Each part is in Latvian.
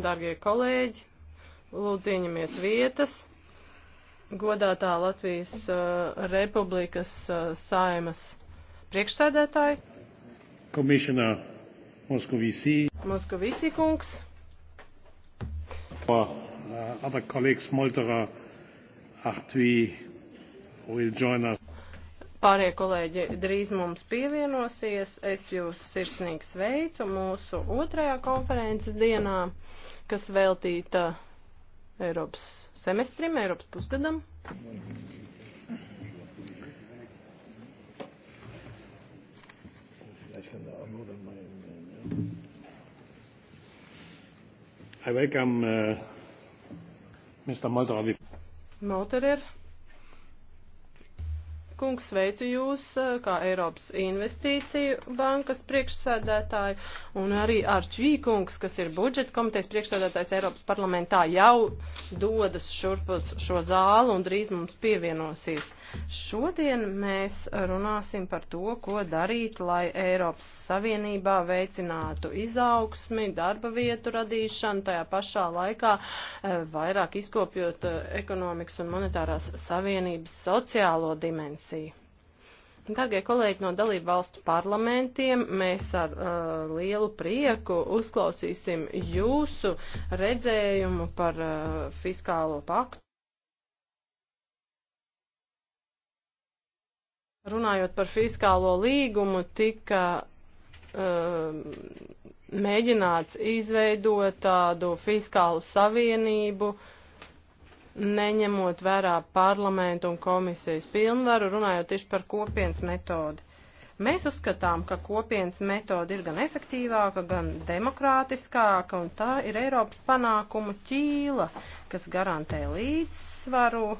Darbie kolēģi, lūdzu ieņemiet vietas. Godātā Latvijas uh, Republikas uh, saimas priekšsēdētāji. Komisionā Moskavīsī. Moskavīsī kungs. Pa, uh, other colleagues, Moltera, Ahtvi, will join us. Pārējie kolēģi drīz mums pievienosies. Es jūs sirsnīgi sveicu mūsu otrajā konferences dienā, kas veltīta Eiropas semestrim, Eiropas pusgadam. I welcome uh, Mr. Molterer. Molterer kungs, sveicu jūs eh, kā Eiropas investīciju bankas priekšsēdētāju un arī Arčvī kungs, kas ir budžeta komitejas priekšsēdētājs Eiropas parlamentā, jau dodas šurp uz šo zālu un drīz mums pievienosies. Šodien mēs runāsim par to, ko darīt, lai Eiropas Savienībā veicinātu izaugsmi, darba vietu radīšanu, tajā pašā laikā eh, vairāk izkopjot eh, ekonomikas un monetārās savienības sociālo dimensiju komisiju. Dargie kolēģi no dalību valstu parlamentiem, mēs ar uh, lielu prieku uzklausīsim jūsu redzējumu par uh, fiskālo paktu. Runājot par fiskālo līgumu, tika uh, mēģināts izveidot tādu fiskālu savienību, uh, neņemot vērā parlamentu un komisijas pilnvaru, runājot tieši par kopienas metodi. Mēs uzskatām, ka kopienas metode ir gan efektīvāka, gan demokrātiskāka, un tā ir Eiropas panākumu ķīla, kas garantē līdzsvaru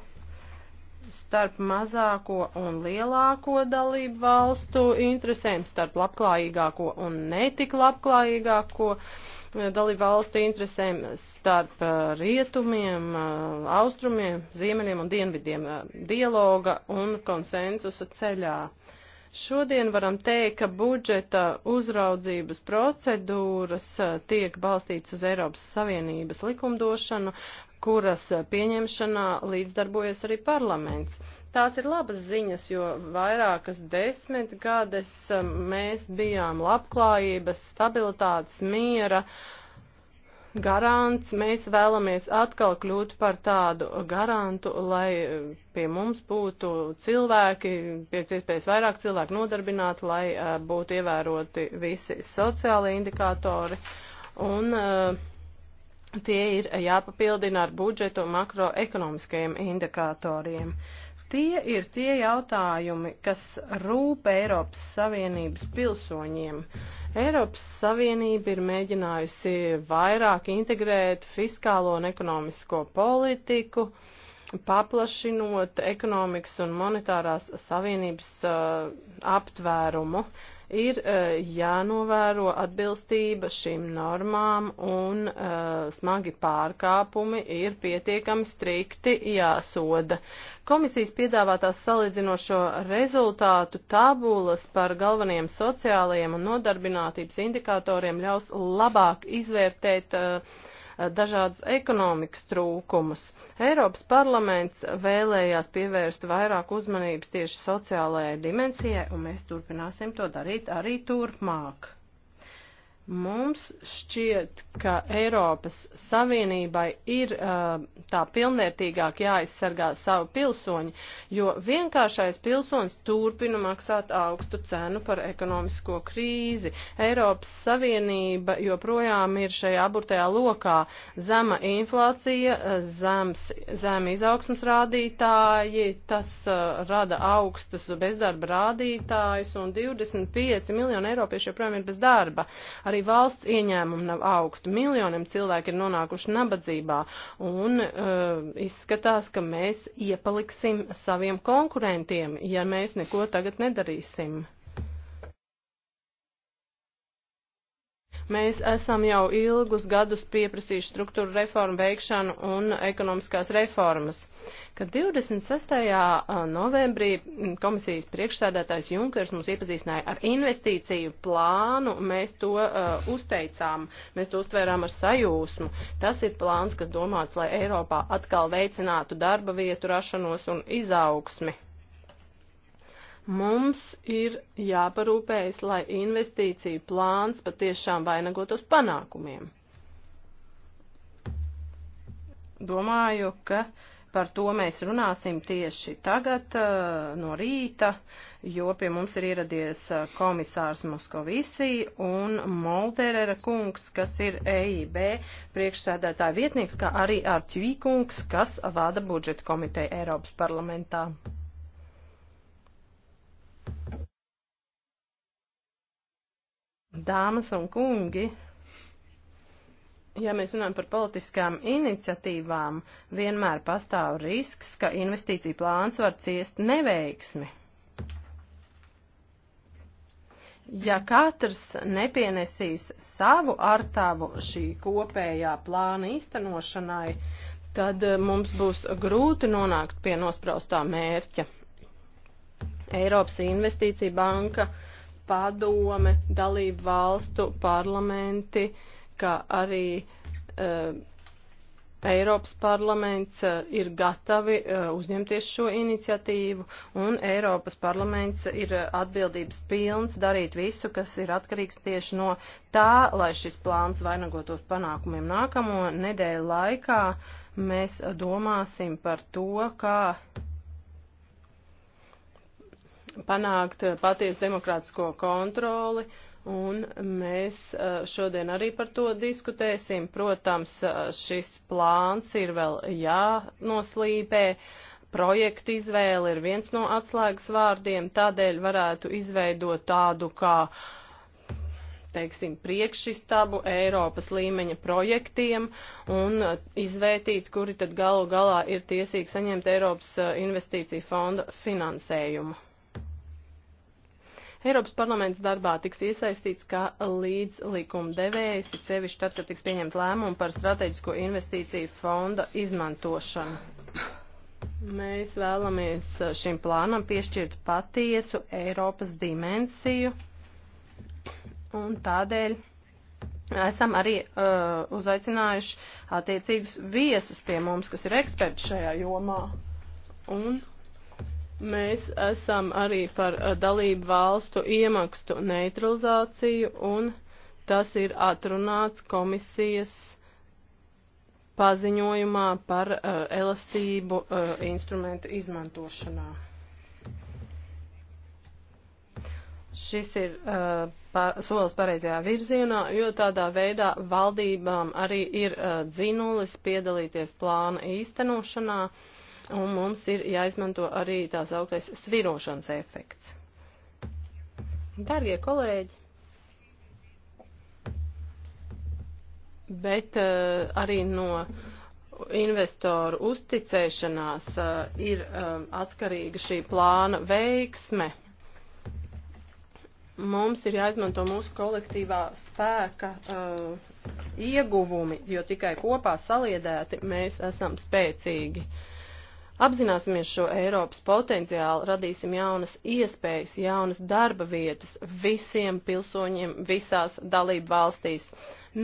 starp mazāko un lielāko dalību valstu interesēm, starp labklājīgāko un netik labklājīgāko. Uh, dalībvalstu interesēm starp rietumiem, austrumiem, ziemeļiem un dienvidiem dialoga un konsensusa ceļā. Šodien varam teikt, ka budžeta uzraudzības procedūras tiek balstītas uz Eiropas Savienības likumdošanu, kuras pieņemšanā līdzdarbojas arī parlaments. Tās ir labas ziņas, jo vairākas desmitgades um, mēs bijām labklājības, stabilitātes, miera garants. Mēs vēlamies atkal kļūt par tādu garantu, lai uh, pie mums būtu cilvēki, pēc iespējas vairāk cilvēku nodarbināti, lai uh, būtu ievēroti visi sociāli indikātori. Un, uh, tie ir jāpapildina ar budžetu makroekonomiskajiem indikatoriem. Uh, Tie ir tie jautājumi, kas rūp Eiropas Savienības pilsoņiem. Eiropas Savienība ir mēģinājusi vairāk integrēt fiskālo un ekonomisko politiku, paplašinot ekonomikas un monetārās savienības uh, aptvērumu. Uh, ir eh, jānovēro atbilstība šīm normām un eh, smagi pārkāpumi ir pietiekami strikti jāsoda. Komisijas piedāvātās salīdzinošo rezultātu tabulas par galvenajiem sociālajiem un nodarbinātības indikatoriem ļaus labāk izvērtēt uh, dažādas ekonomikas trūkumus. Eiropas parlaments vēlējās pievērst vairāk uzmanības tieši sociālajai dimensijai, un mēs turpināsim to darīt arī turpmāk. Mums šķiet, ka Eiropas Savienībai ir uh, tā pilnvērtīgāk jāaizsargā savu pilsoņu, jo vienkāršais pilsonis turpina maksāt augstu cenu par ekonomisko krīzi. Eiropas Savienība joprojām ir šajā aburtajā lokā zema inflācija, zems, zem izaugsmas rādītāji, tas uh, rada augstus bezdarba rādītājus un 25 miljonu eiropiešu joprojām ir bez darba. Ar Arī valsts ieņēmumi nav augsti. Miljoniem cilvēki ir nonākuši nabadzībā un uh, izskatās, ka mēs iepaliksim saviem konkurentiem, ja mēs neko tagad nedarīsim. Mēs esam jau ilgus gadus pieprasījuši struktūru reformu veikšanu un ekonomiskās reformas. Kad 26. novembrī komisijas priekšsēdētājs Junkers mums iepazīstināja ar investīciju plānu, mēs to uh, uzteicām, mēs to uztvērām ar sajūsmu. Tas ir plāns, kas domāts, lai Eiropā atkal veicinātu darba vietu rašanos un izaugsmi. Mums ir jāparūpējas, lai investīciju plāns patiešām vainagotos panākumiem. Domāju, ka par to mēs runāsim tieši tagad eh, no rīta, jo pie mums ir ieradies eh, komisārs Moskovisī un Molderera kungs, kas ir EIB priekšsēdētāja vietnieks, kā arī Artjī kungs, kas vada budžeta komiteju Eiropas parlamentā. Dāmas un kungi, ja mēs runājam par politiskām iniciatīvām, vienmēr pastāv risks, ka investīcija plāns var ciest neveiksmi. Ja katrs nepienesīs savu artavu šī kopējā plāna īstenošanai, tad eh, mums būs grūti nonākt pie nospraustā mērķa. Eiropas investīcija banka uh, padome, dalību valstu parlamenti, kā arī uh, Eiropas parlaments uh, ir gatavi uh, uzņemties šo iniciatīvu, un Eiropas parlaments ir atbildības pilns darīt visu, kas ir atkarīgs tieši no tā, lai šis plāns vainagotos panākumiem nākamo nedēļu laikā. Mēs domāsim par to, kā panākt eh, patiesu demokrātisko kontroli. Un mēs eh, šodien arī par to diskutēsim. Protams, eh, šis plāns ir vēl jānoslīpē. Projekta izvēle ir viens no atslēgas vārdiem, tādēļ varētu izveidot tādu kā, teiksim, priekšstabu Eiropas līmeņa projektiem un izvērtīt, kuri tad galu galā ir tiesīgi saņemt Eiropas investīciju fonda finansējumu. Eiropas parlaments darbā tiks iesaistīts kā līdz likumdevējs, it sevišķi tad, kad tiks pieņemt lēmumu par strateģisko investīciju fonda izmantošanu. Mēs vēlamies uh, šim plānam piešķirt patiesu Eiropas dimensiju un tādēļ esam arī uh, uzaicinājuši attiecīgus viesus pie mums, kas ir eksperti šajā jomā. Un Mēs esam arī par eh, dalību valstu iemakstu neutralizāciju un tas ir atrunāts komisijas paziņojumā par uh, elastību uh, instrumentu izmantošanā. Šis ir uh, pār, solis pareizajā virzienā, jo tādā veidā valdībām arī ir uh, dzinulis piedalīties plāna īstenošanā. Uh, Un mums ir jāizmanto arī tās augtais svirošanas efekts. Dargie kolēģi, bet uh, arī no investoru uzticēšanās uh, ir um, atkarīga šī plāna veiksme. Mums ir jāizmanto mūsu kolektīvā spēka uh, ieguvumi, jo tikai kopā saliedēti mēs esam spēcīgi. Uh, Apzināsimies šo Eiropas potenciālu, radīsim jaunas iespējas, jaunas darba vietas visiem pilsoņiem visās dalību valstīs.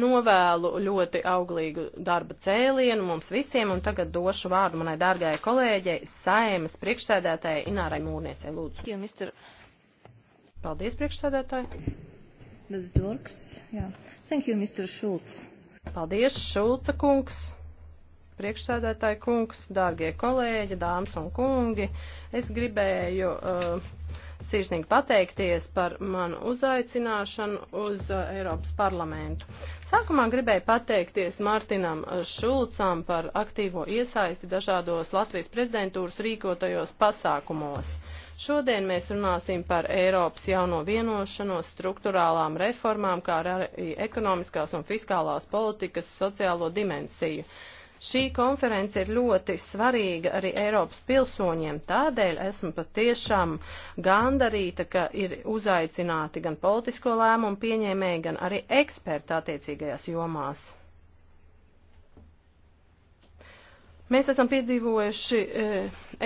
Novēlu ļoti auglīgu darba cēlienu mums visiem, un tagad došu vārdu manai dārgajai kolēģei, saimas priekšsēdētājai Inārai Mūrniecei. Lūdzu. Jo, mister... Paldies, priekšsēdētāji. Tas dorks, jā. Thank you, Mr. Schultz. Paldies, Šulca kungs. Priekšsēdētāji kungs, dārgie kolēģi, dāmas un kungi, es gribēju uh, sirsnīgi pateikties par manu uzaicināšanu uz uh, Eiropas parlamentu. Sākumā gribēju pateikties Martinam uh, Šulcam par aktīvo iesaisti dažādos Latvijas prezidentūras rīkotajos pasākumos. Šodien mēs runāsim par Eiropas jauno vienošanos, struktūrālām reformām, kā arī ekonomiskās un fiskālās politikas sociālo dimensiju. Uh, Šī konference ir ļoti svarīga arī Eiropas pilsoņiem, tādēļ esmu patiešām gandarīta, ka ir uzaicināti gan politisko lēmumu pieņēmēji, gan arī eksperti attiecīgajās jomās. Mēs esam piedzīvojuši e,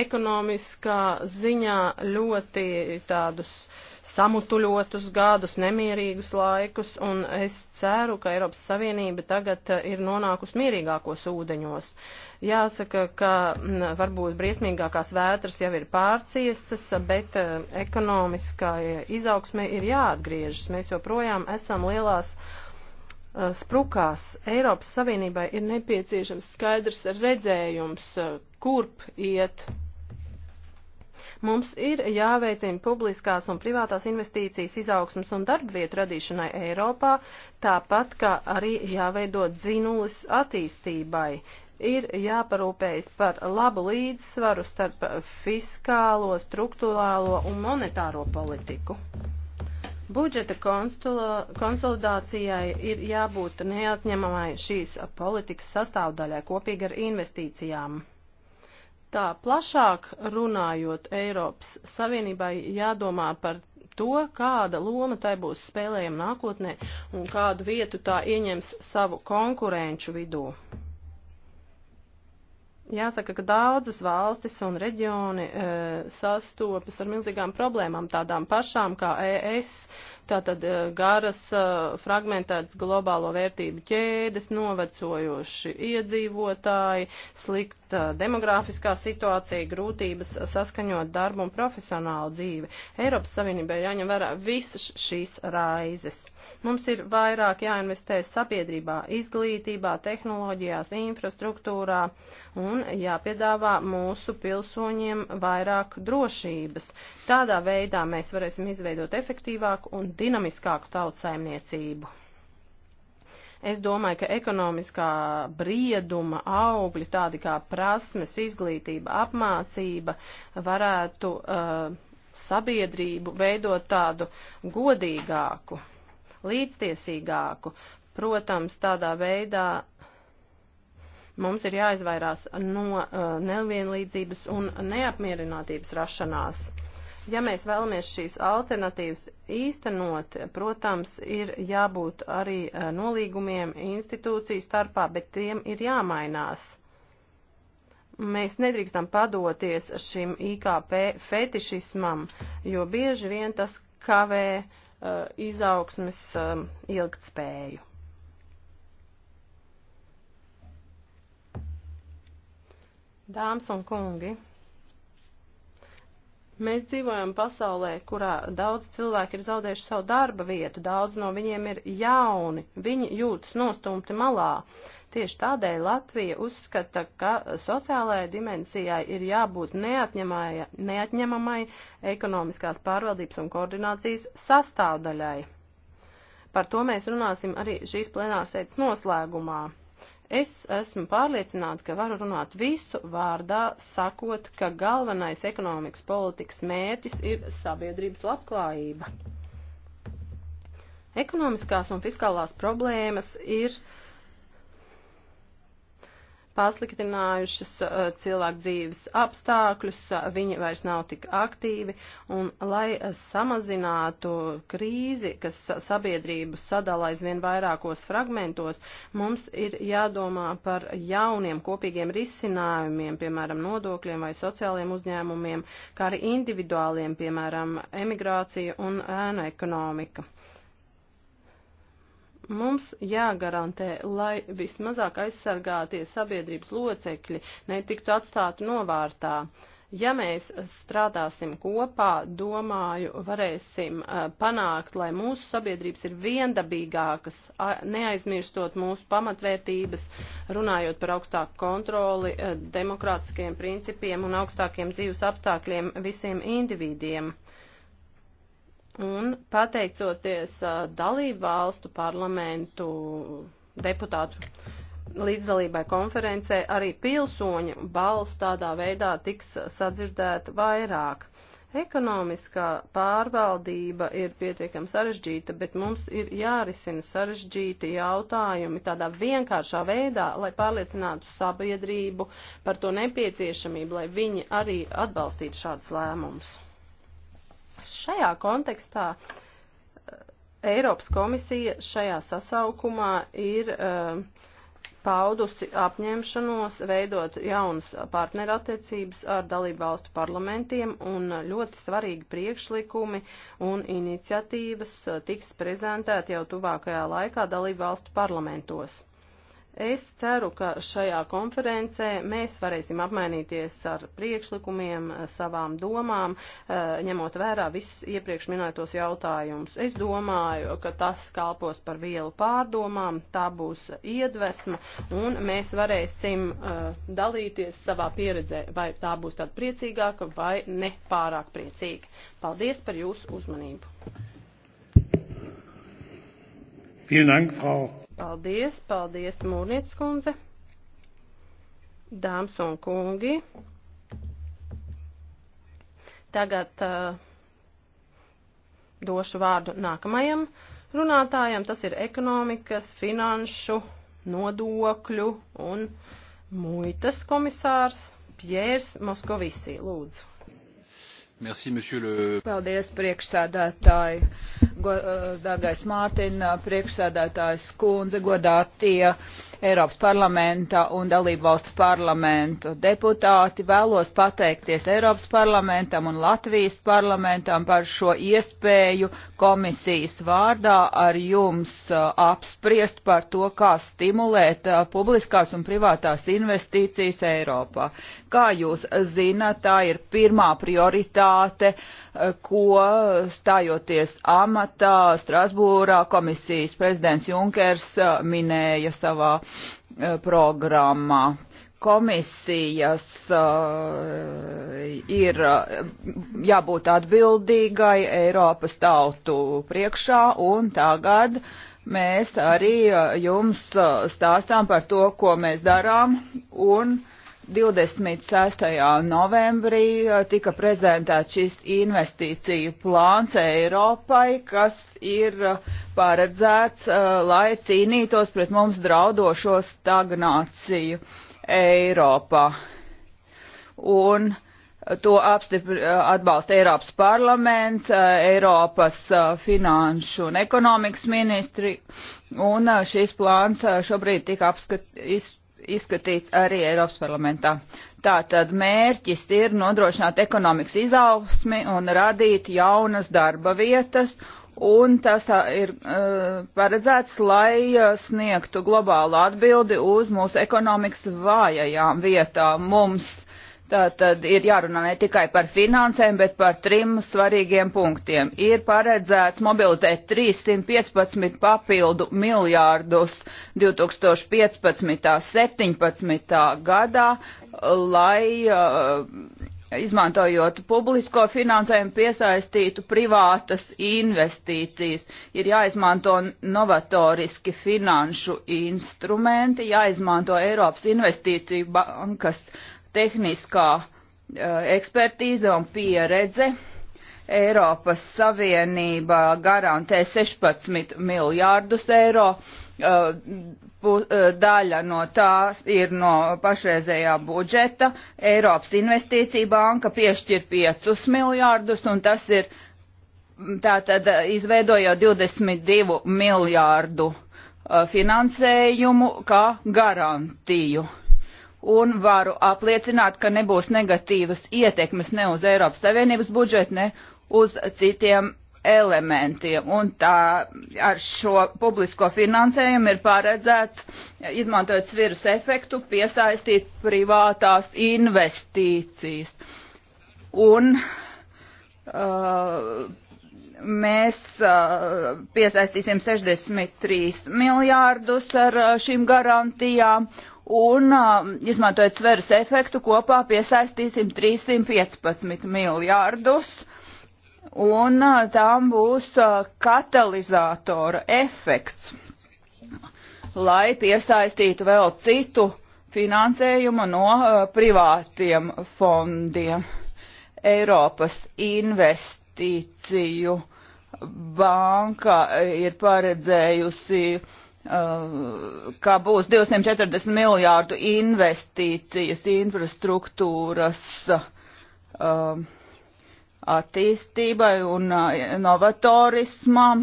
ekonomiskā ziņā ļoti tādus e, samutuļotus gadus, nemierīgus laikus, un es ceru, ka Eiropas Savienība tagad ir nonākusi mierīgākos ūdeņos. Jāsaka, ka varbūt briesmīgākās vētras jau ir pārciestas, bet e, ekonomiskai izaugsmē ir jāatgriežas. Mēs joprojām esam lielās e, sprukās Eiropas Savienībai ir nepieciešams skaidrs redzējums, e, kurp iet Mums ir jāveicina publiskās un privātās investīcijas izaugsmas un darbvietu radīšanai Eiropā, tāpat kā arī jāveido dzinulis attīstībai. Ir jāparūpējas par labu līdzsvaru starp fiskālo, struktūrālo un monetāro politiku. Budžeta konsolidācijai ir jābūt neatņemamai šīs politikas sastāvdaļai kopīgi ar investīcijām. Tā plašāk runājot, Eiropas Savienībai jādomā par to, kāda loma tai būs spēlējama nākotnē un kādu vietu tā ieņems savu konkurenču vidū. Jāsaka, ka daudzas valstis un reģioni e, sastopas ar milzīgām problēmām, tādām pašām kā ES, Tātad eh, garas, eh, fragmentētas globālo vērtību ķēdes, novecojoši iedzīvotāji, slikta demografiskā situācija, grūtības saskaņot darbu un profesionālu dzīvi. Eiropas Savienībai jāņem vērā visas šīs raizes. Mums ir vairāk jāinvestē sabiedrībā, izglītībā, tehnoloģijās, infrastruktūrā un jāpiedāvā mūsu pilsoņiem vairāk drošības. Tādā veidā mēs varēsim izveidot efektīvāku un dinamiskāku tautsaimniecību. Es domāju, ka ekonomiskā brieduma augļi, tādi kā prasmes, izglītība, apmācība, varētu uh, sabiedrību veidot tādu godīgāku, līdztiesīgāku. Protams, tādā veidā mums ir jāizvairās no uh, nevienlīdzības un neapmierinātības rašanās ja mēs vēlamies šīs alternatīvas īstenot, protams, ir jābūt arī eh, nolīgumiem institūciju starpā, bet tiem ir jāmainās. Mēs nedrīkstam padoties šim IKP fetišismam, jo bieži vien tas kavē uh, izaugsmes uh, ilgtspēju. Dāmas un kungi! Mēs dzīvojam pasaulē, kurā daudz cilvēku ir zaudējuši savu darba vietu, daudz no viņiem ir jauni, viņi jūtas nostumti malā. Tieši tādēļ Latvija uzskata, ka sociālajai dimensijai ir jābūt neatņemamai ekonomiskās pārvaldības un koordinācijas sastāvdaļai. Par to mēs runāsim arī šīs plenārsēdes noslēgumā. Es esmu pārliecināta, ka varu runāt visu vārdā, sakot, ka galvenais ekonomikas politikas mērķis ir sabiedrības labklājība. Ekonomiskās un fiskālās problēmas ir uh, pasliktinājušas uh, cilvēku dzīves apstākļus, uh, viņi vairs nav tik aktīvi, un lai uh, samazinātu krīzi, kas sabiedrību sadala aizvien vairākos fragmentos, mums ir jādomā par jauniem kopīgiem risinājumiem, piemēram, nodokļiem vai sociāliem uzņēmumiem, kā arī individuāliem, piemēram, emigrācija un ēnu ekonomika. Mums jāgarantē, lai vismazāk aizsargātie sabiedrības locekļi netiktu atstāti novārtā. Ja mēs strādāsim kopā, domāju, varēsim eh, panākt, lai mūsu sabiedrības ir viendabīgākas, neaizmirstot mūsu pamatvērtības, runājot par augstāku kontroli, eh, demokrātiskiem principiem un augstākiem dzīves apstākļiem visiem individiem. Uh, Un pateicoties dalību valstu parlamentu deputātu līdzdalībai konferencē, arī pilsoņu balss tādā veidā tiks sadzirdēta vairāk. Ekonomiskā pārvaldība ir pietiekami sarežģīta, bet mums ir jārisina sarežģīti jautājumi tādā vienkāršā veidā, lai pārliecinātu sabiedrību par to nepieciešamību, lai viņi arī atbalstītu šādus lēmumus. Šajā kontekstā eh, Eiropas komisija šajā sasaukumā ir uh, paudusi apņemšanos veidot jaunas partnerattiecības ar dalību valstu parlamentiem un ļoti svarīgi priekšlikumi un iniciatīvas eh, tiks prezentēti jau tuvākajā laikā dalību valstu parlamentos. Es ceru, ka šajā konferencē mēs varēsim apmainīties ar priekšlikumiem, savām domām, eh, ņemot vērā visus iepriekš minētos jautājumus. Es domāju, ka tas kalpos par vielu pārdomām, tā būs iedvesma, un mēs varēsim eh, dalīties savā pieredzē, vai tā būs tāda priecīgāka vai ne pārāk priecīga. Paldies par jūsu uzmanību. Vielen Dank, Frau Paldies, paldies, Mūrnietis kundze. Dāmas un kungi. Tagad uh, došu vārdu nākamajam runātājam. Tas ir ekonomikas, finanšu, nodokļu un muitas komisārs Pjērs Moskovisī. Lūdzu. Merci, le... Paldies, priekšsēdētāji. Godāgais uh, Mārtiņa, uh, priekšsēdētājs kundze, godātie Eiropas parlamenta un dalību valstu parlamentu deputāti, vēlos pateikties Eiropas parlamentam un Latvijas parlamentam par šo iespēju komisijas vārdā ar jums uh, apspriest par to, kā stimulēt publiskās un privātās investīcijas Eiropā. Kā jūs zināt, tā ir pirmā prioritāte, ko stājoties amatā pamatā Strasbūrā komisijas prezidents Junkers uh, minēja savā uh, programmā. Komisijas uh, ir jābūt atbildīgai Eiropas tautu priekšā un tagad mēs arī jums stāstām par to, ko mēs darām un uh, 26. novembrī uh, tika prezentēts šis investīciju plāns Eiropai, kas ir uh, paredzēts, uh, lai cīnītos pret mums draudošo stagnāciju Eiropā. Un to atbalsta Eiropas parlaments, Eiropas finanšu un ekonomikas ministri, un šis plāns šobrīd tika apskatīts izskatīts arī Eiropas parlamentā. Tātad mērķis ir nodrošināt ekonomikas izaugsmi un radīt jaunas darba vietas, un tas ir uh, paredzēts, lai sniegtu globālu atbildi uz mūsu ekonomikas vājajām vietām. Mums Tātad ir jārunā ne tikai par finansēm, bet par trim svarīgiem punktiem. Ir paredzēts mobilizēt 315 papildu miljārdus 2015.17. gadā, lai uh, izmantojot publisko finansējumu piesaistītu privātas investīcijas. Ir jāizmanto novatoriski finanšu instrumenti, jāizmanto Eiropas investīciju bankas tehniskā eh, ekspertīze un pieredze. Eiropas Savienība garantē 16 miljārdus eiro. Eh, eh, daļa no tās ir no pašreizējā budžeta. Eiropas Investīcija banka piešķir 5 miljārdus, un tas ir mm, tātad izveidojot 22 miljārdu finansējumu kā garantiju. Uh, un varu apliecināt, ka nebūs negatīvas ietekmes ne uz Eiropas Savienības budžetu, ne uz citiem elementiem. Un tā ar šo publisko finansējumu ir paredzēts, izmantojot svirus efektu, piesaistīt privātās investīcijas. Un uh, mēs uh, piesaistīsim 63 miljārdus ar uh, šīm garantijām. Uh, un um, izmantojot sveras efektu kopā piesaistīsim 315 miljārdus un uh, tām būs uh, katalizatora efekts, lai piesaistītu vēl citu finansējumu no uh, privātiem fondiem. Eiropas investīciju banka ir paredzējusi uh, Uh, ka būs 240 miljārdu investīcijas infrastruktūras uh, attīstībai un uh, novatorismam.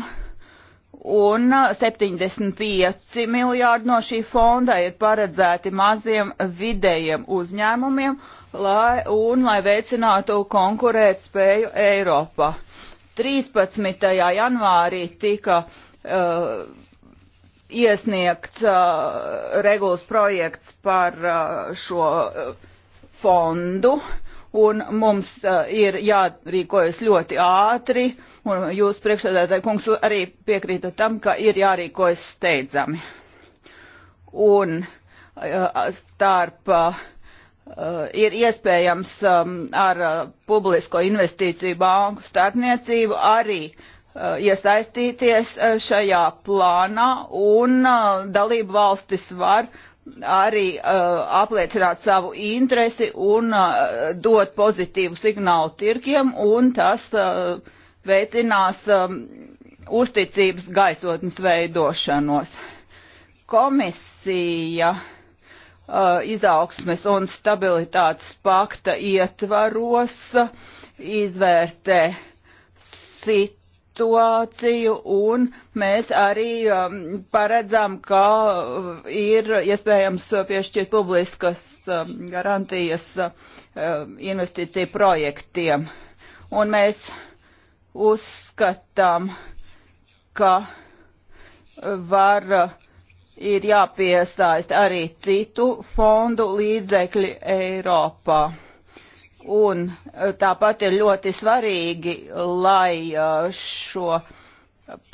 Un 75 miljārdi no šī fonda ir paredzēti maziem vidējiem uzņēmumiem, lai, un lai veicinātu konkurēt spēju Eiropā. 13. janvārī tika uh, iesniegts uh, regulas projekts par uh, šo uh, fondu. Un mums uh, ir jārīkojas ļoti ātri, un jūs priekšsēdētāji kungs arī piekrītat tam, ka ir jārīkojas steidzami. Un uh, starp uh, ir iespējams um, ar publisko investīciju banku starpniecību arī uh, Eh, iesaistīties eh, šajā plānā un eh, dalību valstis var arī uh, apliecināt savu interesi un uh, dot pozitīvu signālu tirkiem, un tas uh, veicinās um, uzticības gaisotnes veidošanos. Komisija uh, izaugsmes un stabilitātes pakta ietvaros izvērtē sit situāciju un mēs arī um, paredzam, ka uh, ir iespējams piešķirt publiskas um, garantijas um, investīciju projektiem. Un mēs uzskatām, ka var ir jāpiesaist arī citu fondu līdzekļi Eiropā. Un eh, tāpat ir ļoti svarīgi, lai eh, šo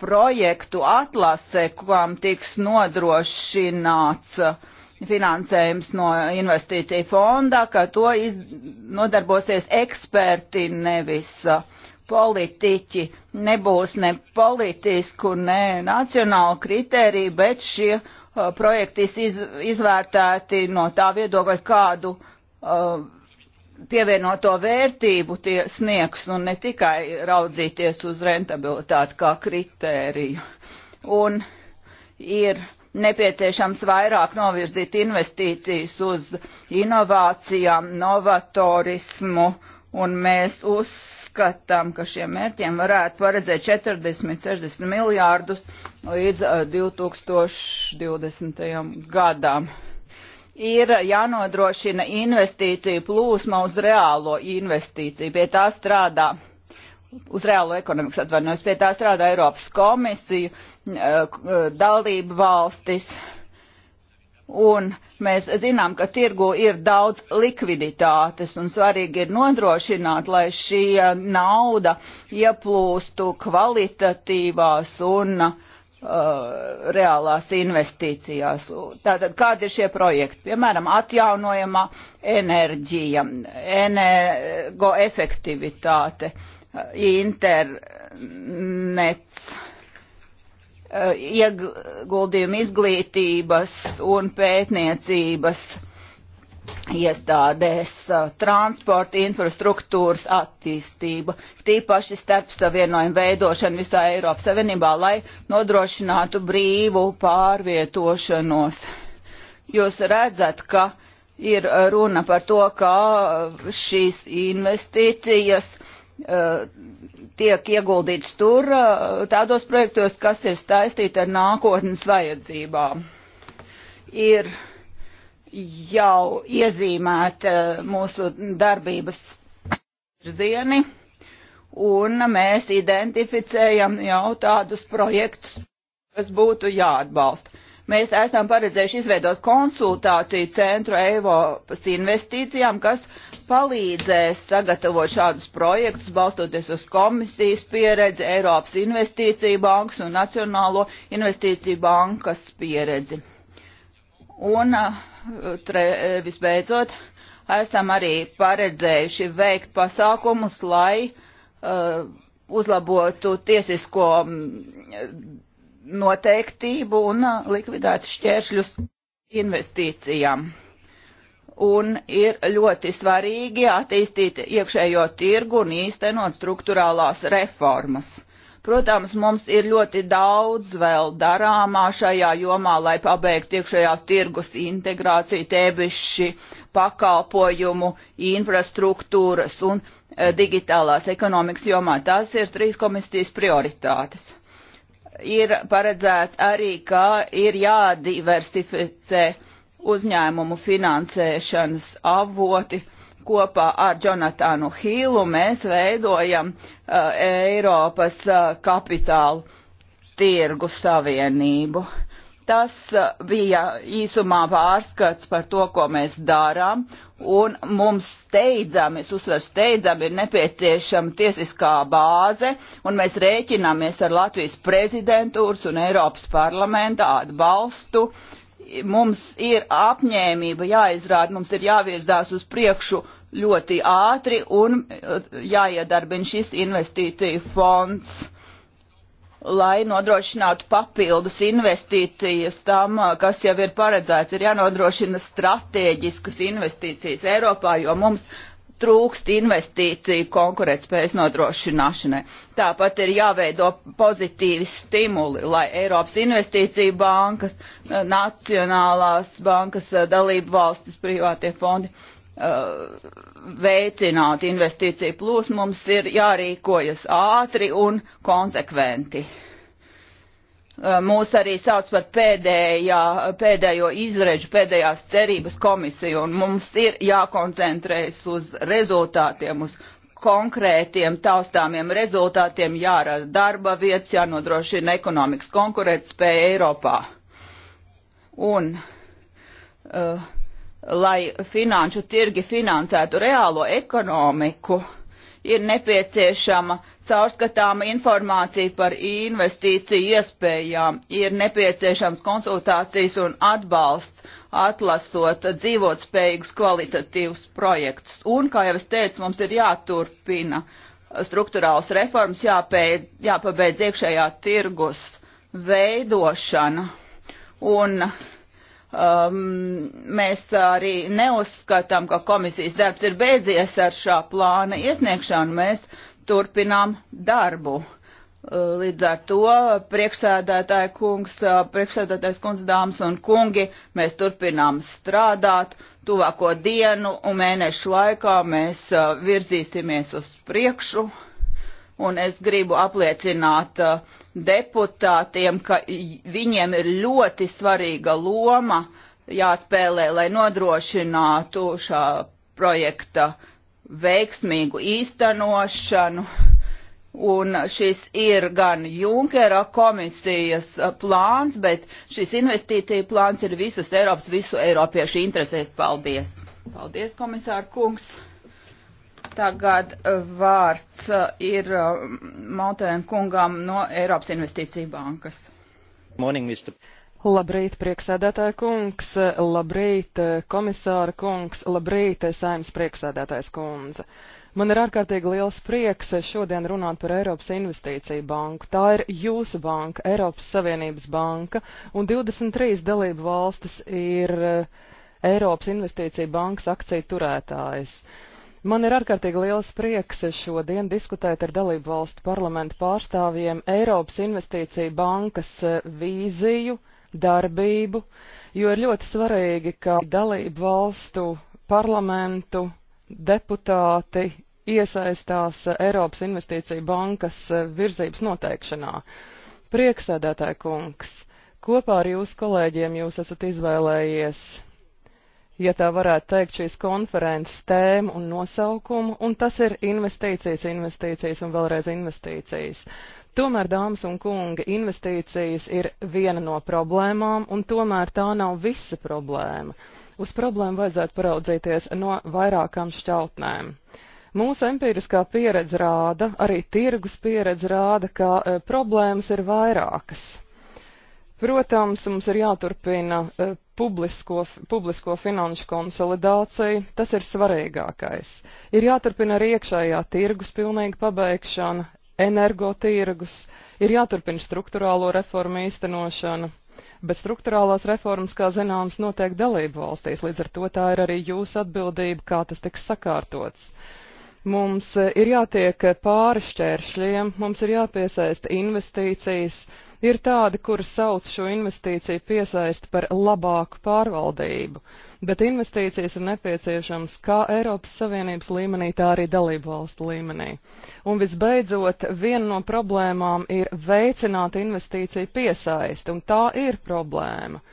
projektu atlasē, kurām tiks nodrošināts eh, finansējums no investīcija fonda, ka to iz, nodarbosies eksperti, nevis politiķi. Nebūs ne politisku, ne nacionālu kritēriju, bet šie uh, projekti iz, izvērtēti no tā viedokļa, kādu uh, pievienoto vērtību tie sniegs un ne tikai raudzīties uz rentabilitāti kā kritēriju. Un ir nepieciešams vairāk novirzīt investīcijas uz inovācijām, novatorismu, un mēs uzskatām, ka šiem mērķiem varētu paredzēt 40-60 miljārdus līdz 2020. Eh, gadam ir jānodrošina investīciju plūsma uz reālo investīciju. Pie tā strādā uz reālo ekonomikas atvainojos, pie tā strādā Eiropas komisija, eh, dalība valstis. Un mēs zinām, ka tirgu ir daudz likviditātes un svarīgi ir nodrošināt, lai šī nauda ieplūstu kvalitatīvās un uh, Uh, reālās investīcijās. Tātad, kādi ir šie projekti? Piemēram, atjaunojama enerģija, energoefektivitāte, uh, internets, uh, ieguldījumi izglītības un pētniecības iestādēs, transporta infrastruktūras attīstība, tīpaši starp savienojumu veidošana visā Eiropas Savienībā, lai nodrošinātu brīvu pārvietošanos. Jūs redzat, ka ir runa par to, ka šīs investīcijas uh, tiek ieguldīts tur uh, tādos projektos, kas ir saistīti ar nākotnes vajadzībām. Ir uh, jau iezīmēt eh, mūsu darbības virzieni, un mēs identificējam jau tādus projektus, kas būtu jāatbalsta. Mēs esam paredzējuši izveidot konsultāciju centru Eiropas investīcijām, kas palīdzēs sagatavot šādus projektus, balstoties uz komisijas pieredzi, Eiropas investīciju bankas un Nacionālo investīciju bankas pieredzi Un eh, tre, eh, visbeidzot, esam arī paredzējuši veikt pasākumus, lai uh, uzlabotu tiesisko mm, noteiktību un likvidētu šķēršļus investīcijām. Un ir ļoti svarīgi attīstīt iekšējo tirgu un īstenot struktūrālās reformas. Uh, Protams, mums ir ļoti daudz vēl darāmā šajā jomā, lai pabeigtu iekšējā tirgus integrāciju, tēbišķi pakalpojumu, infrastruktūras un eh, digitālās ekonomikas jomā. Tās ir trīs komisijas prioritātes. Ir paredzēts arī, ka ir jādiversificē uzņēmumu finansēšanas avoti kopā ar Jonatānu Hīlu mēs veidojam uh, Eiropas uh, kapitālu tirgu savienību. Tas uh, bija īsumā pārskats par to, ko mēs darām, un mums steidzami, es uzsveru steidzami, ir nepieciešama tiesiskā bāze, un mēs rēķināmies ar Latvijas prezidentūras un Eiropas parlamenta atbalstu uh, mums ir apņēmība jāizrāda, mums ir jāvirzās uz priekšu ļoti ātri un uh, jāiedarbina šis investīcija fonds, lai nodrošinātu papildus investīcijas tam, uh, kas jau ir paredzēts. Ir jānodrošina strateģiskas investīcijas Eiropā, jo mums trūkst investīciju konkurētspējas nodrošināšanai. Tāpat ir jāveido pozitīvi stimuli, lai Eiropas investīcija bankas, eh, nacionālās bankas, eh, dalību valstis, privātie fondi eh, veicinātu investīciju plūsmu. Mums ir jārīkojas ātri un konsekventi. Eh, mūs arī sauc par pēdējā, pēdējo izredzi, pēdējās cerības komisiju, un mums ir jākoncentrējas uz rezultātiem, uz konkrētiem taustāmiem rezultātiem, jārada darba vietas, jānodrošina ekonomikas konkurētspēja Eiropā. Un, uh, lai finanšu tirgi finansētu reālo ekonomiku, uh, ir nepieciešama caurskatāma informācija par investīciju iespējām, ir nepieciešams konsultācijas un atbalsts, atlasot dzīvotspējīgus kvalitatīvus projektus. Un, kā jau es teicu, mums ir jāturpina struktūrāls reformas, jāpēc, jāpabeidz iekšējā tirgus veidošana. Un Um, mēs arī neuzskatām, ka komisijas darbs ir beidzies ar šā plāna iesniegšanu. Mēs turpinām darbu. Uh, līdz ar to priekšsēdētāja kungs, uh, priekšsēdētājs kundz dāmas un kungi, mēs turpinām strādāt. Tuvāko dienu un mēnešu laikā mēs uh, virzīsimies uz priekšu un es gribu apliecināt uh, deputātiem, ka viņiem ir ļoti svarīga loma jāspēlē, lai nodrošinātu šā projekta veiksmīgu īstenošanu. Un šis ir gan Junkera komisijas uh, plāns, bet šis investīcija plāns ir visas Eiropas, visu Eiropiešu interesēs. Paldies! Paldies, komisāra kungs! Tagad eh, vārds eh, ir eh, Maltēna kungām no Eiropas Investīcija bankas. Morning, Mr. Labrīt, prieksēdētāja kungs, labrīt, komisāra kungs, labrīt, saimnes prieksēdētājs kundze. Man ir ārkārtīgi liels prieks šodien runāt par Eiropas investīciju banku. Tā ir jūsu banka, Eiropas Savienības banka, un 23 dalību valstis ir Eiropas investīciju bankas akciju turētājs. Uh, Man ir ārkārtīgi liels prieks šodien diskutēt ar dalību valstu parlamentu pārstāvjiem Eiropas investīcija bankas e, vīziju, darbību, jo ir ļoti svarīgi, ka dalību valstu parlamentu deputāti iesaistās Eiropas investīcija bankas e, virzības noteikšanā. Prieksēdētāji kungs, kopā ar jūsu kolēģiem jūs esat izvēlējies ja tā varētu teikt, šīs konferences tēmu un nosaukumu, un tas ir investīcijas, investīcijas un vēlreiz investīcijas. Tomēr, dāmas un kungi, investīcijas ir viena no problēmām, un tomēr tā nav visa problēma. Uz problēmu vajadzētu paraudzīties no vairākām šķautnēm. Mūsu empiriskā pieredze rāda, arī tirgus pieredze rāda, ka e, problēmas ir vairākas. Protams, mums ir jāturpina eh, publisko, publisko finanšu konsolidācija, tas ir svarīgākais. Ir jāturpina arī iekšējā tirgus pilnīga pabeigšana, energotirgus, ir jāturpina struktūrālo reformu īstenošana, bet struktūrālās reformas, kā zināms, notiek dalību valstīs, līdz ar to tā ir arī jūsu atbildība, kā tas tiks sakārtots. Mums eh, ir jātiek eh, pāri šķēršļiem, mums ir jāpiesaista investīcijas, Ir tādi, kuri sauc šo investīciju piesaisti par labāku pārvaldību, bet investīcijas ir nepieciešams kā Eiropas Savienības līmenī, tā arī dalību valstu līmenī. Un visbeidzot, viena no problēmām ir veicināt investīciju piesaisti, un tā ir problēma.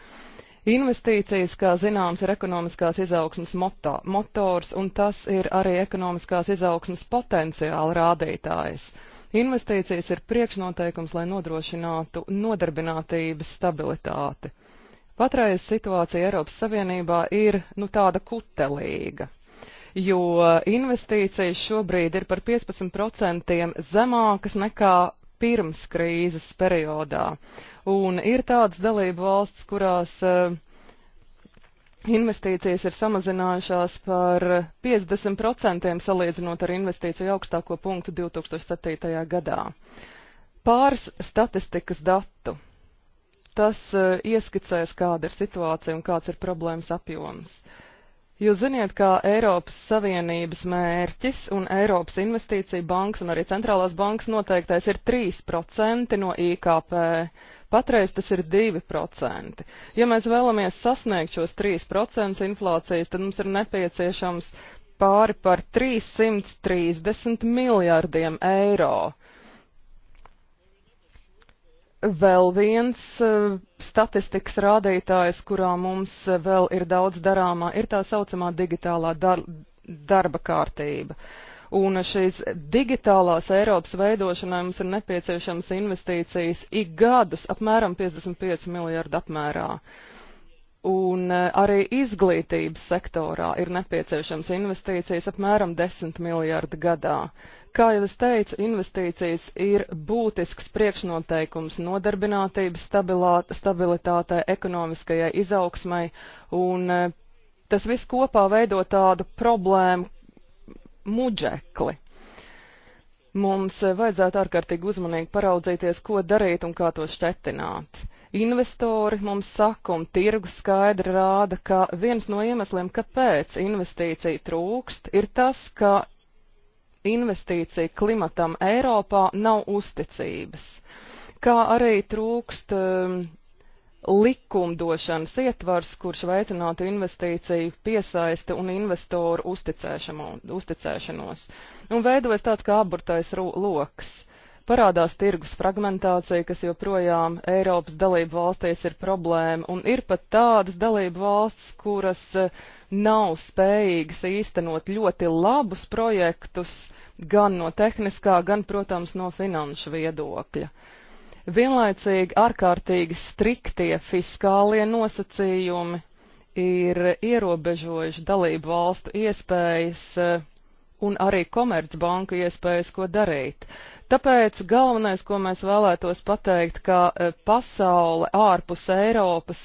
Investīcijas, kā zināms, ir ekonomiskās izaugsmas moto, motors, un tas ir arī ekonomiskās izaugsmas potenciāla rādītājs. Investīcijas ir priekšnoteikums, lai nodrošinātu nodarbinātības stabilitāti. Patreiz situācija Eiropas Savienībā ir nu, tāda kutelīga, jo investīcijas šobrīd ir par 15% zemākas nekā pirms krīzes periodā. Un ir tādas dalību valsts, kurās uh, Investīcijas ir samazinājušās par 50% salīdzinot ar investīciju augstāko punktu 2007. gadā. Pāris statistikas datu. Tas eh, ieskicēs, kāda ir situācija un kāds ir problēmas apjoms. Jūs ziniet, kā Eiropas Savienības mērķis un Eiropas Investīcija bankas un arī centrālās bankas noteiktais ir 3% no IKP. Patreiz tas ir 2%. Ja mēs vēlamies sasniegt šos 3% inflācijas, tad mums ir nepieciešams pāri par 330 miljārdiem eiro. Vēl viens eh, statistikas rādītājs, kurā mums eh, vēl ir daudz darāmā, ir tā saucamā digitālā dar darba kārtība. Uh, un šīs digitālās Eiropas veidošanai mums ir nepieciešams investīcijas ik gadus apmēram 55 miljardu apmērā. Un e, arī izglītības sektorā ir nepieciešams investīcijas apmēram 10 miljārdi gadā. Kā jau es teicu, investīcijas ir būtisks priekšnoteikums nodarbinātības stabilitātei, ekonomiskajai izaugsmai, un e, tas viss kopā veido tādu problēmu muģekli. Mums vajadzētu ārkārtīgi uzmanīgi paraudzīties, ko darīt un kā to šķetināt. Investori mums saka, un tirgus skaidri rāda, ka viens no iemesliem, kāpēc investīcija trūkst, ir tas, ka investīcija klimatam Eiropā nav uzticības, kā arī trūkst um, likumdošanas ietvars, kurš veicinātu investīciju piesaisti un investoru uzticēšanos. Un veidojas tāds kā aburtais loks. Parādās tirgus fragmentācija, kas joprojām Eiropas dalību valstīs ir problēma, un ir pat tādas dalību valsts, kuras eh, nav spējīgas īstenot ļoti labus projektus, gan no tehniskā, gan, protams, no finanšu viedokļa. Uh, Vienlaicīgi ārkārtīgi striktie fiskālie nosacījumi ir ierobežojuši dalību valstu iespējas eh, un arī komercbanku iespējas, ko darīt. Tāpēc galvenais, ko mēs vēlētos pateikt, ka eh, pasaule ārpus Eiropas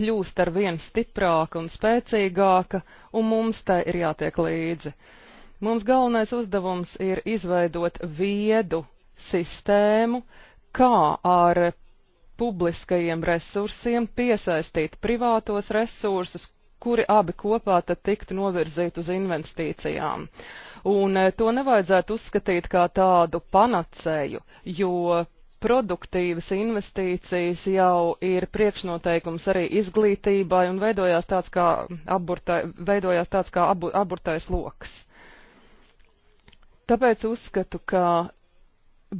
kļūst ar vien stiprāka un spēcīgāka, un mums tai ir jātiek līdzi. Mums galvenais uzdevums ir izveidot viedu sistēmu, kā ar publiskajiem resursiem piesaistīt privātos resursus, kuri abi kopā tad tiktu novirzīti uz investīcijām. Un e, to nevajadzētu uzskatīt kā tādu panacēju, jo produktīvas investīcijas jau ir priekšnoteikums arī izglītībai un veidojās tāds kā, aburtai, veidojās tāds kā abu, aburtais loks. Tāpēc uzskatu, ka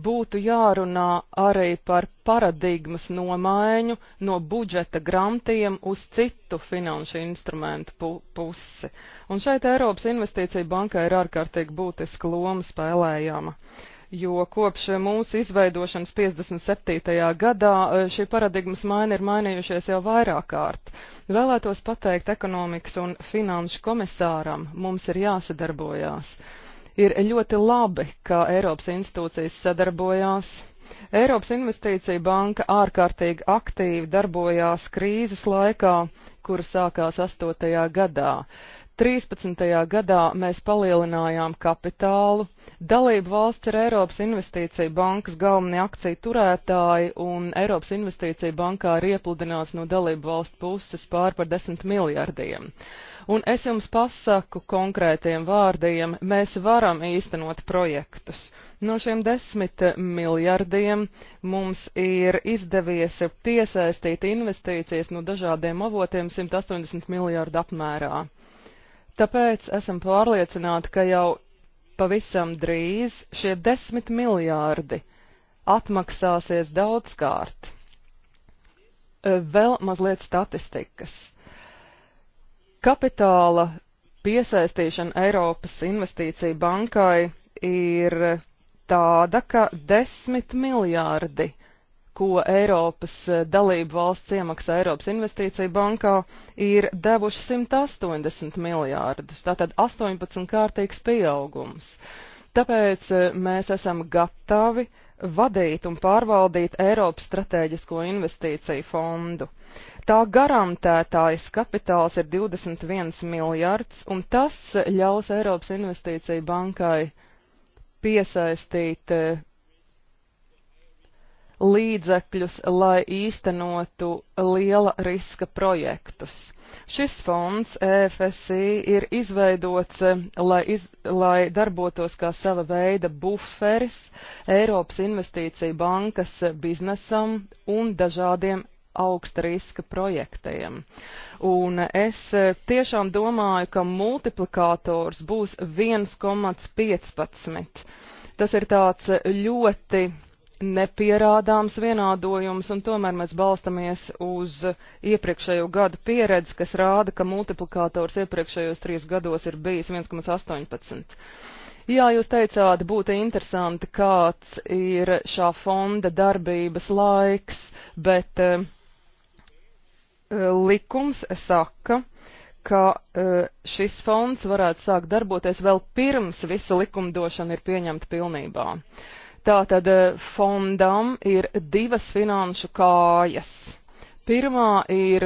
būtu jārunā arī par paradigmas nomaiņu no budžeta grantiem uz citu finanšu instrumentu pu pusi. Un šeit Eiropas Investīcija bankai ir ārkārtīgi būtiska loma spēlējama jo kopš mūsu izveidošanas 57. gadā eh, šī paradigmas maina ir mainījušies jau vairāk kārt. Vēlētos pateikt ekonomikas un finanšu komisāram, mums ir jāsadarbojās. Uh, Ir ļoti labi, ka Eiropas institūcijas sadarbojās. Eiropas Investīcija banka ārkārtīgi aktīvi darbojās krīzes laikā, kura sākās 8. gadā. 13. gadā mēs palielinājām kapitālu, dalību valsts ir Eiropas Investīcija bankas galvenie akciju turētāji, un Eiropas Investīcija bankā ir iepludināts no dalību valstu puses pār par 10 miljardiem. Un es jums pasaku konkrētiem vārdiem, mēs varam īstenot projektus. No šiem desmit miljardiem mums ir izdevies piesaistīt investīcijas no dažādiem avotiem 180 miljārdu apmērā. Tāpēc esam pārliecināti, ka jau pavisam drīz šie desmit miljārdi atmaksāsies daudzkārt. Vēl mazliet statistikas. Kapitāla piesaistīšana Eiropas investīcija bankai ir tāda, ka desmit miljārdi, ko Eiropas dalību valsts iemaksā Eiropas investīcija bankā, ir devuši 180 miljārdus, tātad 18 kārtīgs pieaugums. Tāpēc e, mēs esam gatavi vadīt un pārvaldīt Eiropas strateģisko investīciju fondu. Uh, Tā garantētājs kapitāls ir 21 miljards, un tas ļaus Eiropas investīcija bankai piesaistīt eh, līdzekļus, lai īstenotu liela riska projektus. Šis fonds EFSI ir izveidots, eh, lai, iz, lai darbotos kā sava veida buferis Eiropas investīcija bankas biznesam un dažādiem augsta riska projektiem. Un es e, tiešām domāju, ka multiplikators būs 1,15. Tas ir tāds e, ļoti nepierādāms vienādojums, un tomēr mēs balstamies uz iepriekšējo gadu pieredzi, kas rāda, ka multiplikators iepriekšējos trīs gados ir bijis 1,18. Jā, jūs teicāt, būtu interesanti, kāds ir šā fonda darbības laiks, bet uh, Eh, likums saka, ka eh, šis fonds varētu sākt darboties vēl pirms visa likumdošana ir pieņemta pilnībā. Tātad eh, fondam ir divas finanšu kājas. Pirmā ir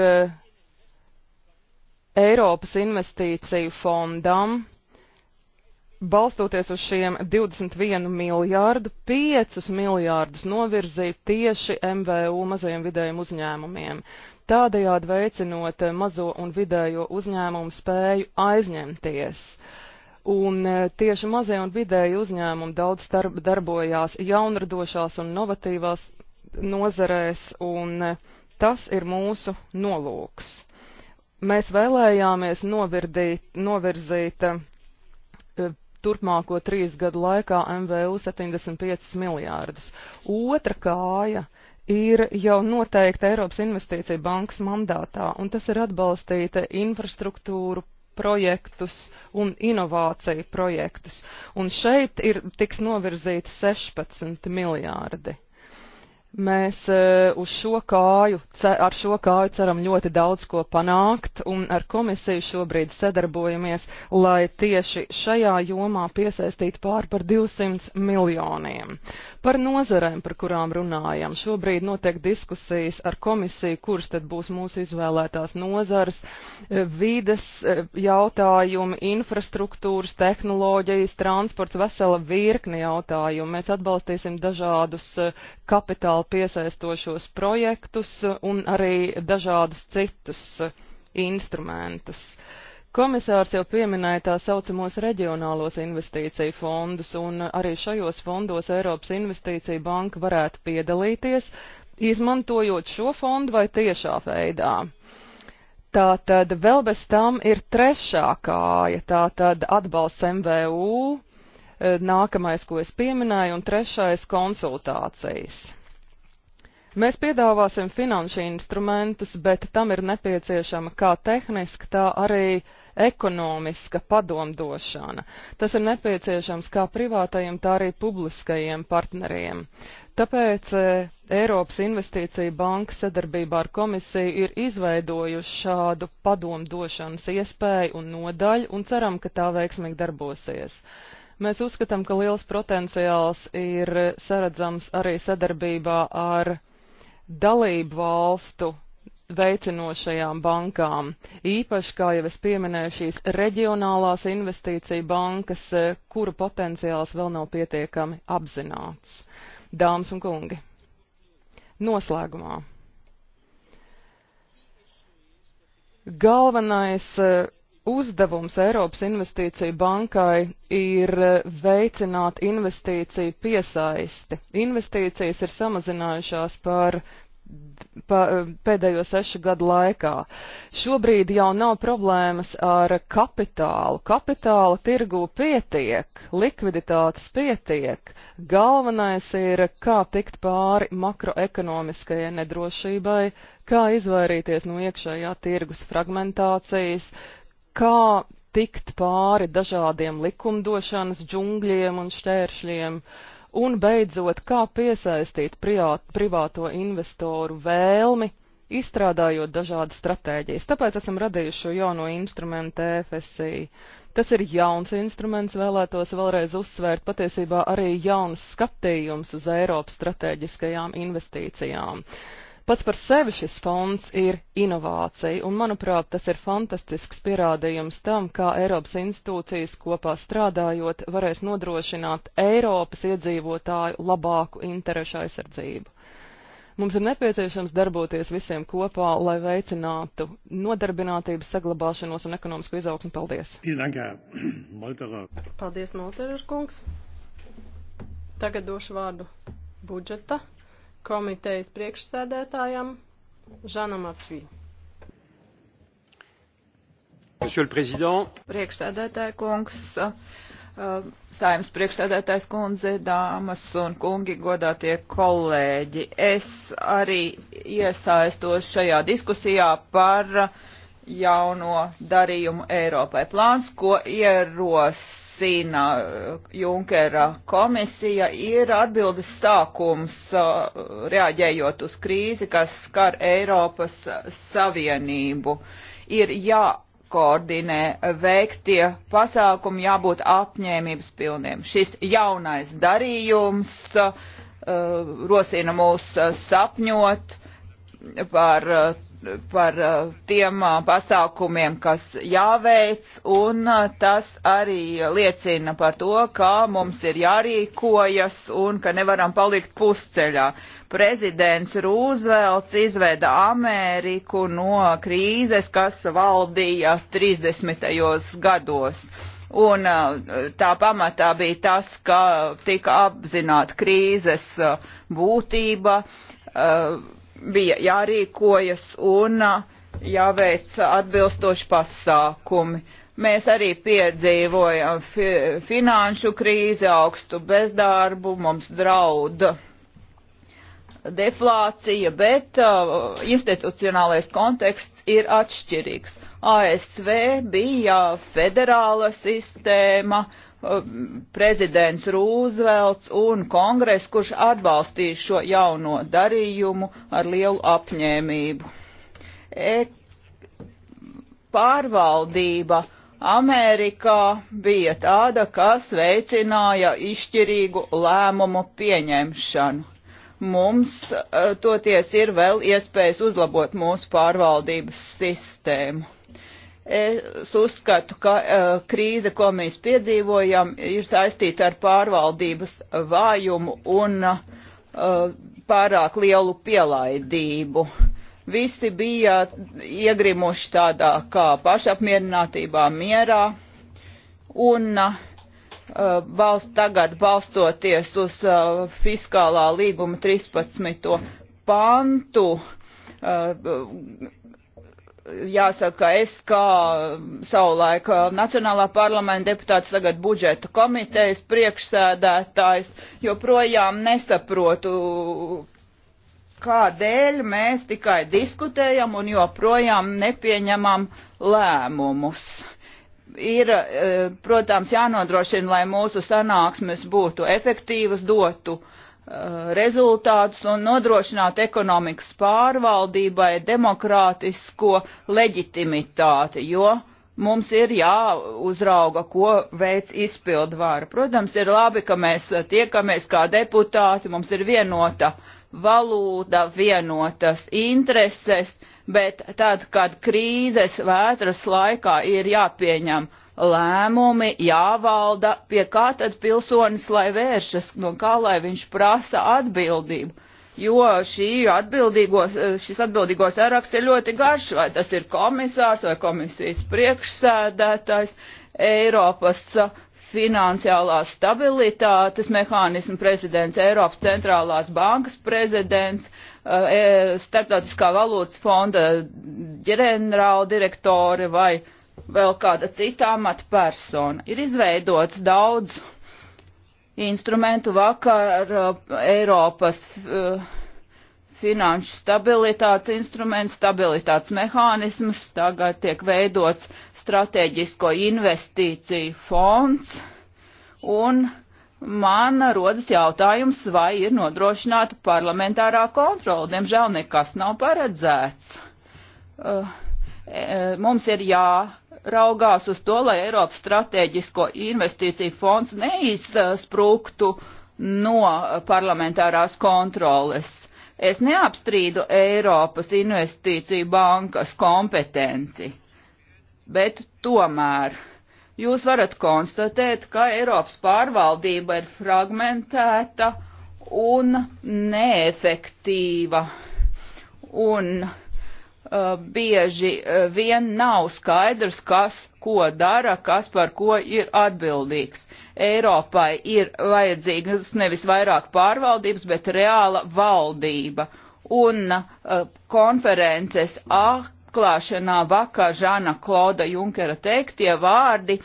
Eiropas investīciju fondam, balstoties uz šiem 21 miljārdu, 5 miljārdus novirzīja tieši MVU mazajiem vidējiem uzņēmumiem tādējādi veicinot mazo un vidējo uzņēmumu spēju aizņemties. Un e, tieši mazie un vidēji uzņēmumi daudz darbojās jaunradošās un novatīvās nozarēs, un e, tas ir mūsu nolūks. Mēs vēlējāmies novirdīt, novirzīt e, turpmāko trīs gadu laikā MVU 75 miljārdus. Otra kāja ir jau noteikta Eiropas Investīcija bankas mandātā, un tas ir atbalstīta infrastruktūru projektus un inovāciju projektus. Un šeit ir tiks novirzīti 16 miljārdi. Mēs eh, uz šo kāju, ar šo kāju ceram ļoti daudz ko panākt, un ar komisiju šobrīd sadarbojamies, lai tieši šajā jomā piesaistītu pār par 200 miljoniem. Par nozarēm, par kurām runājam, šobrīd notiek diskusijas ar komisiju, kuras tad būs mūsu izvēlētās nozares, eh, vides eh, jautājumi, infrastruktūras, tehnoloģijas, transports, vesela virkni jautājumu. Mēs atbalstīsim dažādus kapitāla reģionāli piesaistošos projektus un arī dažādus citus instrumentus. Komisārs jau pieminēja tā saucamos reģionālos investīciju fondus, un arī šajos fondos Eiropas investīcija banka varētu piedalīties, izmantojot šo fondu vai tiešā veidā. Tātad vēl bez tam ir trešā kāja, tātad atbalsts MVU, nākamais, ko es pieminēju, un trešais konsultācijas. Mēs piedāvāsim finanšu instrumentus, bet tam ir nepieciešama kā tehniska, tā arī ekonomiska padomdošana. Tas ir nepieciešams kā privātajiem, tā arī publiskajiem partneriem. Tāpēc e, Eiropas Investīcija Banka sadarbībā ar komisiju ir izveidojuši šādu padomdošanas iespēju un nodaļu un ceram, ka tā veiksmīgi darbosies. Mēs uzskatām, ka liels potenciāls ir saredzams arī sadarbībā ar dalību valstu veicinošajām bankām, īpaši, kā jau es pieminēju, šīs reģionālās investīcija bankas, eh, kuru potenciāls vēl nav pietiekami apzināts. Dāmas un kungi, noslēgumā. Galvenais eh, uzdevums Eiropas investīcija bankai ir e, veicināt investīciju piesaisti. Investīcijas ir samazinājušās par pa, e, pēdējo sešu gadu laikā. Šobrīd jau nav problēmas ar kapitālu. Kapitāla tirgu pietiek, likviditātes pietiek. Galvenais ir, kā tikt pāri makroekonomiskajai nedrošībai, kā izvairīties no iekšējā tirgus fragmentācijas, kā tikt pāri dažādiem likumdošanas džungļiem un šķēršļiem, un beidzot, kā piesaistīt priāt, privāto investoru vēlmi, izstrādājot dažādas stratēģijas. Tāpēc esam radījuši šo jauno instrumentu EFSI. Tas ir jauns instruments, vēlētos vēlreiz uzsvērt patiesībā arī jauns skatījums uz Eiropas stratēģiskajām investīcijām. Uh, Pats par sevi šis fonds ir inovācija, un, manuprāt, tas ir fantastisks pierādījums tam, kā Eiropas institūcijas kopā strādājot varēs nodrošināt Eiropas iedzīvotāju labāku interešu aizsardzību. Mums ir nepieciešams darboties visiem kopā, lai veicinātu nodarbinātības saglabāšanos un ekonomisko izaugsmu. Paldies! Paldies, Molterer kungs! Tagad došu vārdu budžeta komitejas priekšsēdētājam Žanam Aptvī. Monsieur le Président. Priekšsēdētāja kungs, uh, uh, saimnes priekšsēdētājs kundze, dāmas un kungi, godātie kolēģi. Es arī iesaistos šajā diskusijā par uh, jauno darījumu Eiropai. Plāns, ko ierosina uh, Junkera komisija, ir atbildes sākums uh, reaģējot uz krīzi, kas skar Eiropas Savienību. Ir jākoordinē veiktie pasākumi, jābūt apņēmības pilniem. Šis jaunais darījums uh, rosina mūs uh, sapņot par uh, par uh, tiem uh, pasākumiem, kas jāveic, un uh, tas arī liecina par to, kā mums ir jārīkojas un ka nevaram palikt pusceļā. Prezidents Rūzvelts izveda Ameriku no krīzes, kas valdīja 30. gados. Un tā pamatā bija tas, ka tika apzināta krīzes būtība, bija jārīkojas un jāveic atbilstoši pasākumi. Mēs arī piedzīvojam fi finanšu krīzi, augstu bezdarbu, mums drauda deflācija, bet uh, institucionālais konteksts ir atšķirīgs. ASV bija federāla sistēma, uh, Uh, prezidents Rūzvelts un kongress, kurš atbalstīja šo jauno darījumu ar lielu apņēmību. E pārvaldība Amerikā bija tāda, kas veicināja izšķirīgu lēmumu pieņemšanu. Mums uh, toties ir vēl iespējas uzlabot mūsu pārvaldības sistēmu Es uzskatu, ka e, krīze, ko mēs piedzīvojam, ir saistīta ar pārvaldības vājumu un e, pārāk lielu pielaidību. Visi bija iegrimuši tādā kā pašapmierinātībā, mierā, un balst, e, tagad balstoties uz fiskālā līguma 13. pantu, jāsaka, es kā savulaik uh, Nacionālā parlamenta deputāts, tagad budžeta komitejas priekšsēdētājs, joprojām nesaprotu, kādēļ mēs tikai diskutējam un joprojām nepieņemam lēmumus. Ir, uh, protams, jānodrošina, lai mūsu sanāksmes būtu efektīvas, dotu uh, Eh, rezultātus un nodrošināt ekonomikas pārvaldībai demokrātisko leģitimitāti, jo mums ir jāuzrauga, ko veic izpildvāra. Protams, ir labi, ka mēs tiekamies kā deputāti, mums ir vienota valūta, vienotas intereses, bet tad, kad krīzes vētras laikā ir jāpieņem uh, lēmumi jāvalda, pie kā tad pilsonis lai vēršas, no kā lai viņš prasa atbildību. Jo atbildīgo, šis atbildīgo saraksts ir ļoti garš, vai tas ir komisārs vai komisijas priekšsēdētājs, Eiropas finansiālās stabilitātes mehānismu prezidents, Eiropas centrālās bankas prezidents, eh, Starptautiskā valūtas fonda ģenerāldirektori vai vēl kāda cita amatpersona. Ir izveidots daudz instrumentu vakar uh, Eiropas uh, finanšu stabilitātes instruments, stabilitātes mehānisms, tagad tiek veidots strateģisko investīciju fonds, un man rodas jautājums, vai ir nodrošināta parlamentārā kontrola. Diemžēl nekas nav paredzēts. Uh, e, mums ir jā jāraugās uz to, lai Eiropas strateģisko investīciju fonds neizsprūktu no parlamentārās kontroles. Es neapstrīdu Eiropas investīciju bankas kompetenci, bet tomēr jūs varat konstatēt, ka Eiropas pārvaldība ir fragmentēta un neefektīva. Un uh, Uh, bieži uh, vien nav skaidrs, kas ko dara, kas par ko ir atbildīgs. Eiropai ir vajadzīgas nevis vairāk pārvaldības, bet reāla valdība. Un uh, konferences atklāšanā vakar Žana Klauda Junkera teiktie vārdi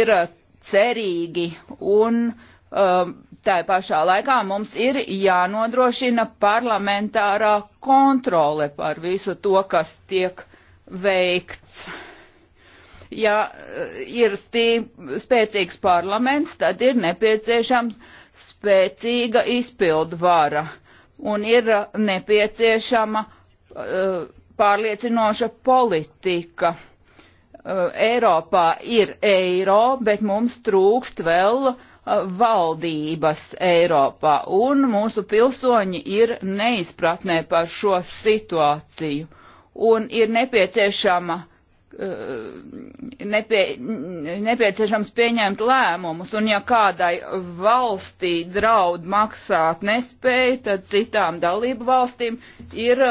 ir uh, cerīgi un um, Tā pašā laikā mums ir jānodrošina parlamentārā kontrole par visu to, kas tiek veikts. Ja eh, ir stī, spēcīgs parlaments, tad ir nepieciešams spēcīga izpildvara un ir nepieciešama uh, pārliecinoša politika. Uh, Eiropā ir eiro, bet mums trūkst vēl uh, valdības Eiropā, un mūsu pilsoņi ir neizpratnē par šo situāciju, un ir nepieciešama nepie, nepieciešams pieņemt lēmumus, un ja kādai valstī draud maksāt nespēju, tad citām dalību valstīm ir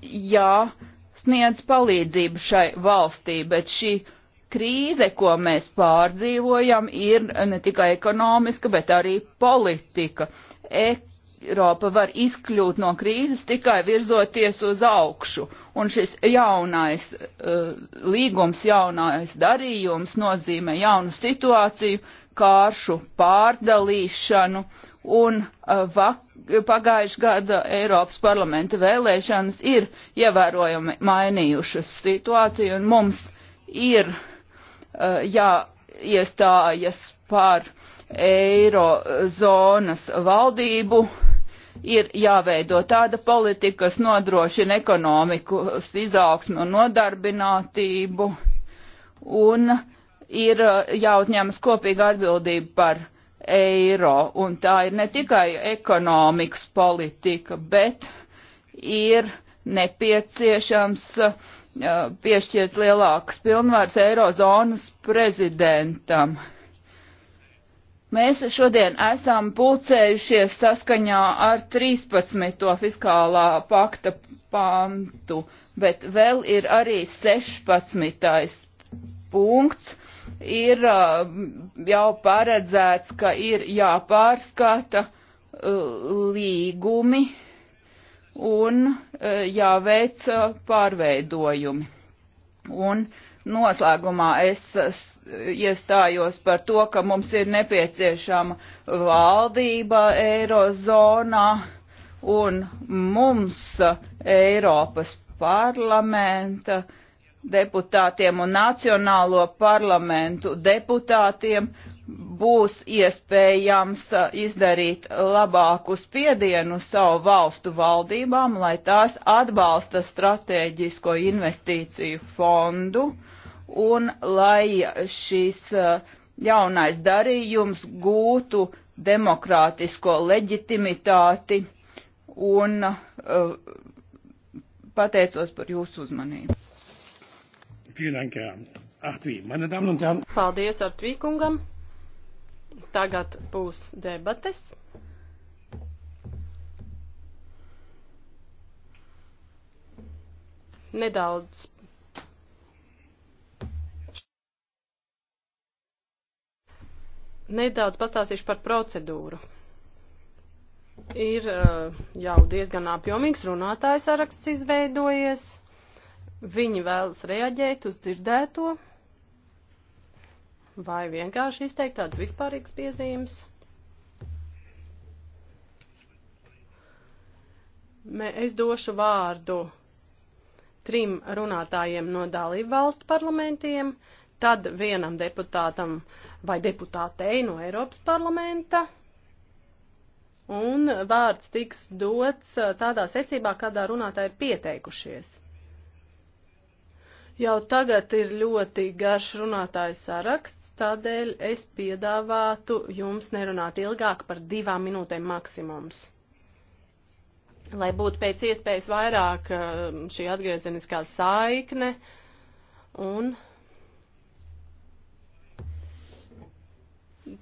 jāsniedz palīdzību šai valstī, bet šī krīze, ko mēs pārdzīvojam, ir ne tikai ekonomiska, bet arī politika. Eiropa var izkļūt no krīzes tikai virzoties uz augšu, un šis jaunais uh, līgums, jaunais darījums nozīmē jaunu situāciju, kāršu pārdalīšanu, un uh, pagājušā gada Eiropas parlamenta vēlēšanas ir ievērojami mainījušas situāciju, un mums ir uh, Eh, jāiestājas par eirozonas valdību, ir jāveido tāda politika, kas nodrošina ekonomikas izaugsmu un nodarbinātību, un ir eh, jāuzņemas kopīga atbildība par eiro, un tā ir ne tikai ekonomikas politika, bet ir nepieciešams uh, piešķirt lielākas pilnvaras Eirozonas prezidentam. Mēs šodien esam pulcējušies saskaņā ar 13. fiskālā pakta pantu, bet vēl ir arī 16. punkts. Ir jau paredzēts, ka ir jāpārskata līgumi un e, jāveic e, pārveidojumi. Un noslēgumā es iestājos par to, ka mums ir nepieciešama valdība Eirozonā un mums e, Eiropas parlamenta deputātiem un Nacionālo parlamentu deputātiem būs iespējams uh, izdarīt labāku spiedienu savu valstu valdībām, lai tās atbalsta strateģisko investīciju fondu un lai šis uh, jaunais darījums gūtu demokrātisko leģitimitāti un uh, pateicos par jūsu uzmanību. Paldies, Artvīkungam! Tagad būs debates. Nedaudz nedaudz pastāstīšu par procedūru. Ir eh, jau diezgan apjomīgs runātājs saraksts izveidojies. Viņi vēlas reaģēt uz dzirdēto vai vienkārši izteikt tādas vispārīgas piezīmes. Es došu vārdu trim runātājiem no dalību valstu parlamentiem, tad vienam deputātam vai deputātei no Eiropas parlamenta, un vārds tiks dots uh, tādā secībā, kādā runātāji ir pieteikušies. Jau tagad ir ļoti garš runātājs saraksts, Tādēļ es piedāvātu jums nerunāt ilgāk par divām minūtēm maksimums. Lai būtu pēc iespējas vairāk um, šī atgriezeniskā saikne un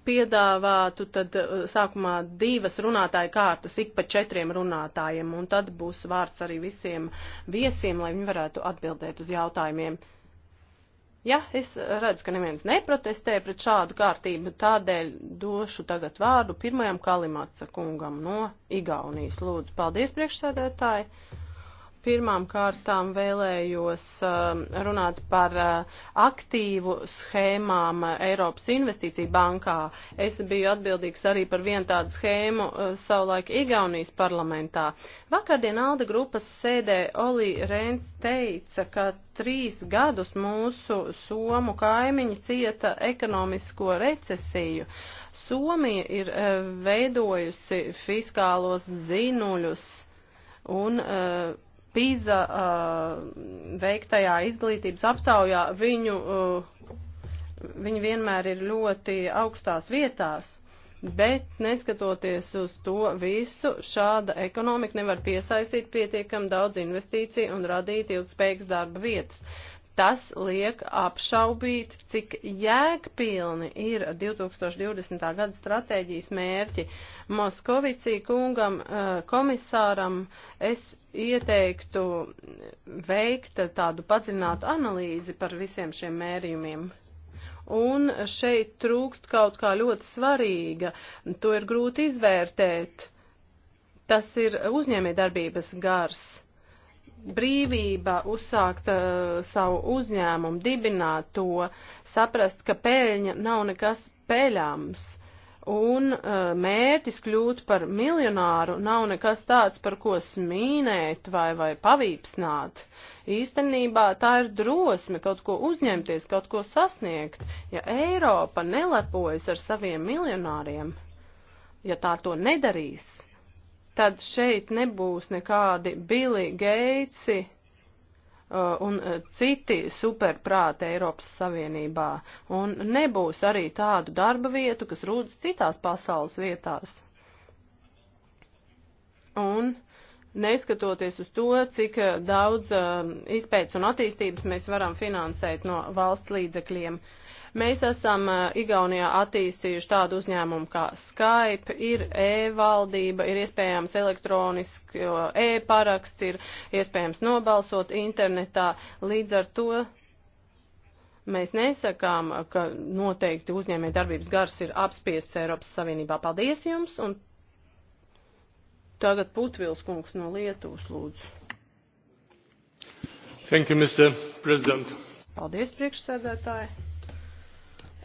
piedāvātu tad uh, sākumā divas runātāju kārtas ik pa četriem runātājiem, un tad būs vārds arī visiem viesiem, lai viņi varētu atbildēt uz jautājumiem. Ja es redzu, ka neviens neprotestē pret šādu kārtību, tādēļ došu tagad vārdu pirmajam Kalimatsa kungam no Igaunijas. Lūdzu, paldies priekšsēdētāji! Pirmām kārtām vēlējos um, runāt par uh, aktīvu schēmām uh, Eiropas investīcija bankā. Es biju atbildīgs arī par vienu tādu schēmu uh, savulaik Igaunijas parlamentā. Vakardien Alda grupas sēdē Oli Rēns teica, ka trīs gadus mūsu Somu kaimiņi cieta ekonomisko recesiju. Somija ir veidojusi fiskālos dzinuļus un uh, PISA uh, veiktajā izglītības aptaujā viņu, uh, viņi vienmēr ir ļoti augstās vietās. Bet, neskatoties uz to visu, šāda ekonomika nevar piesaistīt pietiekam daudz investīciju un radīt ilgspējīgas darba vietas. Tas liek apšaubīt, cik jēgpilni ir 2020. gada stratēģijas mērķi. Moskovicī kungam, eh, komisāram, es ieteiktu veikt tādu padziļinātu analīzi par visiem šiem mērījumiem. Un šeit trūkst kaut kā ļoti svarīga, to ir grūti izvērtēt. Tas ir uzņēmē darbības gars brīvība uzsākt uh, savu uzņēmumu, dibināt to, saprast, ka peļņa nav nekas peļāms. Un uh, mērķis kļūt par miljonāru nav nekas tāds, par ko smīnēt vai, vai pavīpsnāt. Īstenībā tā ir drosme kaut ko uzņemties, kaut ko sasniegt, ja Eiropa nelepojas ar saviem miljonāriem, ja tā to nedarīs, uh, tad šeit nebūs nekādi Billy Geitsi uh, un uh, citi superprāti Eiropas Savienībā, un nebūs arī tādu darba vietu, kas rūdas citās pasaules vietās. Un neskatoties uz to, cik uh, daudz um, izpētes un attīstības mēs varam finansēt no valsts līdzekļiem, uh, Mēs esam Igaunijā attīstījuši tādu uzņēmumu kā Skype, ir e-valdība, ir iespējams elektroniski e-paraksts, ir iespējams nobalsot internetā. Līdz ar to mēs nesakām, ka noteikti uzņēmē darbības gars ir apspiests Eiropas Savienībā. Paldies jums! Un tagad Putvils kungs no Lietuvas lūdzu. Thank you, Mr. President. Paldies, priekšsēdētāji.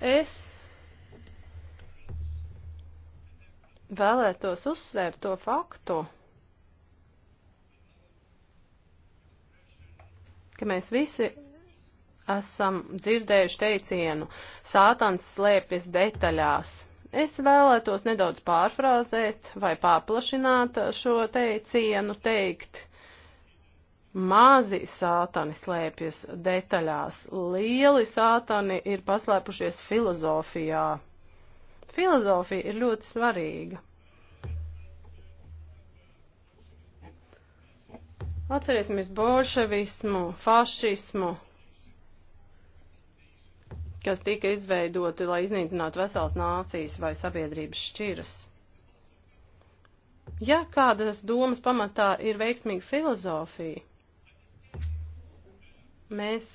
Es vēlētos uzsvērt to faktu, ka mēs visi esam dzirdējuši teicienu - sātans slēpjas detaļās. Es vēlētos nedaudz pārfrāzēt vai paplašināt šo teicienu teikt Mazi sātani slēpjas detaļās, lieli sātani ir paslēpušies filozofijā. Filozofija ir ļoti svarīga. Atcerēsimies bolševismu, fašismu, kas tika izveidoti, lai iznīcinātu veselas nācijas vai sabiedrības šķiras. Ja kādas domas pamatā ir veiksmīga filozofija, mēs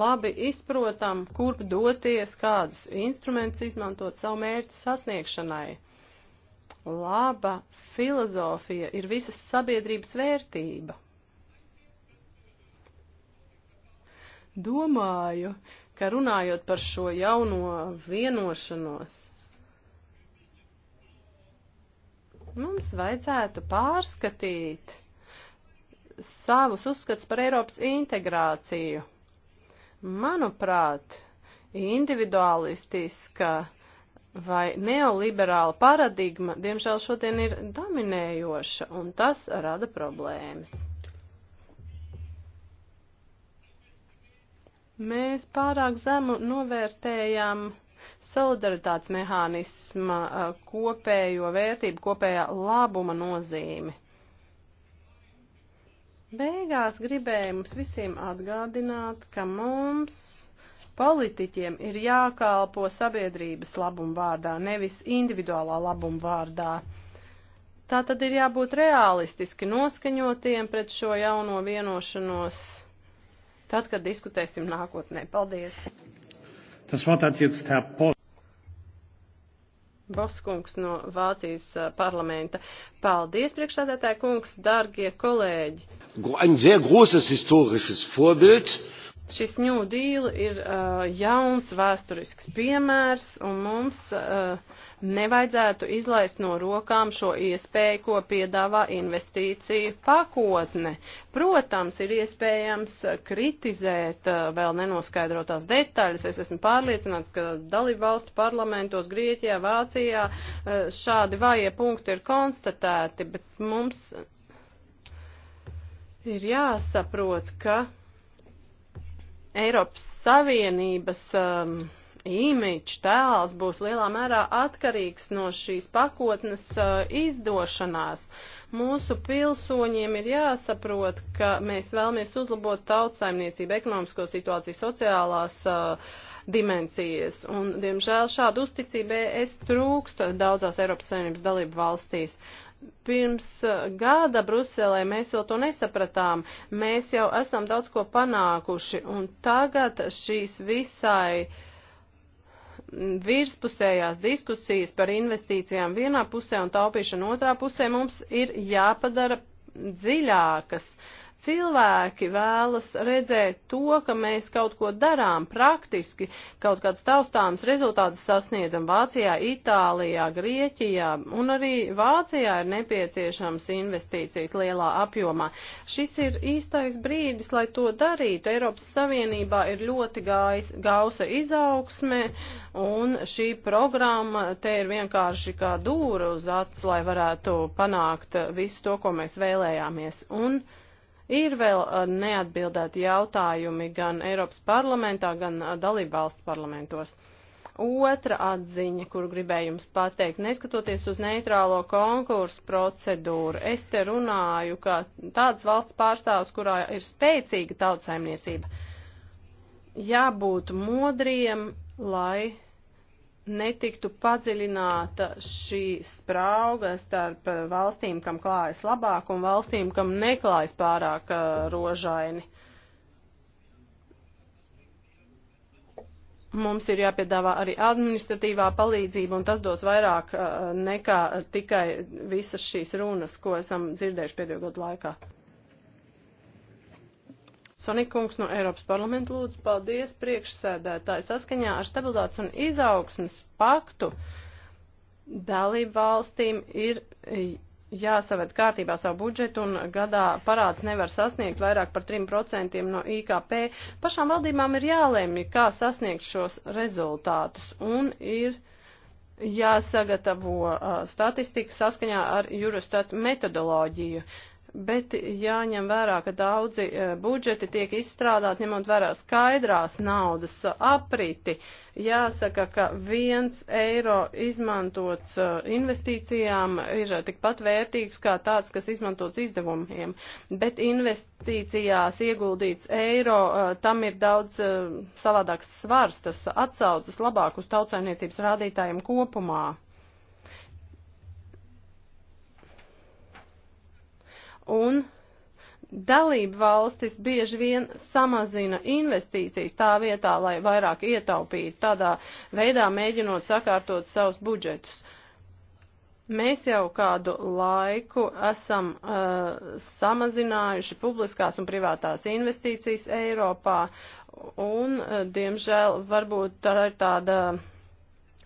labi izprotam, kurp doties, kādus instrumentus izmantot savu mērķu sasniegšanai. Laba filozofija ir visas sabiedrības vērtība. Domāju, ka runājot par šo jauno vienošanos, mums vajadzētu pārskatīt savus uzskats par Eiropas integrāciju. Manuprāt, individualistiska vai neoliberāla paradigma, diemžēl, šodien ir dominējoša, un tas rada problēmas. Mēs pārāk zemu novērtējam solidaritātes mehānisma kopējo vērtību, kopējā labuma nozīmi. Beigās gribēju mums visiem atgādināt, ka mums politiķiem ir jākalpo sabiedrības labumu vārdā, nevis individuālā labumu vārdā. Tā tad ir jābūt realistiski noskaņotiem pret šo jauno vienošanos, tad, kad diskutēsim nākotnē. Paldies! Tas vārds jetzt Herr Post. Boskungs no Vācijas parlamenta. Paldies, priekšsēdētāji kungs, dargie kolēģi! Ein sehr großes historisches Vorbild. Šis New Deal ir uh, jauns vēsturisks piemērs, un mums uh, nevajadzētu izlaist no rokām šo iespēju, ko piedāvā investīcija pakotne. Protams, ir iespējams kritizēt uh, vēl nenoskaidrotās detaļas. Es esmu pārliecināts, ka dalību valstu parlamentos Grieķijā, Vācijā uh, šādi vāja punkti ir konstatēti, bet mums ir jāsaprot, ka Eiropas Savienības um, imidžs, tēls būs lielā mērā atkarīgs no šīs pakotnes uh, izdošanās. Mūsu pilsoņiem ir jāsaprot, ka mēs vēlamies uzlabot tautsaimniecību, ekonomisko situāciju, sociālās uh, dimensijas. Un, diemžēl, šādu uzticību es trūkstu daudzās Eiropas Savienības dalību valstīs. Pirms uh, gada Bruselē mēs vēl to nesapratām, mēs jau esam daudz ko panākuši, un tagad šīs visai uh, virspusējās diskusijas par investīcijām vienā pusē un taupīšanu otrā pusē mums ir jāpadara dziļākas. Uh, Cilvēki vēlas redzēt to, ka mēs kaut ko darām praktiski, kaut kāds taustāms rezultāts sasniedzam Vācijā, Itālijā, Grieķijā, un arī Vācijā ir nepieciešams investīcijas lielā apjomā. Šis ir īstais brīdis, lai to darītu. Eiropas Savienībā ir ļoti gais, gausa izaugsme, un šī programma te ir vienkārši kā dūra uz acis, lai varētu panākt visu to, ko mēs vēlējāmies. Un Ir vēl uh, neatbildēti jautājumi gan Eiropas parlamentā, gan uh, dalībvalstu parlamentos. Otra atziņa, kuru gribēju jums pateikt, neskatoties uz neitrālo konkursu procedūru, es te runāju, ka tāds valsts pārstāvs, kurā ir spēcīga tautsaimniecība, jābūt modriem, lai netiktu padziļināta šī sprauga starp valstīm, kam klājas labāk, un valstīm, kam neklājas pārāk uh, rožaini. Mums ir jāpiedāvā arī administratīvā palīdzība, un tas dos vairāk uh, nekā tikai visas šīs runas, ko esam dzirdējuši pēdējo gadu laikā. Sonikungs no Eiropas parlamenta lūdzu paldies priekšsēdētāji saskaņā ar stabilitātes un izaugsmes paktu. Dalību valstīm ir jāsaved kārtībā savu budžetu un gadā parāds nevar sasniegt vairāk par 3% no IKP. Pašām valdībām ir jālēmj, kā sasniegt šos rezultātus un ir jāsagatavo uh, statistika saskaņā ar Eurostat metodoloģiju bet jāņem vērā, ka daudzi e, budžeti tiek izstrādāti ņemot vērā skaidrās naudas apriti. Jāsaka, ka viens eiro izmantots e, investīcijām ir tikpat vērtīgs kā tāds, kas izmantots izdevumiem, bet investīcijās ieguldīts eiro, e, tam ir daudz savādāks svars, tas atsaucas labāk uz tautsaimniecības rādītājiem kopumā. un dalību valstis bieži vien samazina investīcijas tā vietā, lai vairāk ietaupītu, tādā veidā mēģinot sakārtot savus budžetus. Mēs jau kādu laiku esam uh, samazinājuši publiskās un privātās investīcijas Eiropā, un, uh, diemžēl, varbūt tā ir tāda. Uh,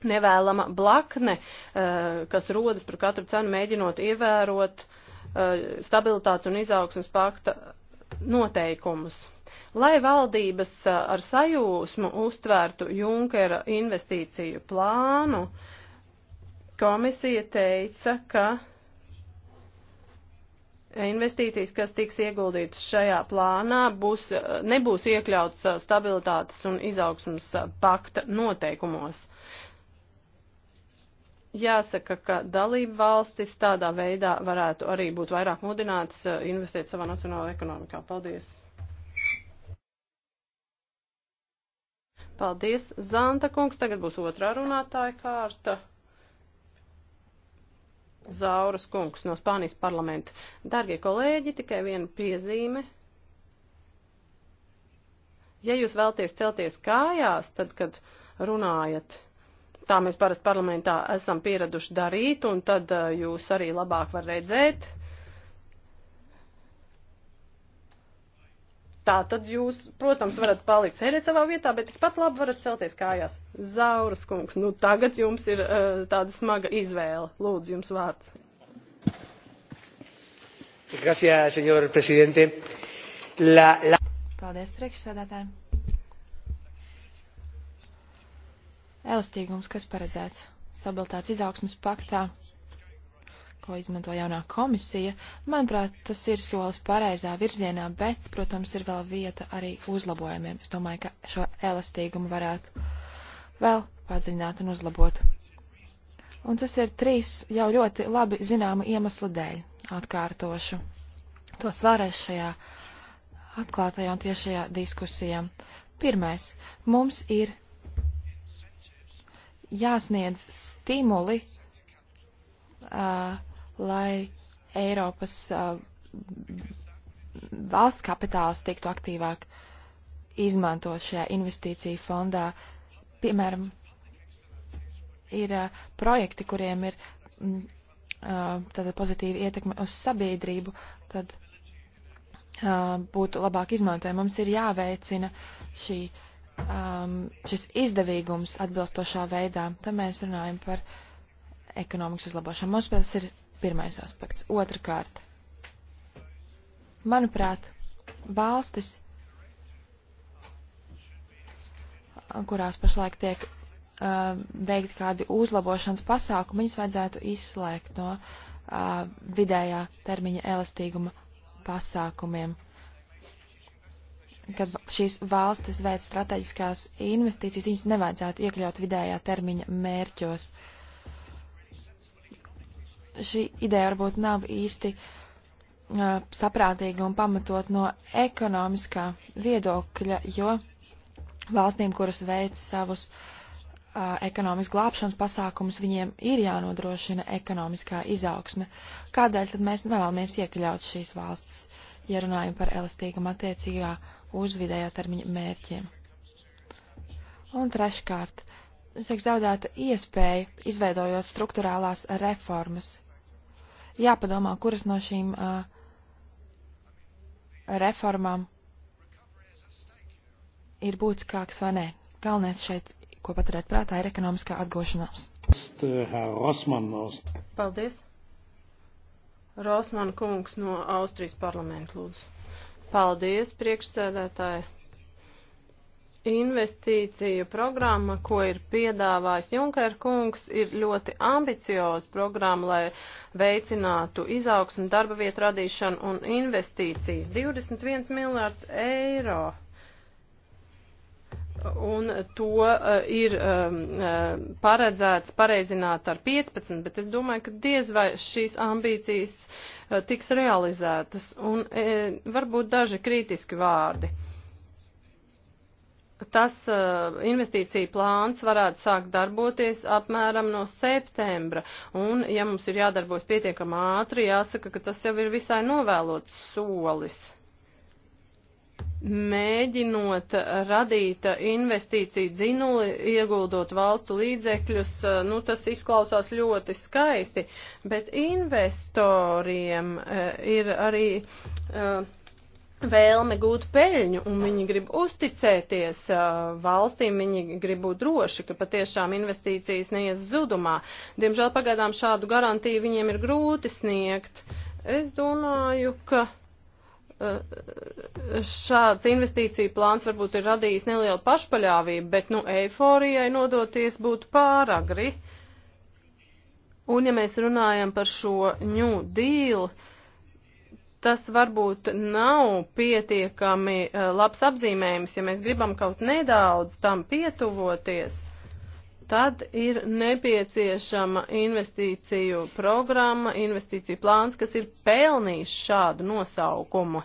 nevēlama blakne, uh, kas rodas par katru cenu mēģinot ievērot uh, Eh, stabilitātes un izaugsmas pakta noteikumus. Lai valdības eh, ar sajūsmu uztvērtu Junkera investīciju plānu, komisija teica, ka investīcijas, kas tiks ieguldītas šajā plānā, būs, eh, nebūs iekļauts stabilitātes un izaugsmas pakta noteikumos. Uh, Jāsaka, ka dalību valstis tādā veidā varētu arī būt vairāk mudinātas eh, investēt savā nacionālajā ekonomikā. Paldies! Paldies, Zanta kungs. Tagad būs otrā runātāja kārta. Zauras kungs no Spānijas parlamenta. Dargie kolēģi, tikai viena piezīme. Ja jūs vēlties celties kājās, tad, kad runājat, Tā mēs parasti parlamentā esam pieraduši darīt, un tad eh, jūs arī labāk var redzēt. Tā tad jūs, protams, varat palikt sēdēt savā vietā, bet tikpat labi varat celties kājās. Zauras kungs, nu tagad jums ir uh, tāda smaga izvēle. Lūdzu, jums vārds. Gracias, señor presidente. La, la... Paldies, priekšsēdētāji. Elastīgums, kas paredzēts stabilitātes izaugsmas paktā, ko izmanto jaunā komisija, manuprāt, tas ir solis pareizā virzienā, bet, protams, ir vēl vieta arī uzlabojumiem. Es domāju, ka šo elastīgumu varētu vēl padziļināt un uzlabot. Un tas ir trīs jau ļoti labi zināma iemesla dēļ. Atkārtošu tos vēlreiz šajā atklātajā un tiešajā diskusijā. Pirmais, mums ir jāsniedz stimuli, uh, lai Eiropas uh, valsts kapitāls tiktu aktīvāk izmantot šajā investīciju fondā. Piemēram, ir uh, projekti, kuriem ir mm, tāda pozitīva ietekme uz sabiedrību, tad būtu labāk izmantojama. Mums ir jāveicina šī uh, um, šis izdevīgums atbilstošā veidā, tad mēs runājam par ekonomikas uzlabošanu. Mums tas ir pirmais aspekts. Otrakārt, manuprāt, valstis, kurās pašlaik tiek uh, veikti kādi uzlabošanas pasākumi, viņas vajadzētu izslēgt no uh, vidējā termiņa elastīguma pasākumiem. Uh, ka šīs valstis veic strateģiskās investīcijas, viņas nevajadzētu iekļaut vidējā termiņa mērķos. Šī ideja varbūt nav īsti uh, saprātīga un pamatot no ekonomiskā viedokļa, jo valstīm, kuras veic savus uh, ekonomisku glābšanas pasākumus, viņiem ir jānodrošina ekonomiskā izaugsme. Kādēļ tad mēs nevēlamies iekļaut šīs valstis, ja runājam par elastīgumu attiecīgā uz vidējā termiņa mērķiem. Un treškārt, tiek zaudēta iespēja, izveidojot struktūrālās reformas. Jāpadomā, kuras no šīm uh, reformām ir būtiskākas vai nē. Galvenais šeit, ko paturēt prātā, ir ekonomiskā atgošanās. Paldies! Rosman kungs no Austrijas parlamenta lūdzu. Paldies, priekšsēdētāji! Investīciju programma, ko ir piedāvājis Junker kungs, ir ļoti ambicioza programma, lai veicinātu izaugsmu, darba vietu radīšanu un investīcijas. 21 miljārds eiro. Un to uh, ir um, paredzēts pareizināt ar 15, bet es domāju, ka diez vai šīs ambīcijas uh, tiks realizētas. Un uh, varbūt daži kritiski vārdi. Tas uh, investīcija plāns varētu sākt darboties apmēram no septembra, un ja mums ir jādarbojas pietiekam ātri, jāsaka, ka tas jau ir visai novēlots solis mēģinot radīt investīciju dzinuli, ieguldot valstu līdzekļus, nu tas izklausās ļoti skaisti, bet investoriem e, ir arī e, vēlme gūt peļņu, un viņi grib uzticēties e, valstīm, viņi grib būt droši, ka patiešām investīcijas neies zudumā. Diemžēl pagaidām šādu garantiju viņiem ir grūti sniegt. Es domāju, ka šāds investīciju plāns varbūt ir radījis nelielu pašpaļāvību, bet, nu, eiforijai nodoties būtu pāragri. Un, ja mēs runājam par šo New Deal, tas varbūt nav pietiekami eh, labs apzīmējums, ja mēs gribam kaut nedaudz tam pietuvoties tad ir nepieciešama investīciju programma, investīciju plāns, kas ir pelnījis šādu nosaukumu.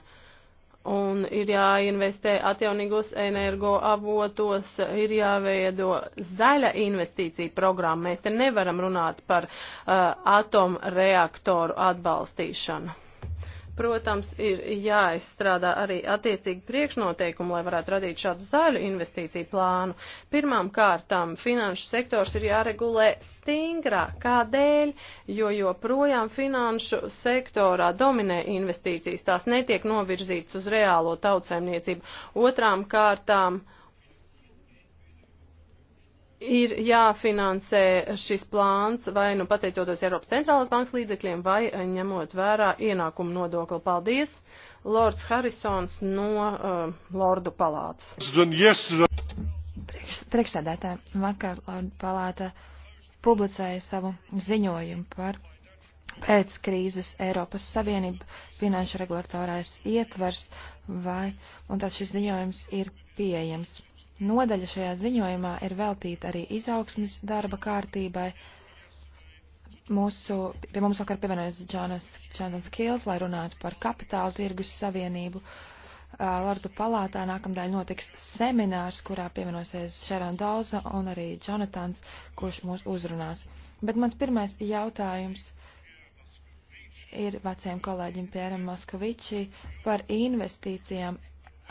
Un ir jāinvestē atjaunīgos energoavotos, ir jāveido zaļa investīcija programma. Mēs te nevaram runāt par uh, atomreaktoru atbalstīšanu. Protams, ir jāizstrādā arī attiecīgi priekšnoteikumi, lai varētu radīt šādu zaļu investīciju plānu. Pirmām kārtām finanšu sektors ir jāregulē stingrāk. Kādēļ? Jo joprojām finanšu sektorā dominē investīcijas, tās netiek novirzītas uz reālo tautsēmniecību. Otrām kārtām. Uh, ir jāfinansē šis plāns vai nu pateicoties Eiropas centrālās bankas līdzekļiem vai eh, ņemot vērā ienākumu nodokli. Paldies, Lords Harisons no uh, Lordu palātas. Priekš, priekšsēdētā vakar Lordu palāta publicēja savu ziņojumu par pēc krīzes Eiropas Savienību finanšu regulatorais ietvers vai, un tad šis ziņojums ir pieejams. Nodaļa šajā ziņojumā ir veltīta arī izaugsmes darba kārtībai. Mūsu, pie mums vakar pievienojas Džonas, Džonas Kils, lai runātu par kapitāla tirgus savienību. Lordu palātā nākamdēļ notiks seminārs, kurā pievienosies Šeran Dauza un arī Jonatans, kurš mūs uzrunās. Bet mans pirmais jautājums ir veciem kolēģim Pieram Moskovičī par investīcijām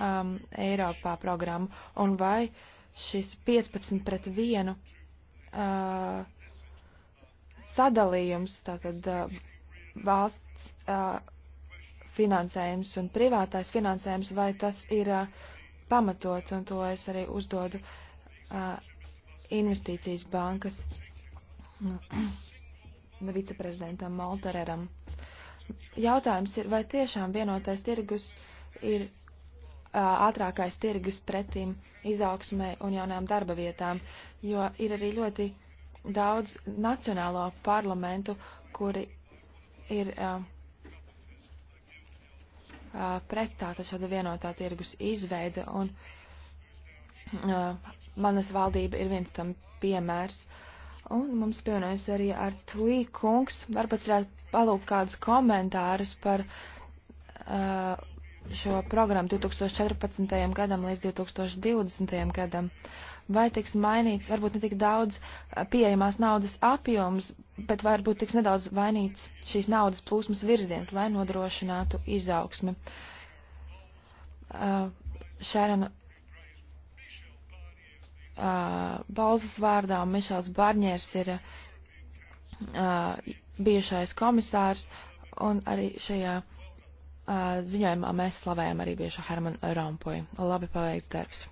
um, Eiropā programmu, un vai šis 15 pret 1 uh, sadalījums, tātad uh, valsts uh, finansējums un privātais finansējums, vai tas ir uh, pamatot, un to es arī uzdodu uh, investīcijas bankas nu, viceprezidentam Moltereram. Jautājums ir, vai tiešām vienotais tirgus ir ātrākais tirgus pretim izaugsmai un jaunām darba vietām, jo ir arī ļoti daudz nacionālo parlamentu, kuri ir uh, uh, pretā šāda vienotā tirgus izveida, un uh, manas valdība ir viens tam piemērs. Un mums pievienojas arī ar Tvī kungs, varbūt varētu palūkt kādus komentārus par uh, šo programmu 2014. gadam līdz 2020. gadam, vai tiks mainīts, varbūt ne tik daudz eh, pieejamās naudas apjoms, bet varbūt tiks nedaudz mainīts šīs naudas plūsmas virziens, lai nodrošinātu izaugsmi. Uh, eh, Šērana uh, eh, Balzas vārdā un Mišels Barņērs ir uh, bijušais komisārs, un arī šajā uh, ziņojumā mēs slavējam arī bieži Hermanu Rompuju. Labi paveikts darbs.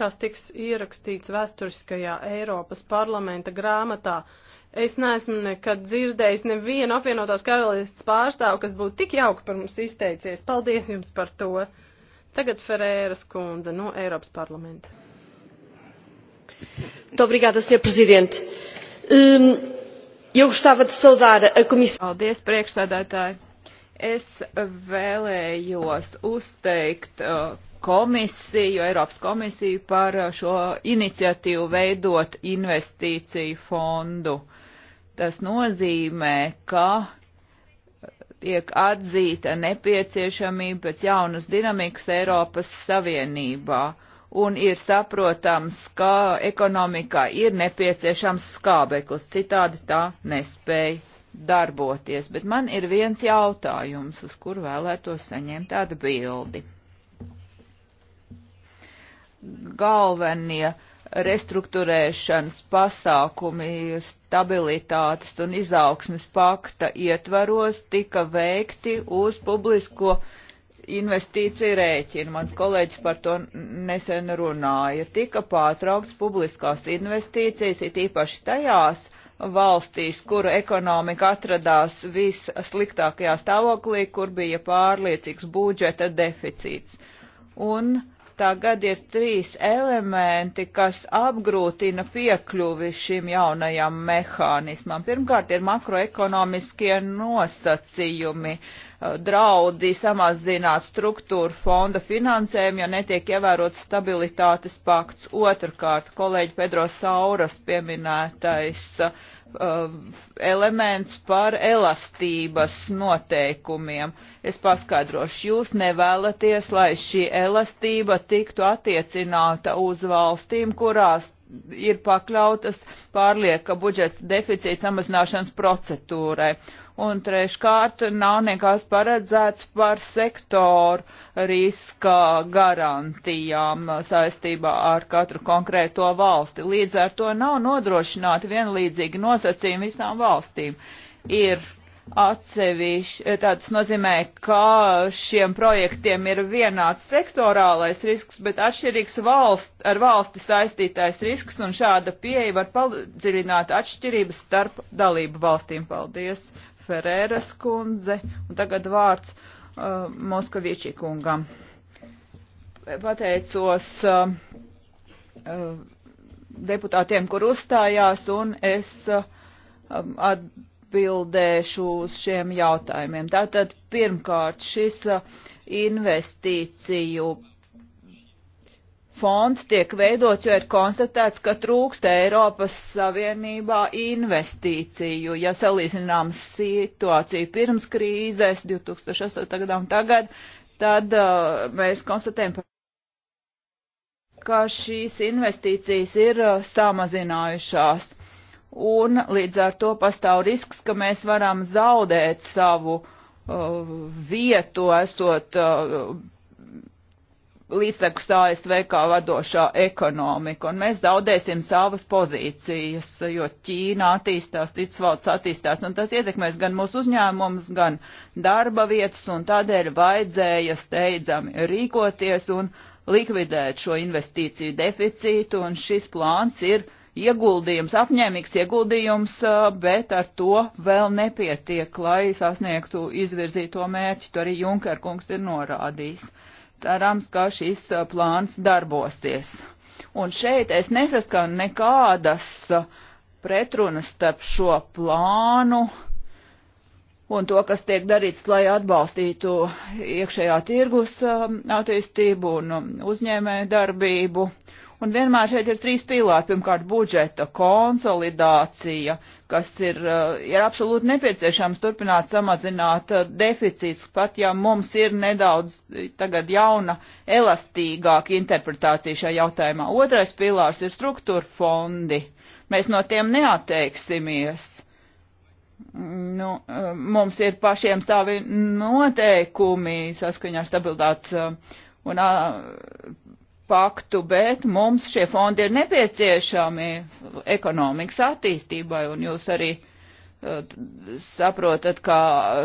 Tas tiks ierakstīts vēsturiskajā Eiropas parlamenta grāmatā. Es neesmu nekad dzirdējis nevienu apvienotās karalistas pārstāvu, kas būtu tik jauki par mums izteicies. Paldies jums par to. Tagad Ferēras kundze no Eiropas parlamenta. Obrigada, Sr. Presidente. Um, Eu gostava de saudar a komisija. Paldies, priekšsēdētāji. Es vēlējos uzteikt uh, komisiju, Eiropas komisiju par uh, šo iniciatīvu veidot investīciju fondu. Tas nozīmē, ka uh, tiek atzīta nepieciešamība pēc jaunas dinamikas Eiropas Savienībā. Uh, un ir saprotams, ka ekonomikā ir nepieciešams skābeklis, citādi tā nespēja darboties. Bet man ir viens jautājums, uz kur vēlētos saņemt atbildi. Galvenie restruktūrēšanas pasākumi stabilitātes un izaugsmes pakta ietvaros tika veikti uz publisko uh, investīciju rēķinu. Mans kolēģis par to nesen runāja. Tika pārtraukts publiskās investīcijas, it īpaši tajās valstīs, kuru ekonomika atradās vissliktākajā stāvoklī, kur bija pārliecīgs budžeta deficīts. Un tagad ir trīs elementi, kas apgrūtina piekļuvi šim jaunajam mehānismam. Pirmkārt ir makroekonomiskie nosacījumi. Uh, draudi samazināt struktūru fonda finansējumu, ja netiek ievērots stabilitātes pakts. Otrkārt, kolēģi Pedro Sauras pieminētais uh, elements par elastības noteikumiem. Es paskaidrošu, jūs nevēlaties, lai šī elastība tiktu attiecināta uz valstīm, kurās ir pakļautas pārlieka budžets deficīta samazināšanas procedūrai un treškārt nav nekas paredzēts par sektoru riska garantijām saistībā ar katru konkrēto valsti. Līdz ar to nav nodrošināti vienlīdzīgi nosacījumi visām valstīm. Ir atsevišķi, eh, tāds nozīmē, ka šiem projektiem ir vienāds sektorālais risks, bet atšķirīgs valst, ar valsti saistītais risks, un šāda pieeja var padziļināt atšķirības starp dalību valstīm. Paldies! Ferēras kundze, un tagad vārds uh, Moskavičī kungam. Pateicos uh, uh, deputātiem, kur uzstājās, un es uh, um, atbildēšu uz šiem jautājumiem. Tātad, pirmkārt, šis uh, investīciju fonds tiek veidots, jo ir konstatēts, ka trūkst Eiropas Savienībā investīciju. Ja salīdzinām situāciju pirms krīzes 2008. gadā un tagad, tad uh, mēs konstatējam, ka šīs investīcijas ir uh, samazinājušās. Un līdz ar to pastāv risks, ka mēs varam zaudēt savu uh, vietu, esot uh, līdztekus ASV kā vadošā ekonomika, un mēs zaudēsim savas pozīcijas, jo Ķīna attīstās, citas valsts attīstās, un tas ietekmēs gan mūsu uzņēmumus, gan darba vietas, un tādēļ vajadzēja steidzami rīkoties un likvidēt šo investīciju deficītu, un šis plāns ir ieguldījums, apņēmīgs ieguldījums, bet ar to vēl nepietiek, lai sasniegtu izvirzīto mērķi, to arī Junker kungs ir norādījis cerams, ka šis uh, plāns darbosies. Un šeit es nesaskanu nekādas uh, pretrunas starp šo plānu un to, kas tiek darīts, lai atbalstītu iekšējā tirgus um, attīstību un um, uzņēmēju darbību Un vienmēr šeit ir trīs pilāri. Pirmkārt, budžeta konsolidācija, kas ir, eh, ir absolūti nepieciešams turpināt samazināt eh, deficīts, pat ja mums ir nedaudz eh, tagad jauna, elastīgāka interpretācija šajā jautājumā. Otrais pilārs ir struktūra fondi. Mēs no tiem neatteiksimies nu, mums ir pašiem savi noteikumi saskaņā ar stabilitātes un ah, paktu, bet mums šie fondi ir nepieciešami ekonomikas attīstībai, un jūs arī uh, saprotat, kā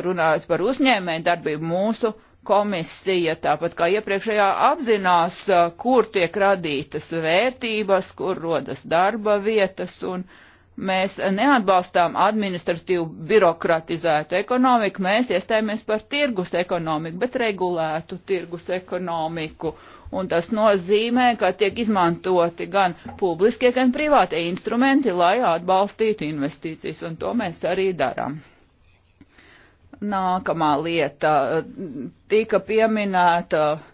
runājot par uzņēmēju darbību mūsu komisija, tāpat kā iepriekšējā apzinās, uh, kur tiek radītas vērtības, kur rodas darba vietas, un uh, Mēs neatbalstām administratīvu birokratizētu ekonomiku, mēs iestājāmies par tirgus ekonomiku, bet regulētu tirgus ekonomiku. Un tas nozīmē, ka tiek izmantoti gan publiskie, gan privātie instrumenti, lai atbalstītu investīcijas, un to mēs arī darām. Nākamā lieta tika pieminēta uh,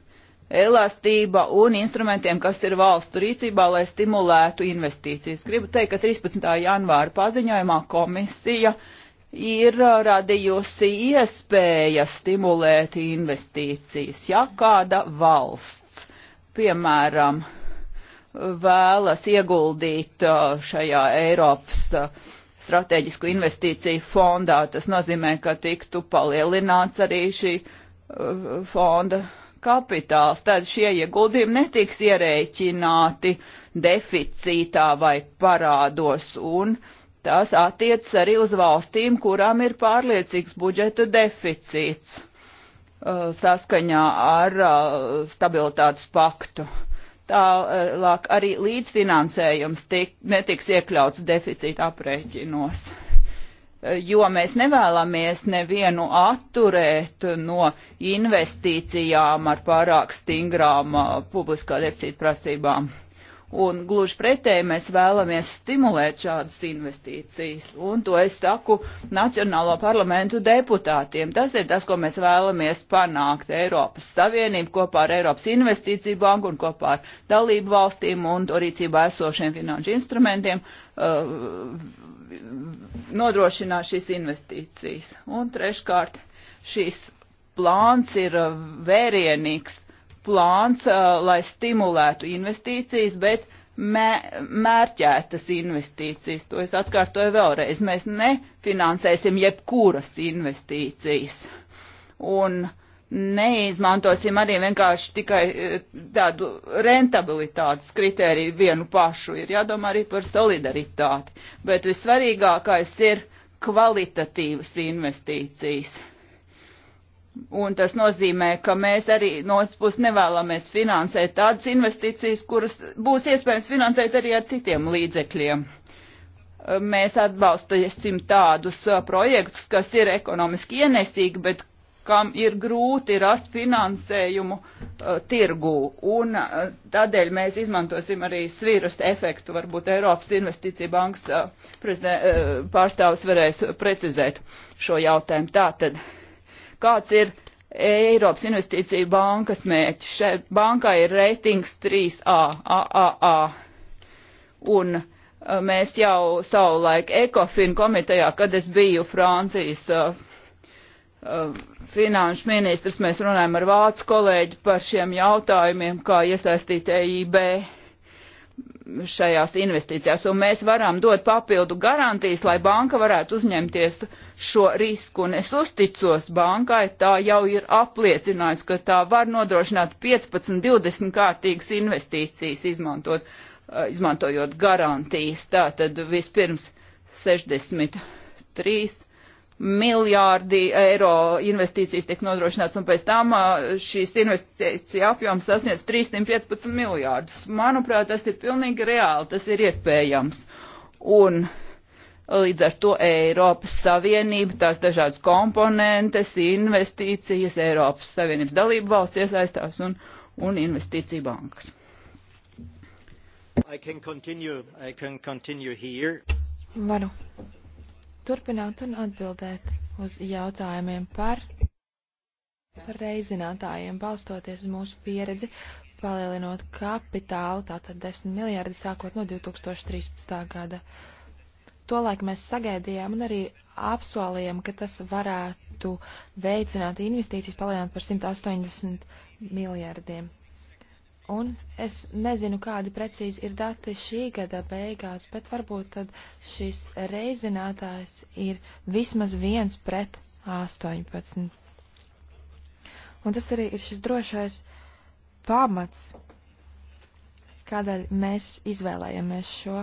elastība un instrumentiem, kas ir valstu rīcībā, lai stimulētu investīcijas. Gribu teikt, ka 13. janvāra paziņojumā komisija ir uh, radījusi iespējas stimulēt investīcijas. Ja kāda valsts, piemēram, vēlas ieguldīt uh, šajā Eiropas uh, strateģisku investīciju fondā, tas nozīmē, ka tiktu palielināts arī šī fonda kapitāls, tad šie ieguldījumi netiks ierēķināti deficītā vai parādos un tas attiecas arī uz valstīm, kurām ir pārliecīgs budžeta deficīts uh, saskaņā ar uh, stabilitātes paktu. Tālāk arī līdzfinansējums tik, netiks iekļauts deficīta aprēķinos jo mēs nevēlamies nevienu atturēt no investīcijām ar pārāk stingrām uh, publiskā deficīta prasībām. Un gluži pretēji mēs vēlamies stimulēt šādas investīcijas. Un to es saku Nacionālo parlamentu deputātiem. Tas ir tas, ko mēs vēlamies panākt Eiropas Savienību kopā ar Eiropas Investīciju banku un kopā ar dalību valstīm un to rīcībā esošiem finanšu instrumentiem. Uh, nodrošināt šīs investīcijas. Un treškārt, šīs plāns ir uh, vērienīgs plāns, uh, lai stimulētu investīcijas, bet mērķētas investīcijas. To es atkārtoju vēlreiz. Mēs nefinansēsim jebkuras investīcijas. Un uh, neizmantosim arī vienkārši tikai e, tādu rentabilitātes kritēriju vienu pašu. Ir jādomā arī par solidaritāti. Bet vissvarīgākais ir kvalitatīvas investīcijas. Un tas nozīmē, ka mēs arī no otras puses nevēlamies finansēt tādas investīcijas, kuras būs iespējams finansēt arī ar citiem līdzekļiem. Mēs atbalstīsim tādus e, projektus, kas ir ekonomiski ienesīgi, bet kam ir grūti rast finansējumu uh, tirgū. Un uh, tādēļ mēs izmantosim arī svirus efektu, varbūt Eiropas investīcija bankas uh, uh, pārstāvis varēs precizēt šo jautājumu. Tātad, kāds ir Eiropas investīcija bankas mērķis? Šai bankai ir reitings 3A, AAA. Un uh, mēs jau savulaik ECOFIN komitejā, kad es biju Francijas uh, Uh, finanšu ministrs, mēs runājam ar vācu kolēģi par šiem jautājumiem, kā iesaistīt EIB šajās investīcijās, un mēs varam dot papildu garantijas, lai banka varētu uzņemties šo risku, un es uzticos bankai, tā jau ir apliecinājusi, ka tā var nodrošināt 15-20 kārtīgas investīcijas, izmantot, uh, izmantojot garantijas, tātad vispirms 63 miljārdi eiro investīcijas tiek nodrošināts, un pēc tam šīs investīcija apjoms sasniedz 315 miljārdus. Manuprāt, tas ir pilnīgi reāli, tas ir iespējams. Un līdz ar to Eiropas Savienība, tās dažādas komponentes, investīcijas, Eiropas Savienības dalību valsts iesaistās un, un investīcija bankas. I can continue. I can continue here. Varu turpināt un atbildēt uz jautājumiem par, par reizinātājiem, balstoties uz mūsu pieredzi, palielinot kapitālu, tātad 10 miljardi sākot no 2013. gada. Tolaik mēs sagaidījām un arī apsolījām, ka tas varētu veicināt investīcijas palielināt par 180 miljardiem. Un es nezinu, kādi precīzi ir dati šī gada beigās, bet varbūt tad šis reizinātājs ir vismaz viens pret 18. Un tas arī ir šis drošais pamats, kādēļ mēs izvēlējamies šo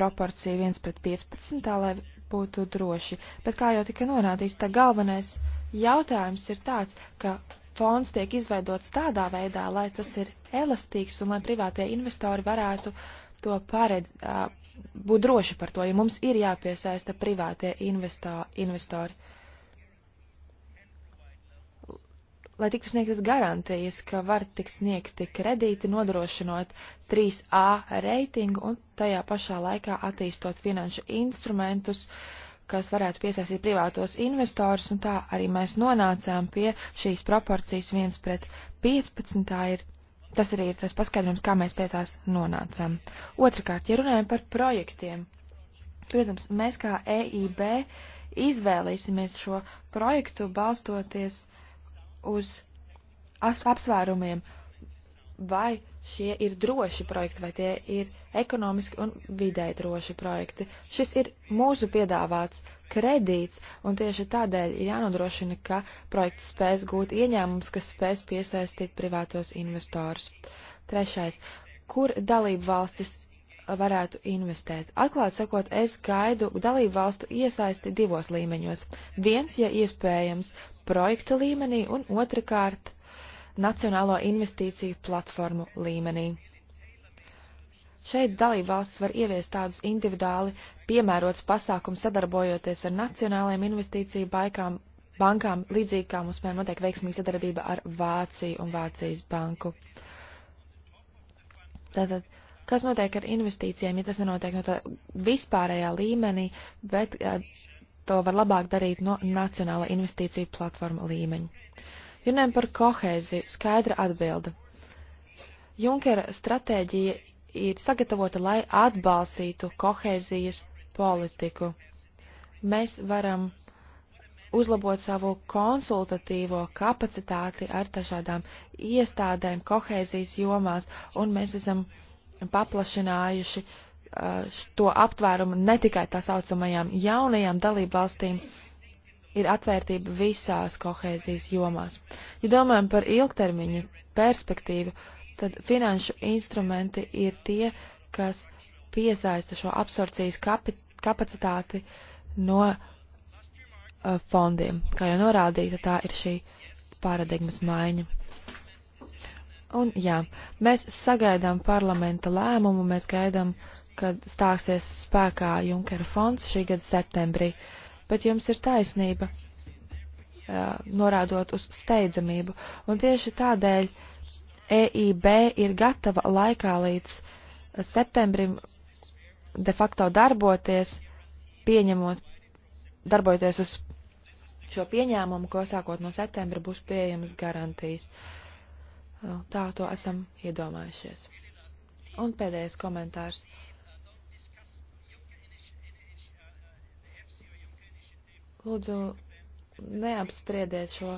proporciju 1 pret 15, tā lai būtu droši. Bet kā jau tika norādīts, tā galvenais jautājums ir tāds, ka fonds tiek izveidots tādā veidā, lai tas ir elastīgs un lai privātie investori varētu to pared, uh, būt droši par to, ja mums ir jāpiesaista privātie investā, investori. Lai tiktu sniegtas garantijas, ka var tikt sniegti kredīti, nodrošinot 3A reitingu un tajā pašā laikā attīstot finanšu instrumentus, uh, kas varētu piesaistīt privātos investorus, un tā arī mēs nonācām pie šīs proporcijas 1 pret 15. Ir, tas arī ir tas paskaidrojums, kā mēs pie tās nonācām. Otrakārt, ja runājam par projektiem, protams, mēs kā EIB izvēlēsimies šo projektu balstoties uz apsvērumiem, vai šie ir droši projekti, vai tie ir ekonomiski un vidēji droši projekti. Šis ir mūsu piedāvāts kredīts, un tieši tādēļ ir jānodrošina, ka projekts spēs gūt ieņēmums, kas spēs piesaistīt privātos investorus. Trešais. Kur dalību valstis varētu investēt. Atklāt sakot, es gaidu dalību valstu iesaisti divos līmeņos. Viens, ja iespējams, projektu līmenī, un otrkārt nacionālo investīciju platformu līmenī. Šeit dalībvalsts var ieviest tādus individuāli piemērots pasākums sadarbojoties ar nacionālajiem investīciju baikām, bankām, līdzīgi kā mums piemēram notiek veiksmīga sadarbība ar Vāciju un Vācijas banku. Tātad, kas notiek ar investīcijiem, ja tas nenotiek no tā vispārējā līmenī, bet eh, to var labāk darīt no nacionāla investīciju platforma līmeņa. Runājam par kohēziju, skaidra atbilda. Junkera stratēģija ir sagatavota, lai atbalstītu kohēzijas politiku. Mēs varam uzlabot savu konsultatīvo kapacitāti ar dažādām iestādēm kohēzijas jomās, un mēs esam paplašinājuši uh, to aptvērumu ne tikai tā saucamajām jaunajām dalībvalstīm, ir atvērtība visās kohēzijas jomās. Ja domājam par ilgtermiņa perspektīvu, tad finanšu instrumenti ir tie, kas piesaista šo absorpcijas kapacitāti no uh, fondiem. Kā jau norādīta, tā ir šī paradigmas maiņa. Un jā, mēs sagaidām parlamenta lēmumu, mēs gaidām, kad stāsies spēkā Junkera fonds šī gada septembrī. Uh, bet jums ir taisnība, norādot uz steidzamību. Un tieši tādēļ EIB ir gatava laikā līdz septembrim de facto darboties, pieņemot, darbojoties uz šo pieņēmumu, ko sākot no septembra būs pieejamas garantijas. Tā to esam iedomājušies. Un pēdējais komentārs. Uh, Lūdzu, neapspriediet šo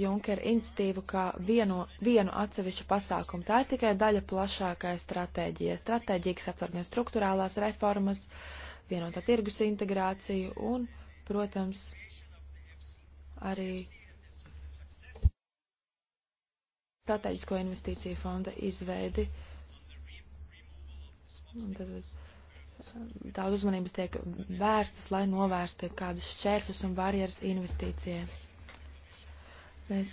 Junker institīvu kā vienu, vienu atsevišķu pasākumu. Tā ir tikai daļa plašākai stratēģijai. Stratēģija, kas aptver gan struktūrālās reformas, vienotā tirgus integrāciju un, protams, arī strateģisko investīciju fonda izveidi. Un tad, daudz uzmanības tiek vērstas, lai novērstu kādus šķērsus un barjeras investīcijai. Mēs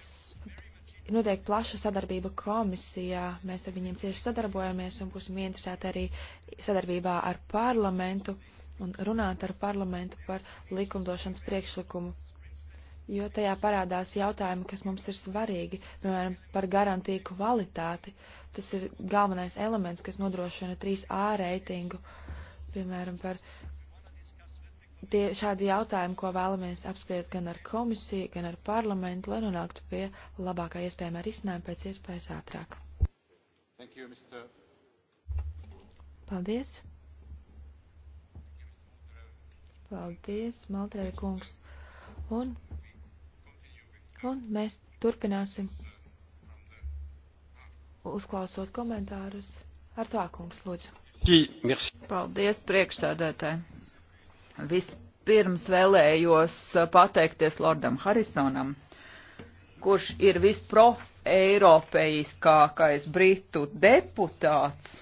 notiek plaša sadarbība komisijā, mēs ar viņiem cieši sadarbojamies un būsim interesēti arī sadarbībā ar parlamentu un runāt ar parlamentu par likumdošanas priekšlikumu. Jo tajā parādās jautājumi, kas mums ir svarīgi, piemēram, par garantīku kvalitāti. Tas ir galvenais elements, kas nodrošina 3A reitingu. Uh, piemēram, par tie šādi jautājumi, ko vēlamies apspriest gan ar komisiju, gan ar parlamentu, lai nonāktu pie labākā iespējamā risinājuma pēc iespējas ātrāk. Thank you, Mr. Paldies. Paldies, Maltrēra kungs. Un, un mēs turpināsim uzklausot komentārus. Ar tā kungs, lūdzu. Paldies priekšsēdētāji. Vispirms vēlējos uh, pateikties Lordam Harisonam, kurš ir visproeiropeiskākais britu deputāts.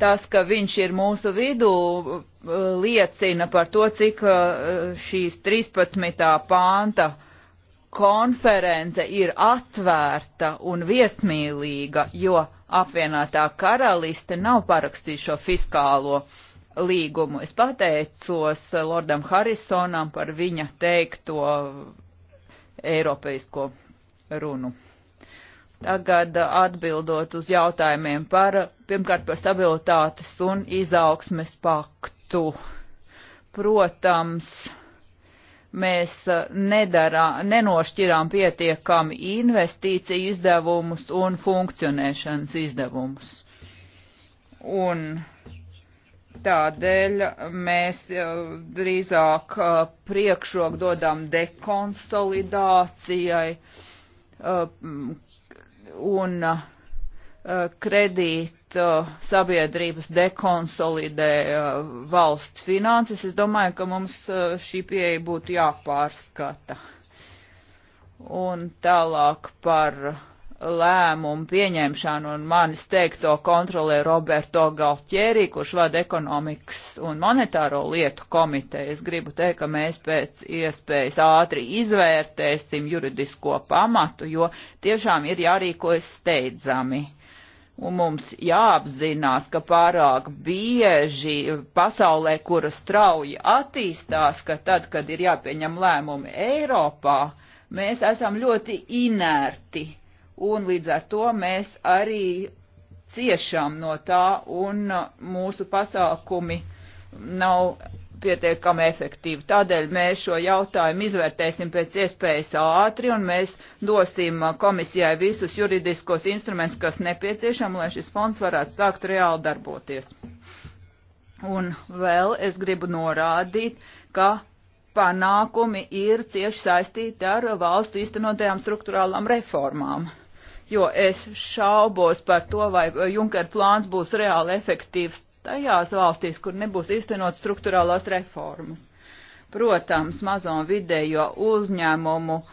Tas, ka viņš ir mūsu vidū, uh, liecina par to, cik šīs 13. pānta konference ir atvērta un viesmīlīga, jo apvienotā karaliste nav parakstījuši šo fiskālo līgumu. Es pateicos Lordam Harrisonam par viņa teikto eiropeisko runu. Tagad atbildot uz jautājumiem par, pirmkārt, par stabilitātes un izaugsmes paktu. Protams, uh, mēs uh, nedarā, nenošķirām pietiekami investīciju izdevumus un funkcionēšanas izdevumus. Un tādēļ mēs uh, drīzāk uh, priekšrok dodam dekonsolidācijai un kredīt uh, sabiedrības dekonsolidē uh, valsts finanses. Es domāju, ka mums uh, šī pieeja būtu jāpārskata. Un tālāk par lēmumu pieņemšanu un manis teikto kontrolē Roberto Galtieri, kurš vada ekonomikas un monetāro lietu komiteju. Es gribu teikt, ka mēs pēc iespējas ātri izvērtēsim juridisko pamatu, jo tiešām ir jārīkojas steidzami. Uh, Un mums jāapzinās, ka pārāk bieži pasaulē, kura strauji attīstās, ka tad, kad ir jāpieņem lēmumi Eiropā, mēs esam ļoti inerti. Un līdz ar to mēs arī ciešam no tā, un mūsu pasākumi nav pietiekami efektīvi. Tādēļ mēs šo jautājumu izvērtēsim pēc iespējas ātri un mēs dosim uh, komisijai visus juridiskos instrumentus, kas nepieciešami, lai šis fonds varētu sākt reāli darboties. Un vēl es gribu norādīt, ka panākumi ir cieši saistīti ar valstu īstenotajām struktūrālām reformām jo es šaubos par to, vai Junker plāns būs reāli efektīvs tajās valstīs, kur nebūs īstenot struktūrālās reformas. Protams, mazo un vidējo uzņēmumu uh,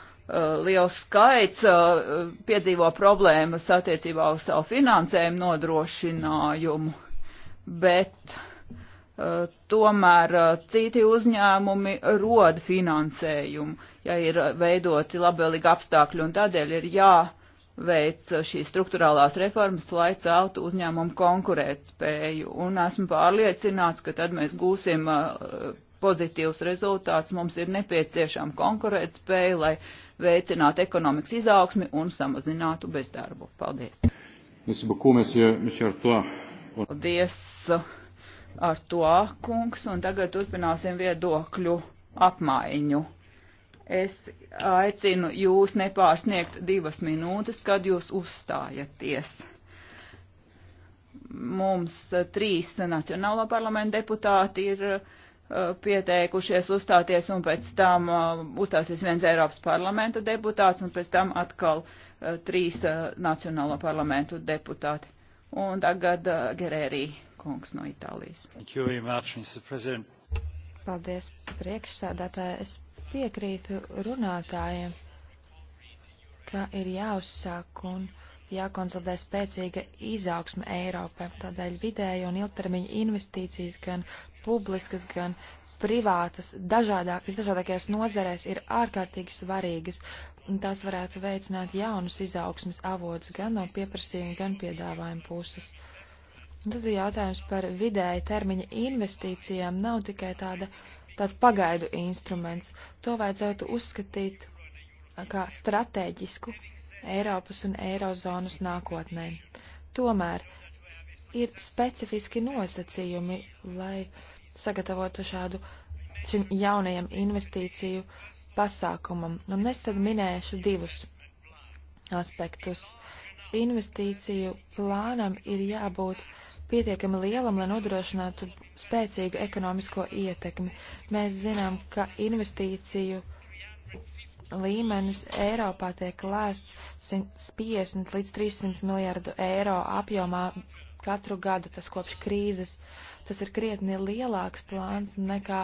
liels skaits uh, piedzīvo problēmas attiecībā uz savu finansējumu nodrošinājumu, bet uh, tomēr uh, citi uzņēmumi rod finansējumu, ja ir veidoti labvēlīgi apstākļi, un tādēļ ir jā. Ja veic šīs struktūrālās reformas, lai celtu uzņēmumu konkurētspēju. Un esmu pārliecināts, ka tad mēs gūsim uh, pozitīvs rezultāts. Mums ir nepieciešama konkurētspēja, lai veicinātu ekonomikas izaugsmi un samazinātu bezdarbu. Paldies! Paldies, Artoā kungs, un tagad turpināsim viedokļu apmaiņu. Es aicinu jūs nepārsniegt divas minūtes, kad jūs uzstājaties. Mums trīs Nacionālā parlamenta deputāti ir uh, pieteikušies uzstāties, un pēc tam uh, uzstāsies viens Eiropas parlamenta deputāts, un pēc tam atkal uh, trīs Nacionālā parlamentu deputāti. Un tagad Gerērī kungs no Itālijas. Much, Paldies, priekšsēdētāji. Es Piekrītu runātājiem, ka ir jāuzsāk un jākonsolidē spēcīga izaugsme Eiropā. Tādēļ vidēja un ilgtermiņa investīcijas gan publiskas, gan privātas, dažādāk, visdažādākajās nozarēs ir ārkārtīgi svarīgas, un tās varētu veicināt jaunus izaugsmes avots gan no pieprasījuma, gan piedāvājuma puses. Un tad jautājums par vidēja termiņa investīcijām nav tikai tāda tāds pagaidu instruments. To vajadzētu uzskatīt kā stratēģisku Eiropas un Eirozonas nākotnē. Tomēr ir specifiski nosacījumi, lai sagatavotu šādu šim jaunajam investīciju pasākumam. Nu, un es tad minēšu divus aspektus. Investīciju plānam ir jābūt uh, pietiekami lielam, lai nodrošinātu spēcīgu ekonomisko ietekmi. Mēs zinām, ka investīciju līmenis Eiropā tiek lēsts 150 līdz 300 miljārdu eiro apjomā katru gadu, tas kopš krīzes. Tas ir krietni lielāks plāns nekā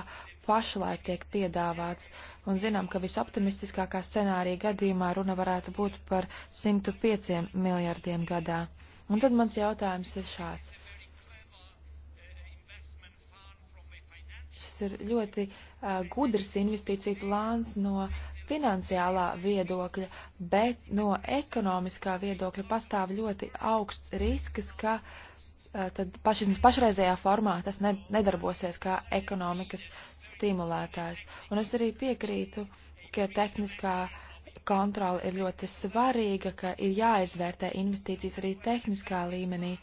pašlaik tiek piedāvāts, un zinām, ka visoptimistiskākā scenārija gadījumā runa varētu būt par 105 miljardiem gadā. Un tad mans jautājums ir šāds. Tas ir ļoti uh, gudrs investīcija plāns no finansiālā viedokļa, bet no ekonomiskā viedokļa pastāv ļoti augsts risks, ka uh, tad pašas, pašreizējā formā tas ne, nedarbosies kā ekonomikas stimulētājs. Un es arī piekrītu, ka tehniskā kontrola ir ļoti svarīga, ka ir jāizvērtē investīcijas arī tehniskā līmenī,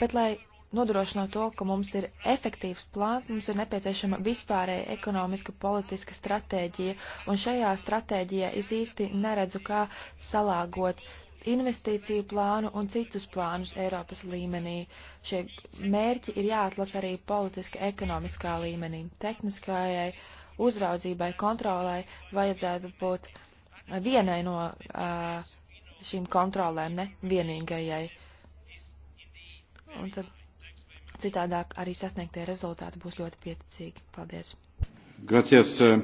bet lai nodrošinot to, ka mums ir efektīvs plāns, mums ir nepieciešama vispārēja ekonomiska politiska stratēģija, un šajā stratēģijā es īsti neredzu, kā salāgot investīciju plānu un citus plānus Eiropas līmenī. Šie mērķi ir jāatlas arī politiska ekonomiskā līmenī. Tehniskajai uzraudzībai, kontrolai vajadzētu būt vienai no uh, šīm kontrolēm, ne vienīgajai. Un tad Citādāk arī sasniegtie rezultāti būs ļoti pieticīgi. Paldies! Gracias. Eh.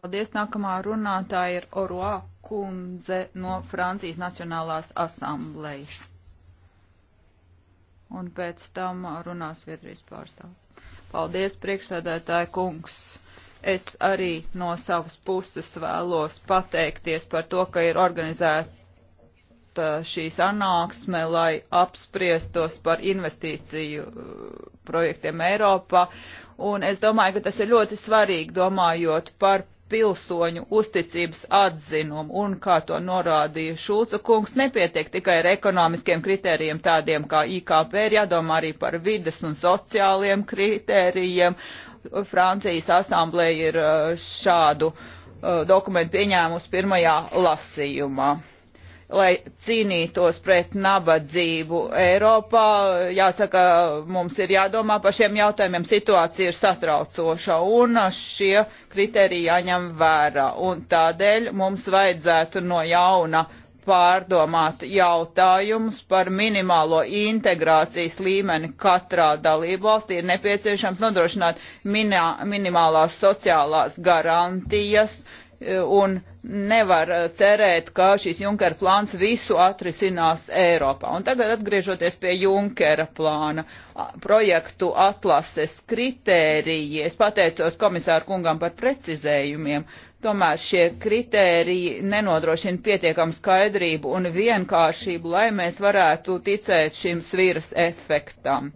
Paldies. Nākamā runātāja ir Oroa kundze no Francijas Nacionālās asamblejas. Un pēc tam runās Vietrijas pārstāv. Paldies, priekšsēdētāja kungs. Es arī no savas puses vēlos pateikties par to, ka ir organizēta šī sanāksme, lai apspriestos par investīciju projektiem Eiropā. Un es domāju, ka tas ir ļoti svarīgi domājot par pilsoņu uzticības atzinumu un, kā to norādīja Šulca kungs, nepietiek tikai ar ekonomiskiem kritērijiem tādiem kā IKP, ir jādomā arī par vides un sociāliem kritērijiem. Francijas asamblēja ir šādu dokumentu pieņēmusi pirmajā lasījumā lai cīnītos pret nabadzību Eiropā. Jāsaka, mums ir jādomā par šiem jautājumiem. Situācija ir satraucoša un šie kriteriji jāņem vērā. Un tādēļ mums vajadzētu no jauna pārdomāt jautājumus par minimālo integrācijas līmeni katrā dalībvalstī. Ir nepieciešams nodrošināt minā, minimālās sociālās garantijas e, un nevar eh, cerēt, ka šis Junkera plāns visu atrisinās Eiropā. Un tagad atgriežoties pie Junkera plāna, projektu atlases kritēriji, es pateicos komisāru kungam par precizējumiem, tomēr šie kritēriji nenodrošina pietiekamu skaidrību un vienkāršību, lai mēs varētu ticēt šim sviras efektam.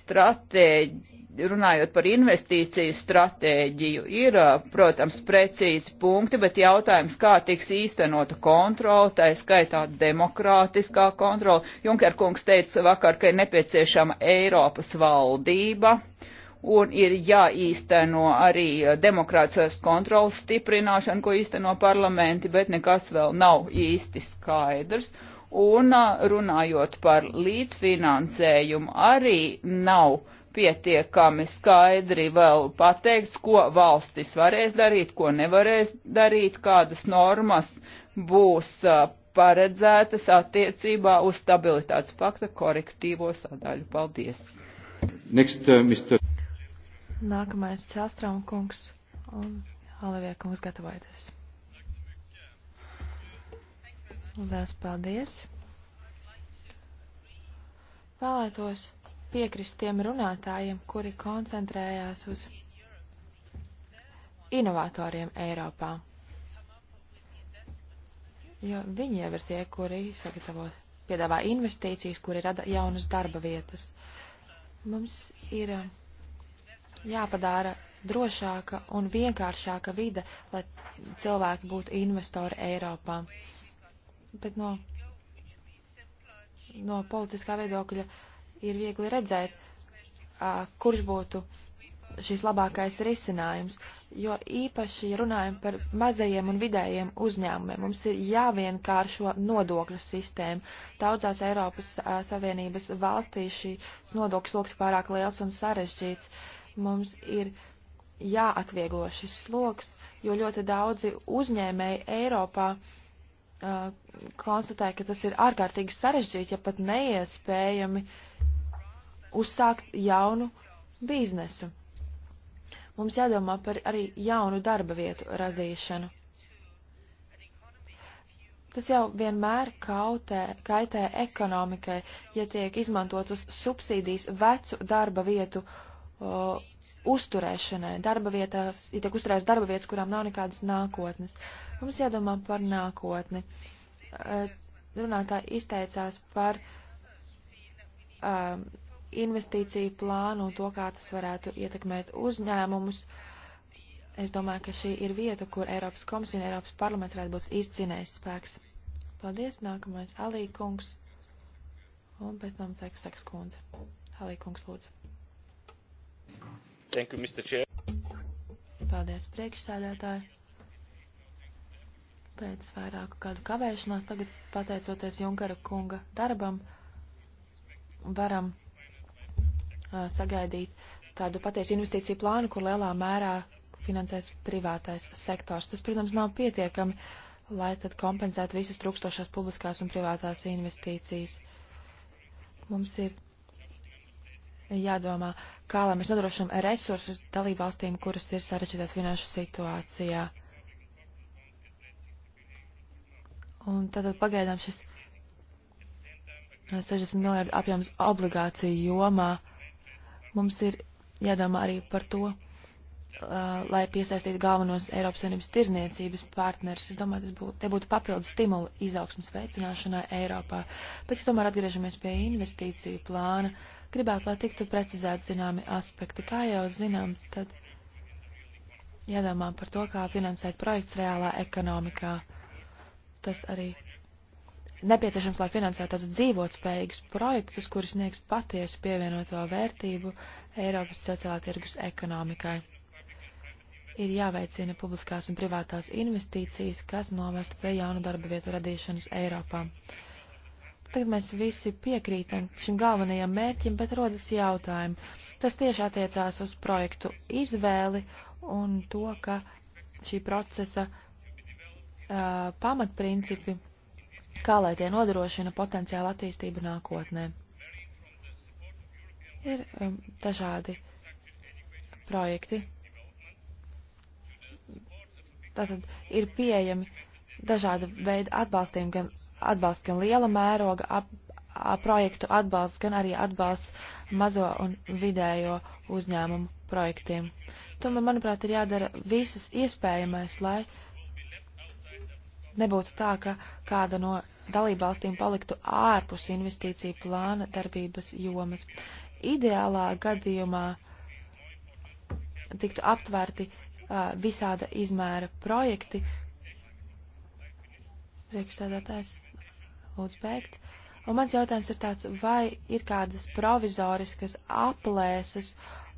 Stratēģi runājot par investīciju stratēģiju, ir, protams, precīzi punkti, bet jautājums, kā tiks īstenota kontrola, tā skaitā demokrātiskā kontrola. Junker kungs teica vakar, ka ir nepieciešama Eiropas valdība un ir jāīsteno arī demokrātiskās kontrolas stiprināšana, ko īsteno parlamenti, bet nekas vēl nav īsti skaidrs. Un runājot par līdzfinansējumu, arī nav uh, pietiekami skaidri vēl pateikts, ko valstis varēs darīt, ko nevarēs darīt, kādas normas būs paredzētas attiecībā uz stabilitātes pakta korektīvo sadaļu. Paldies! Next, uh, Mr. Nākamais Čāstram kungs un Alivie kungs gatavojoties. Lielas paldies! Vēlētos piekrist tiem runātājiem, kuri koncentrējās uz inovatoriem Eiropā. Jo viņi jau ir tie, kuri sagatavo, piedāvā investīcijas, kuri rada jaunas darba vietas. Mums ir um, jāpadara drošāka un vienkāršāka vide, lai cilvēki būtu investori Eiropā. Bet no, no politiskā viedokļa ir viegli redzēt, kurš būtu šis labākais risinājums, jo īpaši runājam par mazajiem un vidējiem uzņēmumiem. Mums ir jāvienkāršo nodokļu sistēmu. Daudzās Eiropas a, Savienības valstīs šīs nodokļu sloks ir pārāk liels un sarežģīts. Mums ir jāatvieglo šis sloks, jo ļoti daudzi uzņēmēji Eiropā a, konstatē, ka tas ir ārkārtīgi sarežģīti, ja pat neiespējami uh, uzsākt jaunu biznesu. Mums jādomā par arī jaunu darba vietu radīšanu. Tas jau vienmēr kautē, kaitē ekonomikai, ja tiek izmantot uz subsīdijas vecu darba vietu o, uzturēšanai. Darba vietās, ja tiek uzturēts darba vietas, kurām nav nekādas nākotnes. Mums jādomā par nākotni. E, runātā izteicās par um, investīciju plānu un to, kā tas varētu ietekmēt uzņēmumus. Es domāju, ka šī ir vieta, kur Eiropas komisija un Eiropas parlaments varētu būt izcīnējis spēks. Paldies, nākamais Alī kungs un pēc tam Cekas Cekas kundze. Alī kungs, lūdzu. Thank you, Mr. Chair. Paldies, priekšsēdētāji. Pēc vairāku gadu kavēšanās tagad, pateicoties Junkara kunga darbam, varam Uh, sagaidīt tādu patiesu investīciju plānu, kur lielā mērā finansēs privātais sektors. Tas, protams, nav pietiekami, lai tad kompensētu visas trūkstošās publiskās un privātās investīcijas. Mums ir jādomā, kā lai mēs nodrošinām resursus dalībvalstīm, kuras ir sarežģītās finanšu situācijā. Un tad pagaidām šis 60 miljardu apjoms obligāciju jomā Mums ir jādomā arī par to, lai piesaistītu galvenos Eiropas Savienības tirzniecības partnerus. Es domāju, tas būtu, te būtu papildus stimuli izaugsmas veicināšanai Eiropā. Bet, ja tomēr atgriežamies pie investīciju plāna, gribētu, lai tiktu precizēti zināmi aspekti. Kā jau zinām, tad jādomā par to, kā finansēt projekts reālā ekonomikā. Tas arī nepieciešams, lai finansētu tādus dzīvotspējīgus projektus, kuris sniegs patiesu pievienoto vērtību Eiropas sociālā tirgus ekonomikai. Ir jāveicina publiskās un privātās investīcijas, kas novestu pie jaunu darba vietu radīšanas Eiropā. Tagad mēs visi piekrītam šim galvenajam mērķim, bet rodas jautājumi. Tas tieši attiecās uz projektu izvēli un to, ka šī procesa uh, pamatprincipi kā lai tie nodrošina potenciālu attīstību nākotnē. Ir um, dažādi projekti. Tātad ir pieejami dažādi veidi atbalstiem, gan atbalsts gan liela mēroga ap, ap, projektu atbalsts, gan arī atbalsts mazo un vidējo uzņēmumu projektiem. Tomēr, manuprāt, ir jādara visas iespējamais, lai uh, Nebūtu tā, ka kāda no dalībvalstīm paliktu ārpus investīciju plāna darbības jomas. Ideālā gadījumā tiktu aptvērti uh, visāda izmēra projekti. Priekšsēdētājs lūdzu beigt. Un mans jautājums ir tāds, vai ir kādas provizoriskas aplēses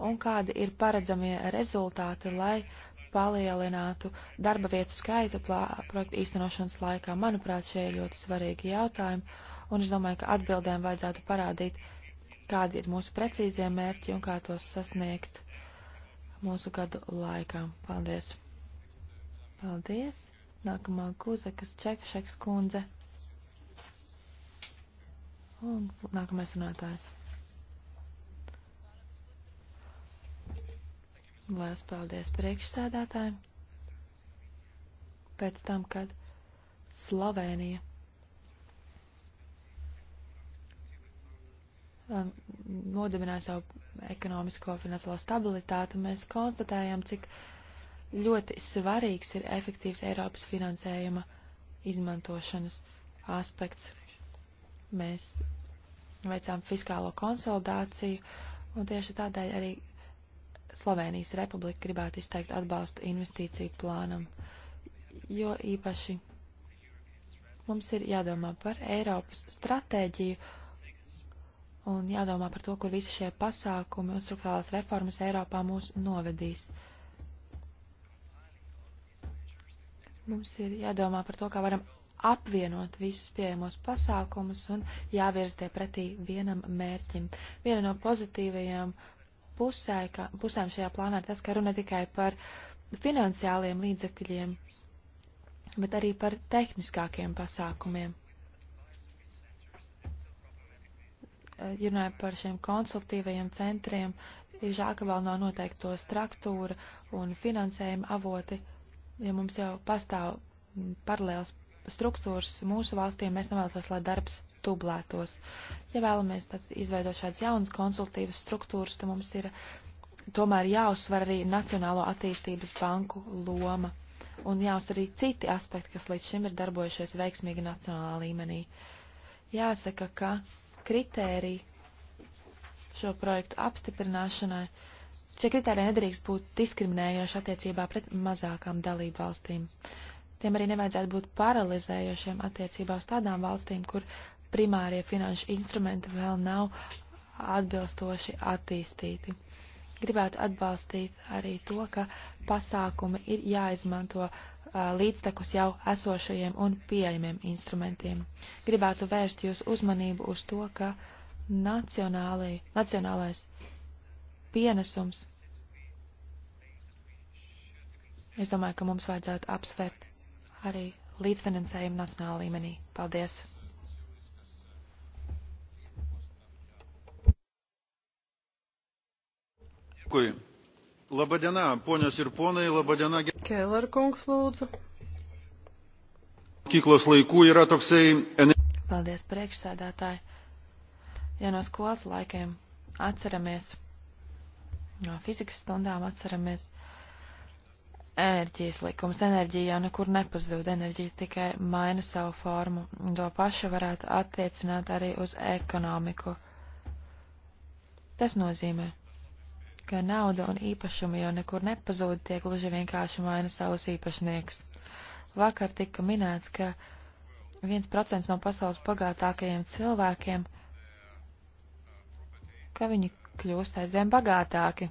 un kādi ir paredzamie rezultāti, lai palielinātu darba vietu skaitu projektu īstenošanas laikā. Manuprāt, šie ir ļoti svarīgi jautājumi, un es domāju, ka atbildēm vajadzētu parādīt, kādi ir mūsu precīzie mērķi un kā tos sasniegt mūsu gadu laikā. Paldies! Paldies! Nākamā Kuzekas Čekšeks kundze. Un nākamais runātājs. Lielas paldies priekšsēdētājiem. Pēc tam, kad Slovēnija um, nodibināja savu ekonomisko finansiālo stabilitāti, mēs konstatējam, cik ļoti svarīgs ir efektīvs Eiropas finansējuma izmantošanas aspekts. Mēs veicām fiskālo konsolidāciju, un tieši tādēļ arī Slovenijas republika gribētu izteikt atbalstu investīciju plānam, jo īpaši mums ir jādomā par Eiropas stratēģiju un jādomā par to, kur visi šie pasākumi un struktūrālās reformas Eiropā mūs novedīs. Mums ir jādomā par to, kā varam apvienot visus pieejamos pasākumus un jāvirz tie pretī vienam mērķim. Viena no pozitīvajām pusē, ka, pusēm šajā plānā ir tas, ka runa tikai par finansiāliem līdzekļiem, bet arī par tehniskākiem pasākumiem. Runājot par šiem konsultīvajiem centriem, ir žēl, ka vēl nav noteikto struktūra un finansējuma avoti, jo mums jau pastāv paralēls struktūras mūsu valstīm, mēs nevēlamies, lai darbs dublētos. Ja vēlamies izveidot šādas jaunas konsultīvas struktūras, tad mums ir tomēr jāuzsver arī Nacionālo attīstības banku loma un jāuzsver arī citi aspekti, kas līdz šim ir darbojušies veiksmīgi nacionālā līmenī. Jāsaka, ka kritēriji šo projektu apstiprināšanai, šie kritēriji nedrīkst būt diskriminējoši attiecībā pret mazākām dalību valstīm. Tiem arī nevajadzētu būt paralizējošiem attiecībā uz tādām valstīm, kur primārie finanšu instrumenti vēl nav atbilstoši attīstīti. Gribētu atbalstīt arī to, ka pasākumi ir jāizmanto uh, līdztekus jau esošajiem un pieejamiem instrumentiem. Gribētu vērst jūs uzmanību uz to, ka nacionālais pienesums. Es domāju, ka mums vajadzētu apsvērt arī līdzfinansējumu nacionālā līmenī. Paldies! Labadiena, ponios ir ponai, labadiena. Kēlera kungs lūdzu. Mokyklos laikų yra toksai. Paldies, priekšsēdētāji. Ja no skolas laikiem atceramies, no fizikas stundām atceramies, enerģijas likums, enerģija jau nekur nepazūd, enerģija tikai maina savu formu. To pašu varētu attiecināt arī uz ekonomiku. Tas nozīmē, ka nauda un īpašumi jau nekur nepazūd, tie gluži vienkārši maina savus īpašniekus. Vakar tika minēts, ka viens procents no pasaules bagātākajiem cilvēkiem, ka viņi kļūst aizvien bagātāki.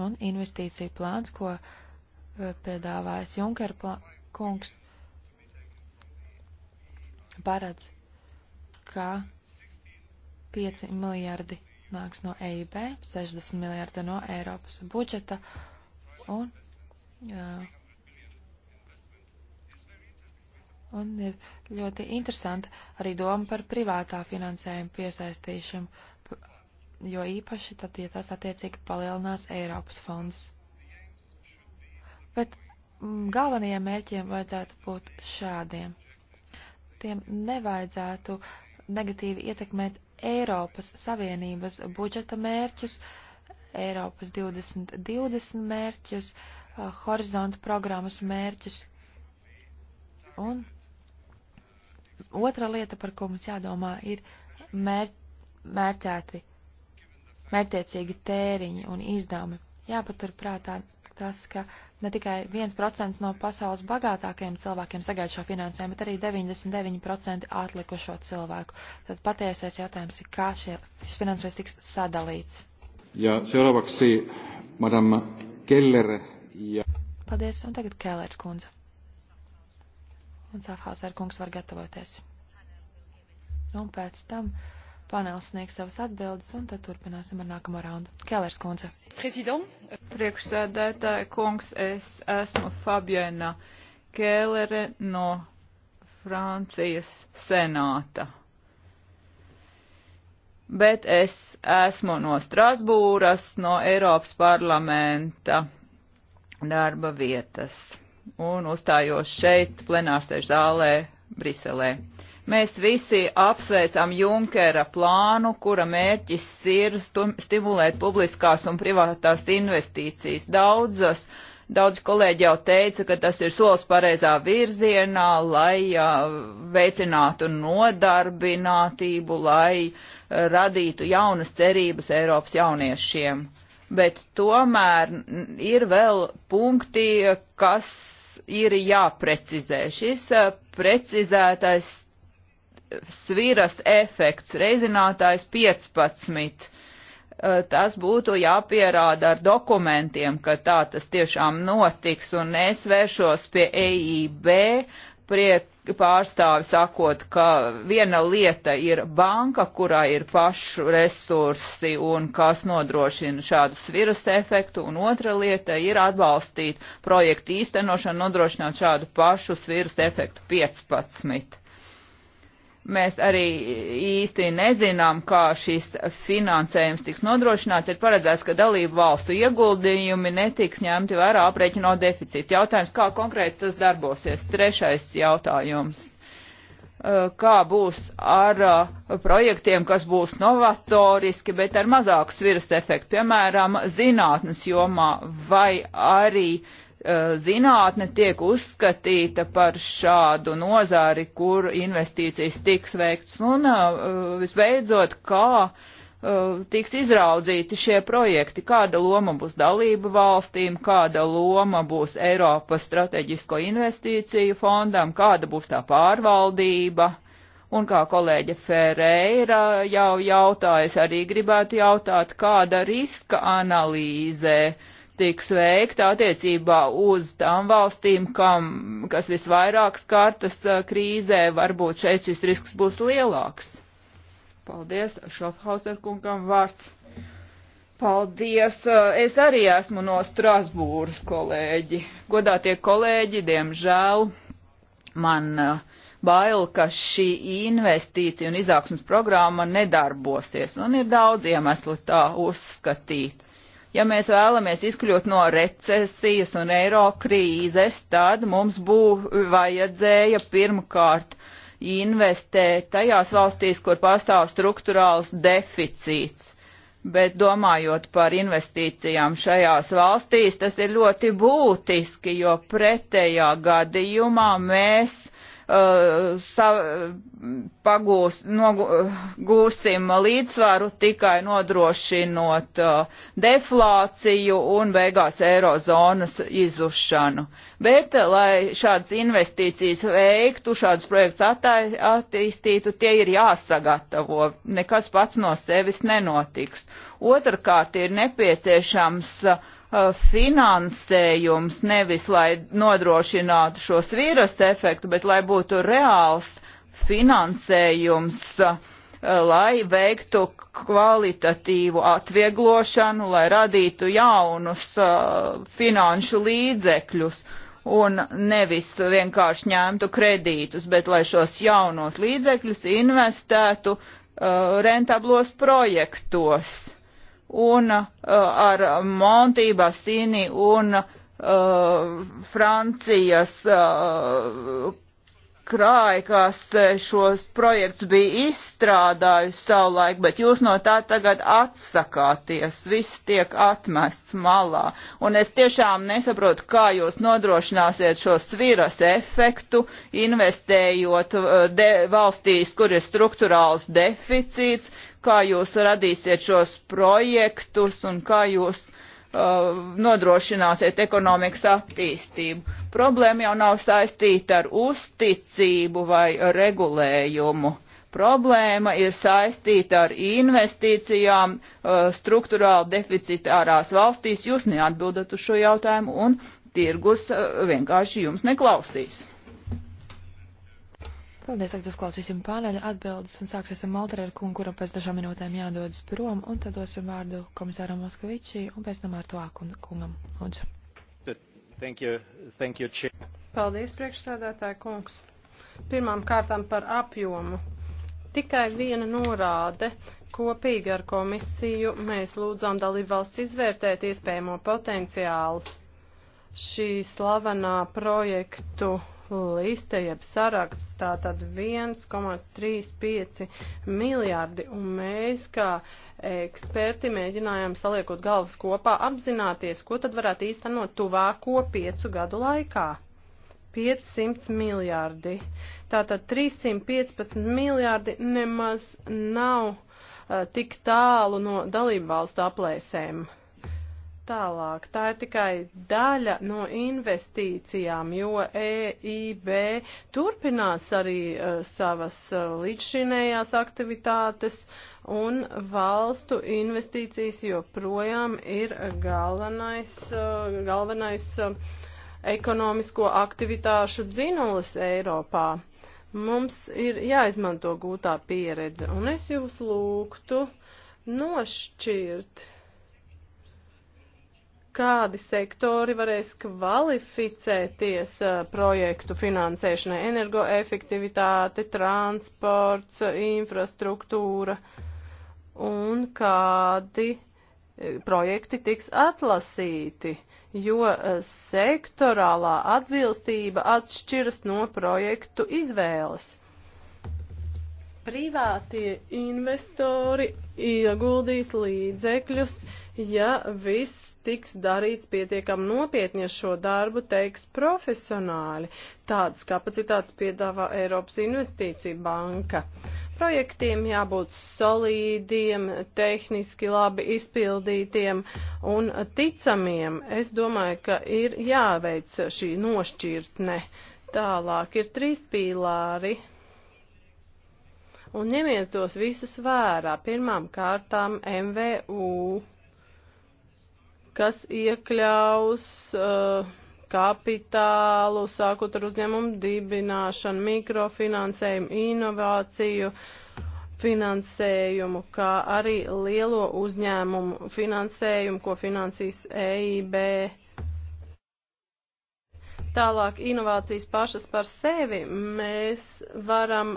Un investīcija plāns, ko eh, piedāvājas Junker kungs, paredz, ka 5 miljardi nāks no EIB, 60 miljārdi no Eiropas budžeta un, jā, un ir ļoti interesanti arī doma par privātā finansējuma piesaistīšanu, jo īpaši tad, ja tas attiecīgi palielinās Eiropas fondus. Bet mm, galvenajiem mērķiem vajadzētu būt šādiem. Tiem nevajadzētu negatīvi ietekmēt Eiropas Savienības budžeta mērķus, Eiropas 2020 mērķus, eh, horizonta programmas mērķus. Un otra lieta, par ko mums jādomā, ir mēr mērķēti, mērķiecīgi tēriņi un izdevumi. Jāpaturprātā tas, ka ne tikai 1% no pasaules bagātākajiem cilvēkiem sagaida šo finansējumu, bet arī 99% atlikušo cilvēku. Tad patiesais jautājums ir, kā šie, šis finansējums tiks sadalīts. Ja seuraavaksi madam Keller. Ja... Paldies, un tagad Kellers kundze. Un Safhauser kungs var gatavoties. Un pēc tam. Uh, panels sniegs savas atbildes, un tad turpināsim ar nākamo raundu. Kēlers kundze. Prezident. Priekšsēdētāja kungs, es esmu Fabiena Kēlere no Francijas senāta. Bet es esmu no Strasbūras, no Eiropas parlamenta darba vietas un uzstājos šeit plenārsēžu zālē Briselē. Mēs visi apsveicam Junkera plānu, kura mērķis ir stimulēt publiskās un privātās investīcijas. Daudzas, daudz kolēģi jau teica, ka tas ir solis pareizā virzienā, lai uh, veicinātu nodarbinātību, lai eh, radītu jaunas cerības Eiropas jauniešiem. Bet tomēr ir vēl punkti, kas ir jāprecizē. Šis eh, precizētais sviras efekts, reizinātājs 15. Tas būtu jāpierāda ar dokumentiem, ka tā tas tiešām notiks, un es vēršos pie EIB priek pārstāvi sakot, ka viena lieta ir banka, kurā ir pašu resursi un kas nodrošina šādu sviras efektu, un otra lieta ir atbalstīt projektu īstenošanu, nodrošināt šādu pašu sviras efektu 15. Mēs arī īsti nezinām, kā šis finansējums tiks nodrošināts. Ir paredzēts, ka dalību valstu ieguldījumi netiks ņemti vērā aprēķino deficītu. Jautājums, kā konkrēti tas darbosies? Trešais jautājums kā būs ar projektiem, kas būs novatoriski, bet ar mazāku sviras efektu, piemēram, zinātnes jomā vai arī Eh, zinātne tiek uzskatīta par šādu nozāri, kur investīcijas tiks veikts. Un eh, visbeidzot, kā eh, tiks izraudzīti šie projekti, kāda loma būs dalība valstīm, kāda loma būs Eiropas strateģisko investīciju fondam, kāda būs tā pārvaldība. Un kā kolēģe Ferreira jau jautājas, arī gribētu jautāt, kāda riska analīze uh, tiks veikta attiecībā uz tām valstīm, kam, kas visvairāk skartas uh, krīzē, varbūt šeit šis risks būs lielāks. Paldies, Šofhauser kungam vārds. Paldies! Uh, es arī esmu no Strasbūras, kolēģi. Godātie kolēģi, diemžēl man uh, bail, ka šī investīcija un izaugsmas programma nedarbosies, un ir daudz iemeslu tā uzskatīt. Ja mēs vēlamies izkļūt no recesijas un eiro krīzes, tad mums būtu vajadzēja pirmkārt investēt tajās valstīs, kur pastāv struktūrāls deficīts. Bet domājot par investīcijām šajās valstīs, tas ir ļoti būtiski, jo pretējā gadījumā mēs uh, Uh, sav, pagūs, nogūsim līdzsvaru tikai nodrošinot uh, deflāciju un beigās eirozonas izušanu. Bet, uh, lai šādas investīcijas veiktu, šādas projekts attai, attīstītu, tie ir jāsagatavo, nekas pats no sevis nenotiks. Otrkārt, ir nepieciešams uh, Uh, finansējums nevis, lai nodrošinātu šo svīras efektu, bet lai būtu reāls finansējums, uh, lai veiktu kvalitatīvu atvieglošanu, lai radītu jaunus uh, finanšu līdzekļus un nevis vienkārši ņemtu kredītus, bet lai šos jaunos līdzekļus investētu rentablos projektos un uh, ar Monti, Bassini un uh, Francijas uh, krāja, kas eh, šos projektus bija izstrādājusi savulaik, bet jūs no tā tagad atsakāties, viss tiek atmests malā. Un es tiešām nesaprotu, kā jūs nodrošināsiet šo sviras efektu, investējot eh, de, valstīs, kur ir struktūrāls deficīts, kā jūs radīsiet šos projektus un kā jūs uh, nodrošināsiet ekonomikas attīstību. Problēma jau nav saistīta ar uzticību vai regulējumu. Problēma ir saistīta ar investīcijām uh, struktūrāli deficitārās valstīs. Jūs neatbildat uz šo jautājumu un tirgus uh, vienkārši jums neklausīs. Paldies, tagad uzklausīsim pāneļa atbildes un sāksim Maltarēru kungu, kuram pēc dažām minūtēm jādodas prom, un tad dosim vārdu komisāram Moskavičī un pēc tam Artu Ākungam. Lūdzu. Thank you, thank you, Paldies, priekšsēdētāja kungs. Pirmām kārtām par apjomu. Tikai viena norāde. Kopīgi ar komisiju mēs lūdzām dalībvalsts izvērtēt iespējamo potenciālu šī slavenā projektu liste, jeb saraksts, tātad 1,35 miljārdi, un mēs kā eksperti mēģinājām saliekot galvas kopā apzināties, ko tad varētu īstenot tuvāko piecu gadu laikā. 500 miljārdi. Tātad 315 miljārdi nemaz nav uh, tik tālu no dalību valstu aplēsēm tālāk. Tā ir tikai daļa no investīcijām, jo EIB turpinās arī uh, savas uh, līdzšinējās aktivitātes un valstu investīcijas joprojām ir galvenais, uh, galvenais uh, ekonomisko aktivitāšu dzinulis Eiropā. Mums ir jāizmanto gūtā pieredze, un es jūs lūgtu nošķirt kādi sektori varēs kvalificēties eh, projektu finansēšanai - energoefektivitāte, transports, infrastruktūra un kādi eh, projekti tiks atlasīti, jo eh, sektorālā atbilstība atšķiras no projektu izvēles. Privātie investori ieguldīs līdzekļus uh, ja viss tiks darīts pietiekam nopietni, ja šo darbu teiks profesionāļi. Tādas kapacitātes piedāvā Eiropas Investīcija banka. Projektiem jābūt solīdiem, tehniski labi izpildītiem un ticamiem. Es domāju, ka ir jāveic šī nošķirtne. Tālāk ir trīs pīlāri un ņemiet tos visus vērā. Pirmām kārtām MVU kas iekļaus uh, kapitālu, sākot ar uzņēmumu dibināšanu, mikrofinansējumu, inovāciju, finansējumu, kā arī lielo uzņēmumu finansējumu, ko finansīs EIB. Tālāk inovācijas pašas par sevi mēs varam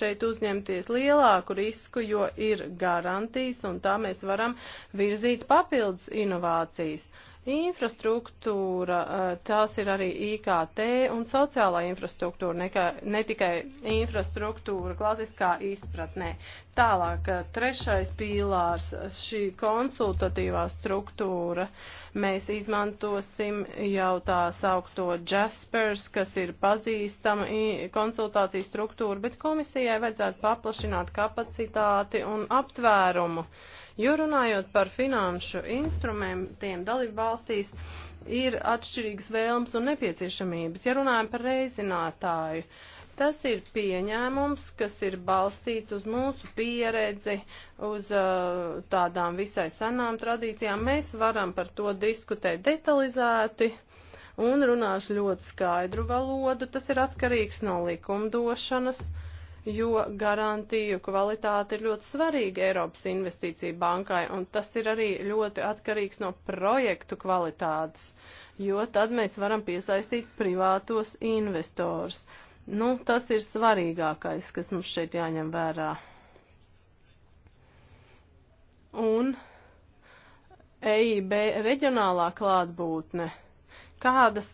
šeit uzņemties lielāku risku, jo ir garantijas un tā mēs varam virzīt papildus inovācijas. Uh, infrastruktūra, eh, tās ir arī IKT un sociālā infrastruktūra, nekā, ne tikai infrastruktūra klasiskā izpratnē. Tālāk, eh, trešais pīlārs, šī konsultatīvā struktūra, mēs izmantosim jau tā saukto Jaspers, kas ir pazīstama konsultācijas struktūra, bet komisijai vajadzētu paplašināt kapacitāti un aptvērumu Jo runājot par finanšu instrumentiem, dalību valstīs ir atšķirīgas vēlmes un nepieciešamības. Ja runājam par reizinātāju, tas ir pieņēmums, kas ir balstīts uz mūsu pieredzi, uz uh, tādām visai senām tradīcijām. Mēs varam par to diskutēt detalizēti un runāšu ļoti skaidru valodu. Tas ir atkarīgs no likumdošanas. Uh, jo garantiju kvalitāte ir ļoti svarīga Eiropas investīcija bankai, un tas ir arī ļoti atkarīgs no projektu kvalitātes, jo tad mēs varam piesaistīt privātos investors. Nu, tas ir svarīgākais, kas mums šeit jāņem vērā. Un EIB reģionālā klātbūtne. Kādas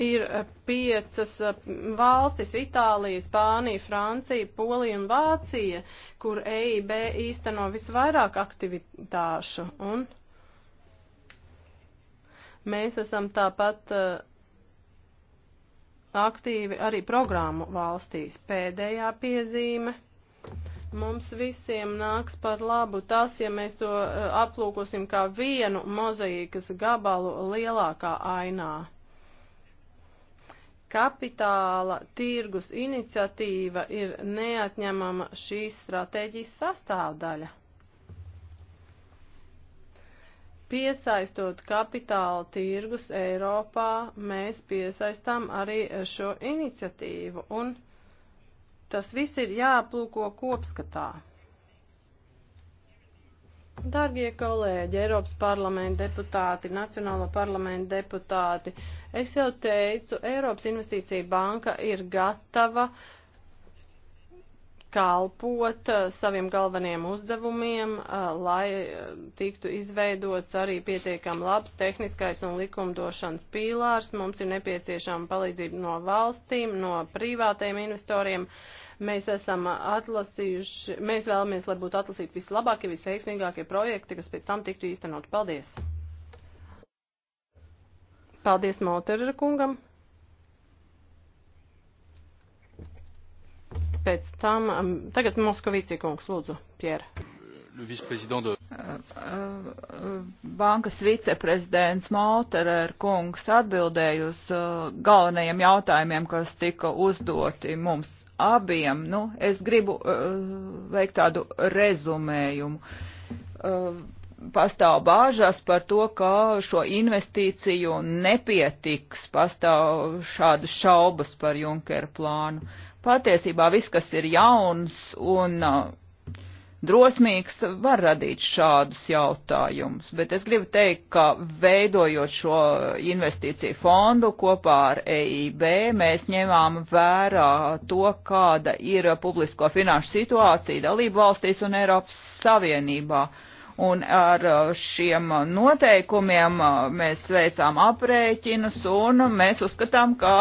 ir eh, piecas eh, valstis - Itālija, Spānija, Francija, Polija un Vācija, kur EIB īsteno visvairāk aktivitāšu. Un mēs esam tāpat eh, aktīvi arī programmu valstīs. Pēdējā piezīme. Mums visiem nāks par labu tas, ja mēs to aplūkosim kā vienu mozaīkas gabalu lielākā ainā. Kapitāla tirgus iniciatīva ir neatņemama šīs stratēģijas sastāvdaļa. Piesaistot kapitāla tirgus Eiropā, mēs piesaistām arī šo iniciatīvu, un tas viss ir jāplūko kopskatā. Dargie kolēģi, Eiropas parlamenta deputāti, Nacionālo parlamenta deputāti, es jau teicu, Eiropas investīcija banka ir gatava kalpot uh, saviem galveniem uzdevumiem, uh, lai uh, tiktu izveidots arī pietiekam labs tehniskais un likumdošanas pīlārs. Mums ir nepieciešama palīdzība no valstīm, no privātajiem investoriem. Uh, Mēs esam atlasījuši, mēs vēlamies, lai būtu atlasīti vislabākie, visveiksmīgākie projekti, kas pēc tam tiktu īstenot. Paldies! Paldies Mauterera kungam! pēc tam. Um, tagad Moskavīci kungs, lūdzu, Pjēra. De... Uh, uh, bankas viceprezidents Mauterer kungs atbildēja uz uh, galvenajiem jautājumiem, kas tika uzdoti mums abiem. Nu, es gribu uh, veikt tādu rezumējumu. Uh, pastāv bāžas par to, ka šo investīciju nepietiks, pastāv šādas šaubas par Junkera plānu. Patiesībā viss, kas ir jauns un uh, drosmīgs, var radīt šādus jautājumus. Bet es gribu teikt, ka veidojot šo investīciju fondu kopā ar EIB, mēs ņemām vērā to, kāda ir publisko finanšu situācija dalību valstīs un Eiropas Savienībā. Un ar šiem noteikumiem mēs veicām aprēķinus un mēs uzskatām, ka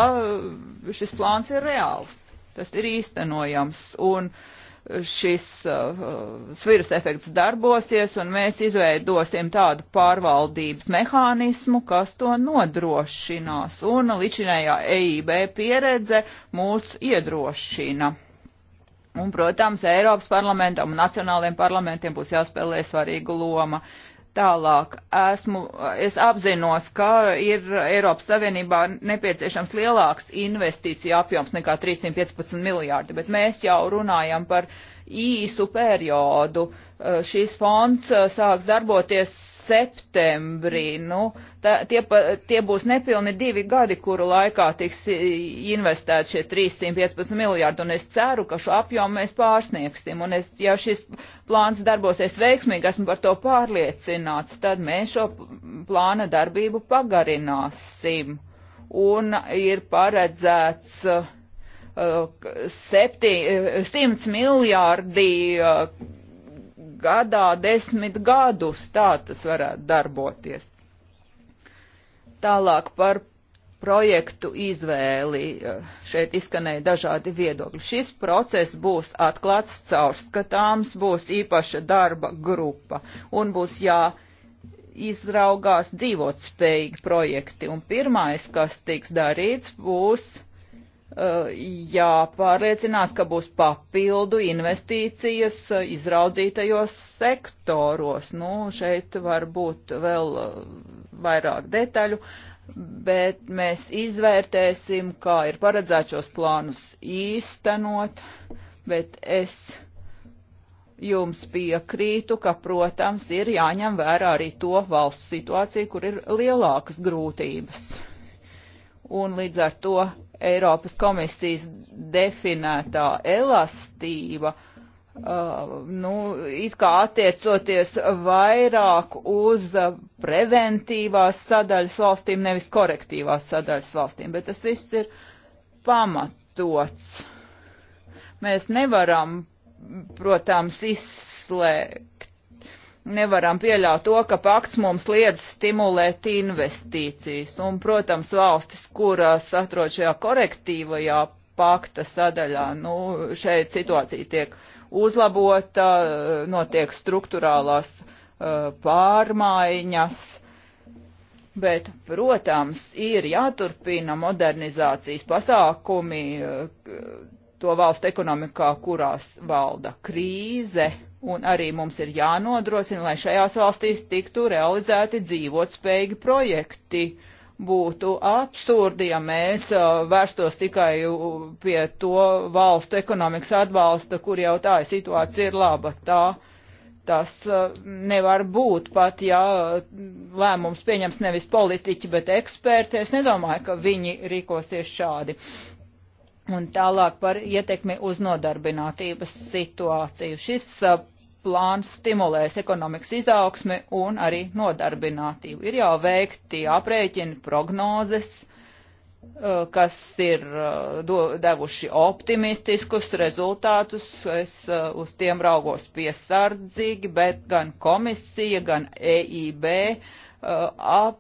šis plāns ir reāls. Tas ir īstenojams. Un uh, šis uh, uh, sviras efekts darbosies un mēs izveidosim tādu pārvaldības mehānismu, kas to nodrošinās. Un ličinējā EIB pieredze mūs iedrošina. Un, protams, Eiropas parlamentam un nacionāliem parlamentiem būs jāspēlē svarīga loma. Uh, Tālāk esmu, es apzinos, ka ir Eiropas Savienībā nepieciešams lielāks investīciju apjoms nekā 315 miljārdi, bet mēs jau runājam par īsu periodu. Šīs fonds uh, sāks darboties septembrī. Nu, tā, tie, pa, tie būs nepilni divi gadi, kuru laikā tiks investēti šie 315 miljārdi, un es ceru, ka šo apjomu mēs pārsniegsim. Un es, ja šis plāns darbosies veiksmīgi, esmu par to pārliecināts, tad mēs šo plāna darbību pagarināsim. Un ir paredzēts. Uh, 700 uh, miljārdi uh, gadā desmit gadus. Tā tas varētu darboties. Tālāk par projektu izvēli. Šeit izskanēja dažādi viedokļi. Šis process būs atklāts caurskatāms, būs īpaša darba grupa un būs jā izraugās dzīvotspējīgi projekti. Un pirmais, kas tiks darīts, būs Eh, jāpārliecinās, ka būs papildu investīcijas eh, izraudzītajos sektoros. Nu, šeit var būt vēl eh, vairāk detaļu, bet mēs izvērtēsim, kā ir paredzēts šos plānus īstenot, bet es jums piekrītu, ka, protams, ir jāņem vērā arī to valsts situāciju, kur ir lielākas grūtības. Un līdz ar to Eiropas komisijas definētā elastība, uh, nu, it kā attiecoties vairāk uz preventīvās sadaļas valstīm, nevis korektīvās sadaļas valstīm, bet tas viss ir pamatots. Mēs nevaram, protams, izslēgt nevaram pieļaut to, ka pakts mums liedz stimulēt investīcijas. Un, protams, valstis, kurās atrod šajā korektīvajā pakta sadaļā, nu, šeit situācija tiek uzlabota, notiek struktūrālās uh, pārmaiņas. Bet, protams, ir jāturpina modernizācijas pasākumi to valstu ekonomikā, kurās valda krīze Un arī mums ir jānodrošina, lai šajās valstīs tiktu realizēti dzīvotspējīgi projekti. Būtu absurdi, ja mēs uh, vērstos tikai pie to valstu ekonomikas atbalsta, kur jau tā situācija ir laba. Tā tas uh, nevar būt pat, ja uh, lēmums pieņems nevis politiķi, bet eksperti. Es nedomāju, ka viņi rīkosies šādi. Un tālāk par ietekmi uz nodarbinātības situāciju. Šis uh, plāns stimulēs ekonomikas izaugsmi un arī nodarbinātību. Ir jau veikti aprēķini, prognozes, uh, kas ir uh, do, devuši optimistiskus rezultātus. Es uh, uz tiem raugos piesardzīgi, bet gan komisija, gan EIB uh, ap,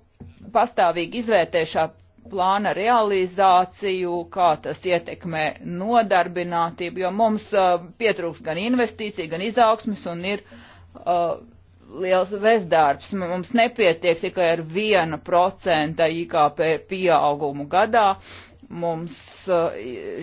pastāvīgi izvērtē šā plāna realizāciju, kā tas ietekmē nodarbinātību, jo mums uh, pietrūks gan investīcija, gan izaugsmes un ir uh, liels bezdarbs. Mums nepietiek tikai ar 1% IKP pieaugumu gadā. Mums uh,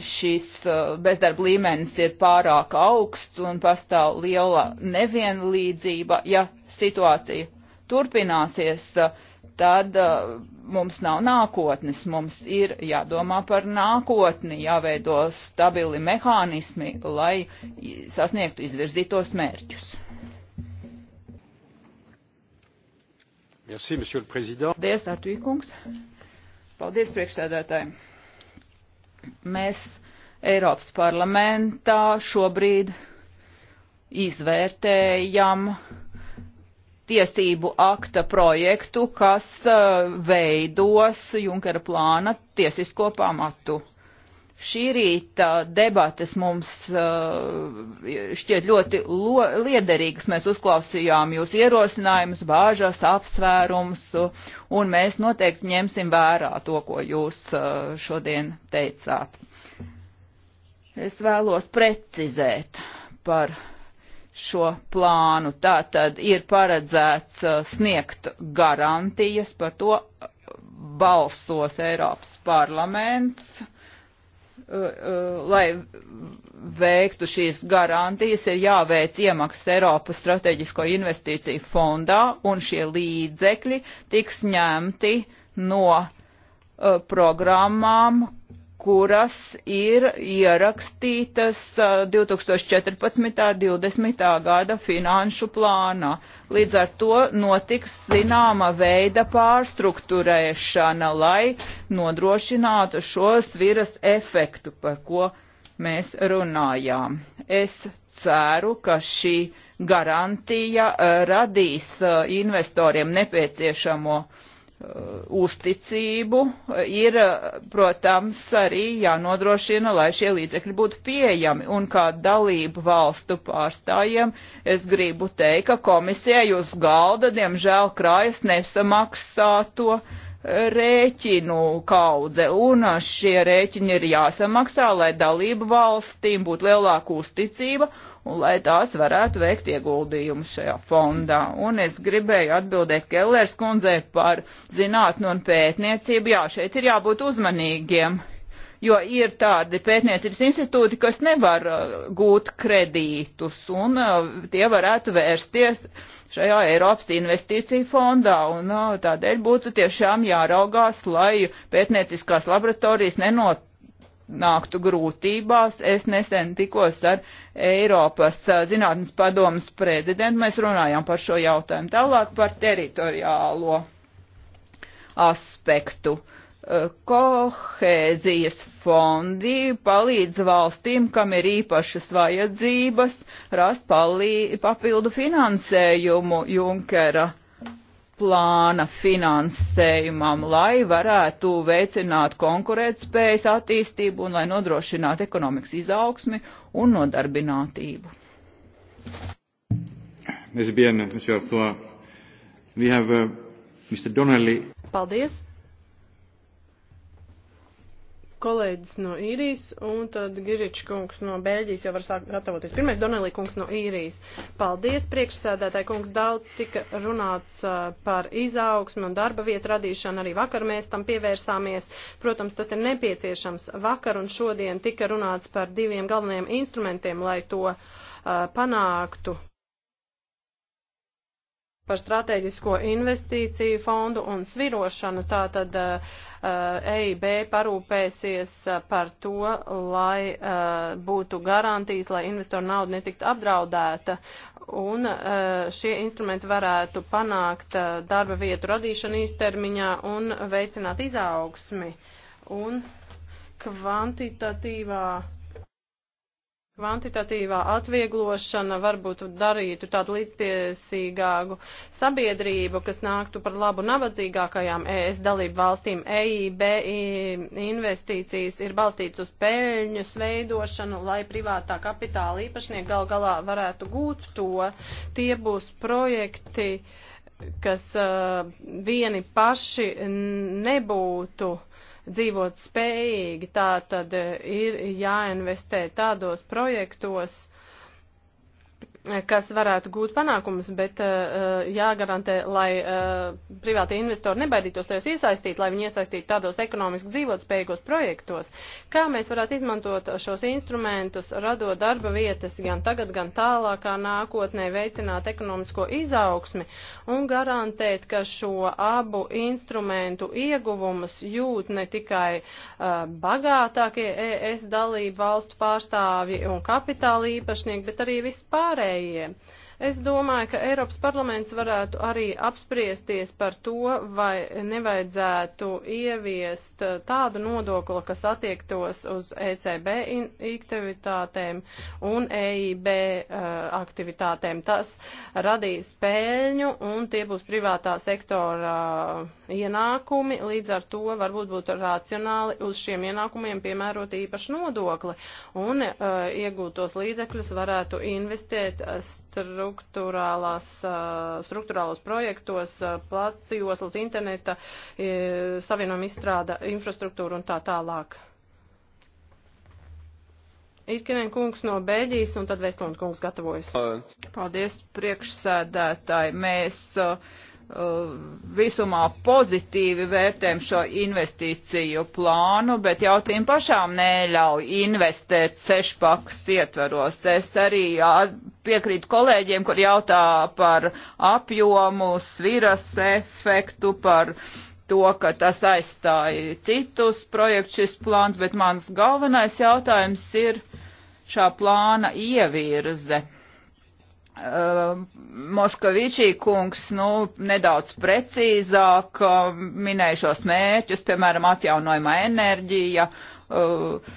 šis uh, bezdarba līmenis ir pārāk augsts un pastāv liela nevienlīdzība, ja situācija turpināsies. Uh, tad uh, mums nav nākotnes, mums ir jādomā par nākotni, jāveido stabili mehānismi, lai sasniegtu izvirzītos mērķus. Merci, monsieur le président. Paldies, Artvīkungs. Paldies, priekšsēdētāji. Mēs Eiropas parlamentā šobrīd izvērtējam uh, tiesību akta projektu, kas uh, veidos Junkera plāna tiesisko pamatu. Šī rīta debates mums uh, šķiet ļoti liederīgas. Mēs uzklausījām jūs ierosinājumus, bāžas, apsvērums, uh, un mēs noteikti ņemsim vērā to, ko jūs šodien teicāt. Es vēlos precizēt par šo plānu. Tātad ir paredzēts uh, sniegt garantijas par to, uh, balsos Eiropas parlaments, uh, lai veiktu šīs garantijas, ir jāveic iemaksas Eiropas strateģisko investīciju fondā, un šie līdzekļi tiks ņemti no programmām, kuras ir ierakstītas 2014. 20. gada finanšu plānā. Līdz ar to notiks zināma veida pārstruktūrēšana, lai nodrošinātu šo sviras efektu, par ko mēs runājām. Es ceru, ka šī garantija radīs investoriem nepieciešamo uh, Uh, uzticību, ir, uh, protams, arī jānodrošina, lai šie līdzekļi būtu pieejami. Un kā dalību valstu pārstājiem, es gribu teikt, ka komisijai uz galda, diemžēl, krājas nesamaksāto rēķinu kaudze, un šie rēķini ir jāsamaksā, lai dalību valstīm būtu lielāka uzticība, un lai tās varētu veikt ieguldījumu šajā fondā. Un es gribēju atbildēt Kellers kundzei par zinātnu un pētniecību. Jā, šeit ir jābūt uzmanīgiem, jo ir tādi pētniecības institūti, kas nevar uh, gūt kredītus, un uh, tie varētu vērsties šajā Eiropas investīciju fondā, un tādēļ būtu tiešām jāraugās, lai pētnieciskās laboratorijas nenot nāktu grūtībās. Es nesen tikos ar Eiropas zinātnes padomas prezidentu, mēs runājām par šo jautājumu tālāk par teritoriālo aspektu. Uh, Eh, kohēzijas fondi palīdz valstīm, kam ir īpašas vajadzības, rast palī, papildu finansējumu Junkera plāna finansējumam, lai varētu veicināt konkurētspējas attīstību un lai nodrošinātu ekonomikas izaugsmi un nodarbinātību. Uh, Paldies! kolēģis no īrijas, un tad Giričs kungs no Beļģijas jau var sākt gatavoties. Pirmais Donelī kungs no īrijas. Paldies, priekšsēdētāji kungs, daudz tika runāts par izaugsmu un darba vietu radīšanu. Arī vakar mēs tam pievērsāmies. Protams, tas ir nepieciešams. Vakar un šodien tika runāts par diviem galvenajiem instrumentiem, lai to uh, panāktu par strateģisko investīciju fondu un svirošanu. Tātad uh, eh, EIB eh, e parūpēsies eh, par to, lai uh, būtu garantijas, lai investoru nauda netiktu apdraudēta. Un uh, šie instrumenti varētu panākt darba vietu radīšanu īstermiņā un veicināt izaugsmi. Un kvantitatīvā Kvantitatīvā atvieglošana varbūt darītu tādu līdztiesīgāku sabiedrību, kas nāktu par labu nabadzīgākajām ES dalību valstīm. EIB investīcijas ir balstīts uz peļņu sveidošanu, lai privātā kapitāla īpašnieki gal galā varētu gūt to. Tie būs projekti, kas uh, vieni paši nebūtu uh, dzīvot spējīgi. Tā tad eh, ir jāinvestē tādos projektos, kas varētu gūt panākumus, bet uh, uh jāgarantē, lai uh, privātie investori nebaidītos tajos iesaistīt, lai viņi iesaistītu tādos ekonomiski dzīvotspējīgos projektos. Kā mēs varētu izmantot šos instrumentus, radot darba vietas gan tagad, gan tālākā nākotnē, veicināt ekonomisko izaugsmi un garantēt, ka šo abu instrumentu ieguvumus jūt ne tikai uh, bagātākie ES dalību valstu pārstāvji un kapitāla īpašnieki, bet arī vispārējie pārējie. Uh, Es domāju, ka Eiropas parlaments varētu arī apspriesties par to, vai nevajadzētu ieviest eh, tādu nodokli, kas attiektos uz ECB aktivitātēm un EIB uh, eh, aktivitātēm. Tas radīs pēļņu un tie būs privātā sektora eh, ienākumi, līdz ar to varbūt būtu racionāli uz šiem ienākumiem piemērot īpašu nodokli un uh, iegūtos līdzekļus varētu investēt stru Eh, struktūrālos projektos, eh, platjoslas interneta, eh, savienojuma izstrāda, infrastruktūra un tā tālāk. Irkinen kungs no Beļģijas un tad Vestlund kungs gatavojas. Paldies priekšsēdētāji. Mēs uh, visumā pozitīvi vērtējam šo investīciju plānu, bet jautājumu pašām neļauj investēt sešpakas ietvaros. Es arī piekrītu kolēģiem, kur jautā par apjomu, sviras efektu, par to, ka tas aizstāja citus projektus šis plāns, bet mans galvenais jautājums ir šā plāna ievirze Uh, Moskavičī kungs nu, nedaudz precīzāk uh, minēja šos mērķus, piemēram, atjaunojama enerģija, uh,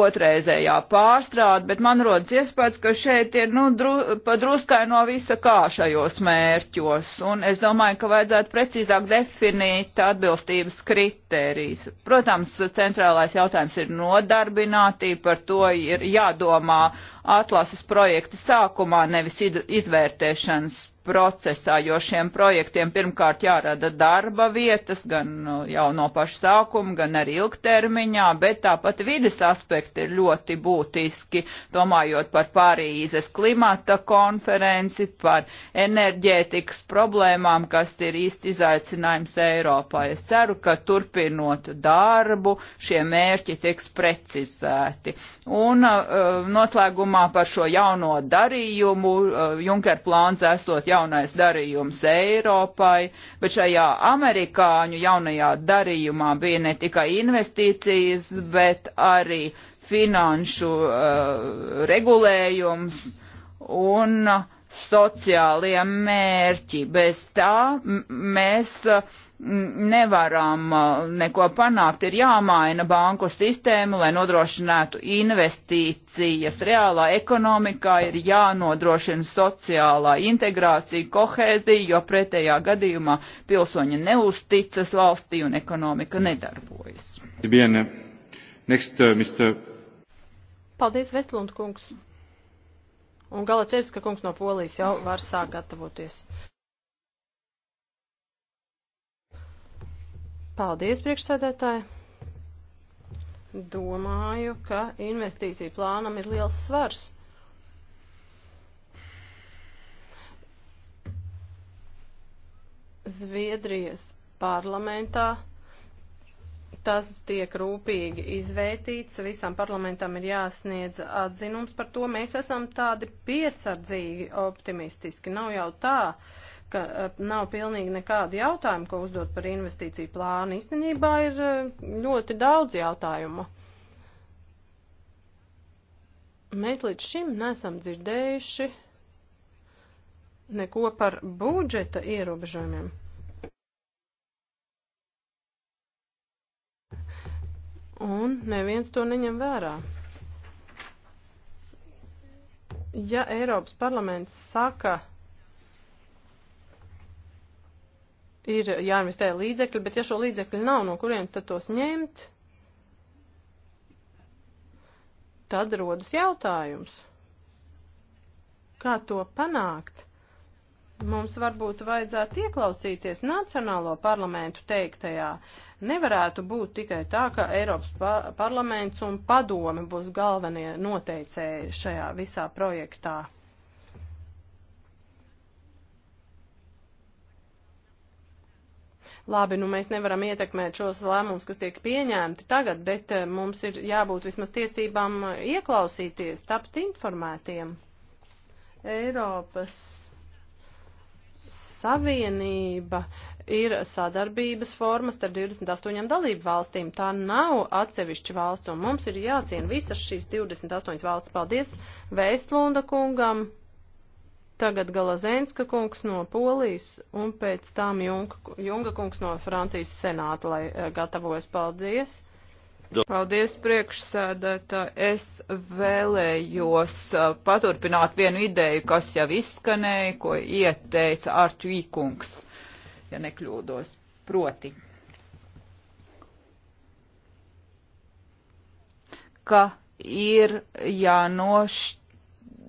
otrreizējā pārstrāde, bet man rodas iespējas, ka šeit ir nu, dru, padruskai no visa kā šajos mērķos, un es domāju, ka vajadzētu precīzāk definīt atbilstības kritēriju kritērijas. Protams, centrālais jautājums ir nodarbinātība, par to ir jādomā atlases projekta sākumā, nevis izvērtēšanas procesā, jo šiem projektiem pirmkārt jārada darba vietas, gan nu, jau no paša sākuma, gan arī ilgtermiņā, bet tāpat vides aspekti ir ļoti būtiski, domājot par Pārīzes klimata konferenci, par enerģētikas problēmām, kas ir īsts izaicinājums Eiropā. Es ceru, ka turpin turpinot darbu, šie mērķi tiks precizēti. Un uh, noslēgumā par šo jauno darījumu, uh, Junker plāns esot jaunais darījums Eiropai, bet šajā amerikāņu jaunajā darījumā bija ne tikai investīcijas, bet arī finanšu uh, regulējums un sociālie mērķi. Bez tā mēs uh, nevaram uh, neko panākt. Ir jāmaina banku sistēma, lai nodrošinātu investīcijas reālā ekonomikā, ir jānodrošina sociālā integrācija, kohēzija, jo pretējā gadījumā pilsoņi neusticas valstī un ekonomika nedarbojas. Next, uh, Mr. Paldies, Vestlund kungs. Un Galacevska kungs no Polijas jau var sākt gatavoties. Paldies, priekšsēdētāji! Domāju, ka investīciju plānam ir liels svars. Zviedrijas parlamentā tas tiek rūpīgi izvērtīts, visam parlamentam ir jāsniedz atzinums par to. Mēs esam tādi piesardzīgi optimistiski, nav jau tā. Uh, ka nav pilnīgi nekādu jautājumu, ko uzdot par investīciju plānu. Īstenībā ir e, ļoti daudz jautājumu. Mēs līdz šim nesam dzirdējuši neko par budžeta ierobežojumiem. Un neviens to neņem vērā. Ja Eiropas parlaments saka, ir jāinvestē līdzekļi, bet ja šo līdzekļu nav, no kurienes tad tos ņemt, tad rodas jautājums, kā to panākt. Mums varbūt vajadzētu ieklausīties Nacionālo parlamentu teiktajā. Nevarētu būt tikai tā, ka Eiropas par parlaments un padome būs galvenie noteicēji šajā visā projektā. Labi, nu mēs nevaram ietekmēt šos lēmumus, kas tiek pieņemti tagad, bet eh, mums ir jābūt vismaz tiesībām eh, ieklausīties, tapt informētiem. Eiropas Savienība ir sadarbības formas starp 28 dalību valstīm. Tā nav atsevišķa valsts, un mums ir jāciena visas šīs 28 valsts. Paldies Veislunda kungam! tagad Galazenska kungs no Polijas un pēc tam Junga, Junga kungs no Francijas senāta, lai eh, gatavojas. Paldies! Paldies priekšsēdētā. Es vēlējos eh, paturpināt vienu ideju, kas jau izskanēja, ko ieteica Artvīkungs, ja nekļūdos. Proti. Ka ir jānošķirt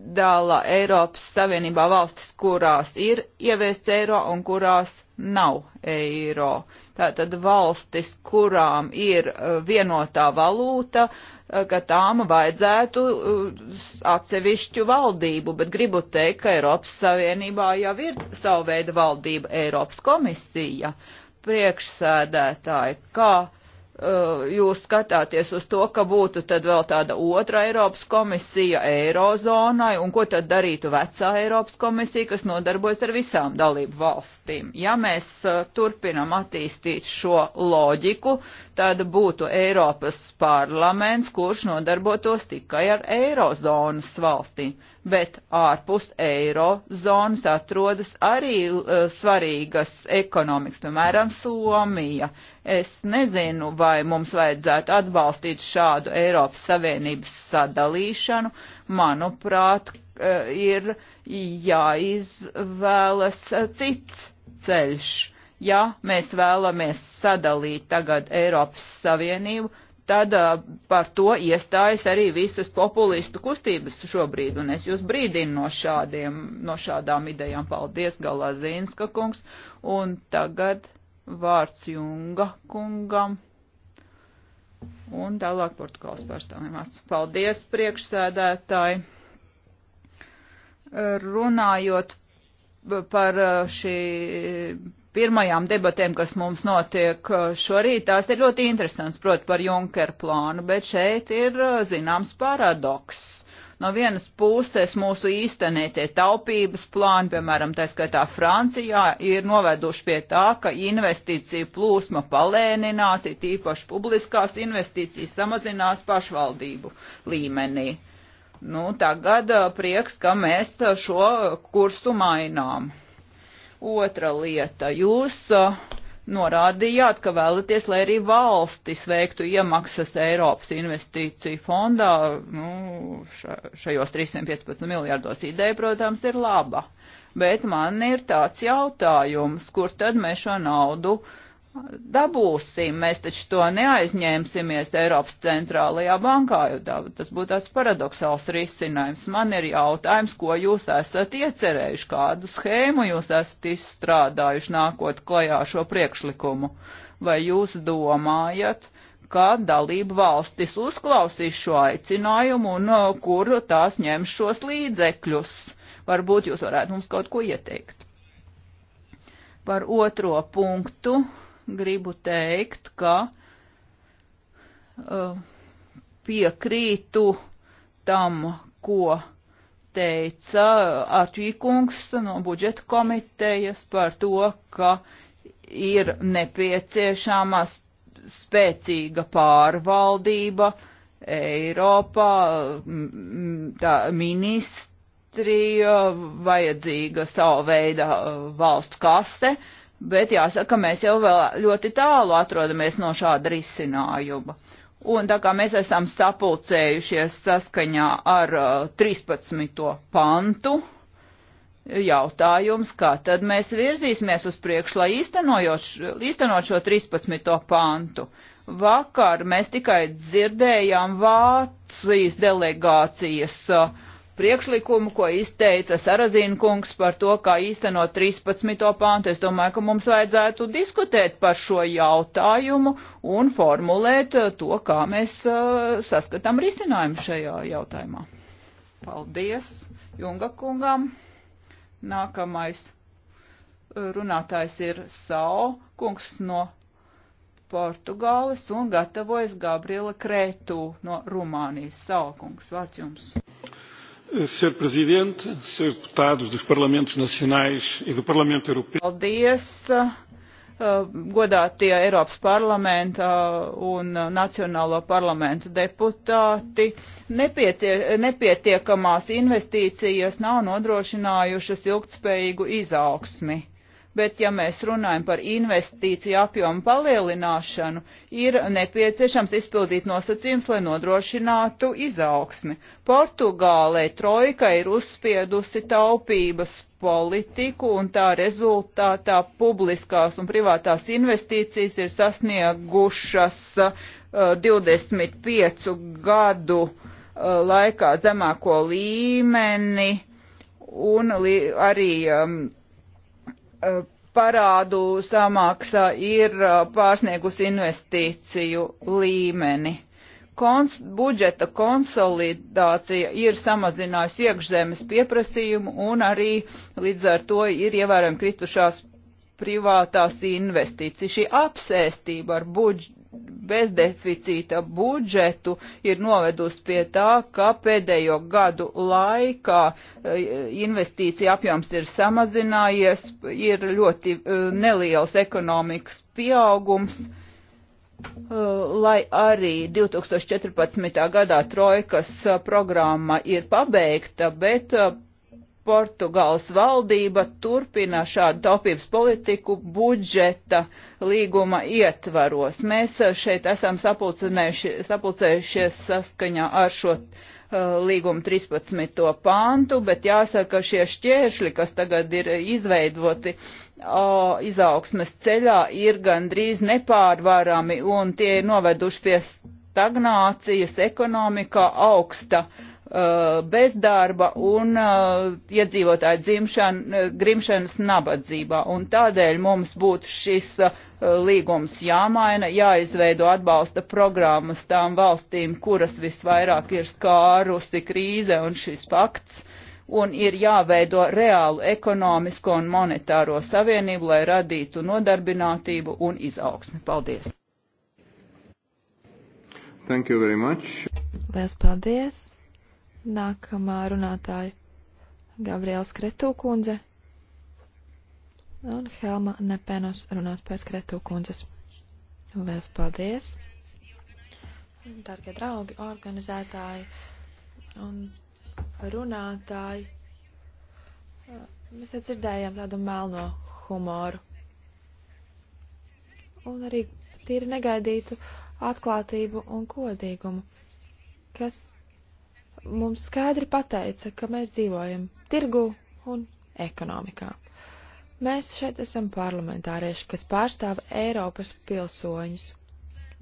iedala Eiropas Savienībā valstis, kurās ir ieviests eiro un kurās nav eiro. Tātad valstis, kurām ir uh, vienotā valūta, uh, ka tām vajadzētu uh, atsevišķu valdību, bet gribu teikt, ka Eiropas Savienībā jau ir savu veidu valdība Eiropas komisija priekšsēdētāji, kā Uh, jūs skatāties uz to, ka būtu tad vēl tāda otra Eiropas komisija Eirozonai, un ko tad darītu vecā Eiropas komisija, kas nodarbojas ar visām dalību valstīm. Ja mēs uh, turpinam attīstīt šo loģiku, tad būtu Eiropas parlaments, kurš nodarbotos tikai ar Eirozonas valstīm bet ārpus eiro zonas atrodas arī uh, svarīgas ekonomikas, piemēram, Somija. Es nezinu, vai mums vajadzētu atbalstīt šādu Eiropas Savienības sadalīšanu. Manuprāt, uh, ir jāizvēlas cits ceļš. Ja mēs vēlamies sadalīt tagad Eiropas Savienību, tad uh, par to iestājas arī visas populistu kustības šobrīd, un es jūs brīdinu no, šādiem, no šādām idejām. Paldies, Galā Zīnska kungs, un tagad vārds Junga kungam. Un tālāk Portugāles pārstāvim vārds. Paldies, priekšsēdētāji. Runājot par šī pirmajām debatēm, kas mums notiek uh, šorīt, tās ir ļoti interesants, proti, par Junker plānu, bet šeit ir uh, zināms paradoks. No vienas puses mūsu īstenētie taupības plāni, piemēram, tā skaitā Francijā, ir noveduši pie tā, ka investīciju plūsma palēninās, it īpaši publiskās investīcijas samazinās pašvaldību līmenī. Nu, tagad uh, prieks, ka mēs šo kursu mainām. Otra lieta. Jūs uh, norādījāt, ka vēlaties, lai arī valstis veiktu iemaksas Eiropas investīciju fondā. Nu, šajos 315 miljārdos ideja, protams, ir laba. Bet man ir tāds jautājums, kur tad mēs šo naudu uh, dabūsim. Mēs taču to neaizņēmsimies Eiropas centrālajā bankā, jo tas būtu tāds paradoxāls risinājums. Man ir jautājums, ko jūs esat iecerējuši, kādu schēmu jūs esat izstrādājuši nākot klajā šo priekšlikumu. Vai jūs domājat, ka dalību valstis uzklausīs šo aicinājumu un uh, kur tās ņems šos līdzekļus? Varbūt jūs varētu mums kaut ko ieteikt. Par otro punktu gribu teikt, ka uh, piekrītu tam, ko teica Artvīkungs no budžeta komitejas par to, ka ir nepieciešama spēcīga pārvaldība Eiropā, tā ministrija, vajadzīga savu veidu valstu kaste, uh, bet jāsaka, mēs jau vēl ļoti tālu atrodamies no šāda risinājuma. Un tā kā mēs esam sapulcējušies saskaņā ar uh, 13. pantu, jautājums, kā tad mēs virzīsimies uz priekšu, lai īstenot šo 13. pantu. Vakar mēs tikai dzirdējām Vācijas delegācijas uh, priekšlikumu, ko izteica Sarazīna kungs par to, kā īstenot 13. pāntu. Es domāju, ka mums vajadzētu diskutēt par šo jautājumu un formulēt uh, to, kā mēs uh, saskatām risinājumu šajā jautājumā. Paldies Junga kungam. Nākamais uh, runātājs ir Sao kungs no Portugāles un gatavojas Gabriela Krētu no Rumānijas. Sao kungs, vārds jums. Sr. Presidente, Srs. Deputados dos Parlamentos Nacionais e do Parlamento Europeu. Paldies, eh, godātie Eiropas parlamenta un Nacionālo parlamentu deputāti. Nepiecie, nepietiekamās investīcijas nav nodrošinājušas ilgtspējīgu izaugsmi bet ja mēs runājam par investīciju apjomu palielināšanu, ir nepieciešams izpildīt nosacījums, lai nodrošinātu izaugsmi. Portugālē trojka ir uzspiedusi taupības politiku un tā rezultātā publiskās un privātās investīcijas ir sasniegušas uh, 25 gadu uh, laikā zemāko līmeni un li arī um, E, parādu samaksa ir e, pārsniegus investīciju līmeni. Kons, budžeta konsolidācija ir samazinājusi iekšzemes pieprasījumu un arī līdz ar to ir ievērojami kritušās privātās investīcijas. Šī apsēstība ar budžetu bezdeficīta budžetu ir novedusi pie tā, ka pēdējo gadu laikā e, investīcija apjoms ir samazinājies, ir ļoti e, neliels ekonomikas pieaugums. E, lai arī 2014. gadā trojkas programma ir pabeigta, bet Portugāles valdība turpina šādu taupības politiku budžeta līguma ietvaros. Mēs uh, šeit esam sapulcējušies saskaņā ar šo uh, līguma 13. pāntu, bet jāsaka, šie šķēršļi, kas tagad ir izveidoti uh, izaugsmes ceļā, ir gandrīz nepārvarami un tie ir noveduši pie stagnācijas ekonomikā augsta uh, Uh, bezdarba un uh, iedzīvotāju dzimšana, uh, grimšanas nabadzībā. Un tādēļ mums būtu šis līgums jāmaina, jāizveido atbalsta programmas tām valstīm, kuras visvairāk ir skārusi krīze un šis pakts un ir jāveido reālu ekonomisko un monetāro savienību, lai radītu nodarbinātību un izaugsmi. Paldies! Thank you very much. Lielas paldies! Nākamā runātāja Gabriels Kretū kundze un Helma Nepenos runās pēc Kretū kundzes. Liels paldies! Darbie draugi, organizētāji un runātāji! Mēs te dzirdējām tādu melno humoru. Un arī tīri negaidītu atklātību un godīgumu, kas mums skaidri pateica, ka mēs dzīvojam tirgu un ekonomikā. Mēs šeit esam parlamentārieši, kas pārstāv Eiropas pilsoņus.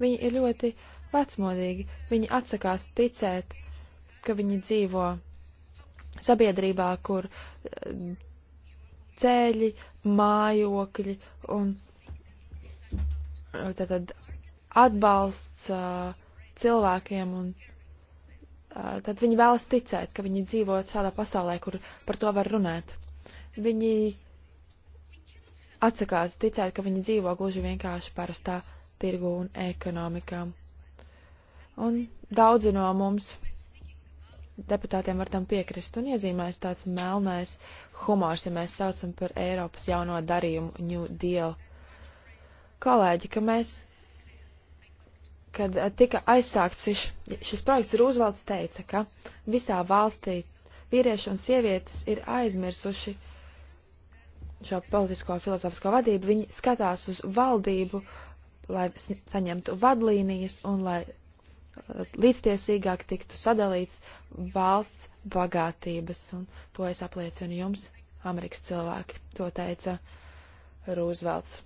Viņi ir ļoti vecmodīgi, viņi atsakās ticēt, ka viņi dzīvo sabiedrībā, kur eh, ceļi, mājokļi un eh, tātad atbalsts eh, cilvēkiem un cilvēkiem Eh, tad viņi vēlas ticēt, ka viņi dzīvo šādā pasaulē, kur par to var runāt. Viņi atsakās ticēt, ka viņi dzīvo gluži vienkārši parastā tirgu un ekonomikā. Un daudzi no mums deputātiem var tam piekrist un iezīmēs tāds melnais humors, ja mēs saucam par Eiropas jauno darījumu New Deal. Kolēģi, ka mēs kad eh, tika aizsākts šis, šis projekts, Rūzvalds teica, ka visā valstī vīrieši un sievietes ir aizmirsuši šo politisko filozofisko vadību. Viņi skatās uz valdību, lai saņemtu vadlīnijas un lai eh, līdztiesīgāk tiktu sadalīts valsts bagātības. Un to es apliecinu jums, Amerikas cilvēki, to teica Rūzvelds.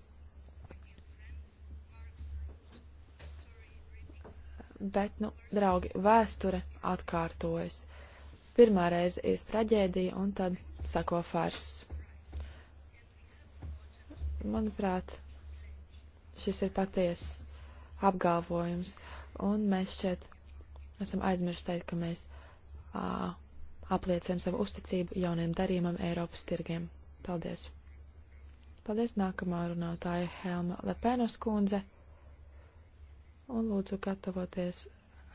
bet, nu, draugi, vēsture atkārtojas. Pirmā reize ir traģēdija, un tad sako fars. Manuprāt, šis ir patiesas apgalvojums, un mēs šķiet esam aizmirsti teikt, ka mēs ā, apliecinam savu uzticību jauniem darījumam Eiropas tirgiem. Paldies! Paldies nākamā runātāja Helma Lepenos kundze un lūdzu gatavoties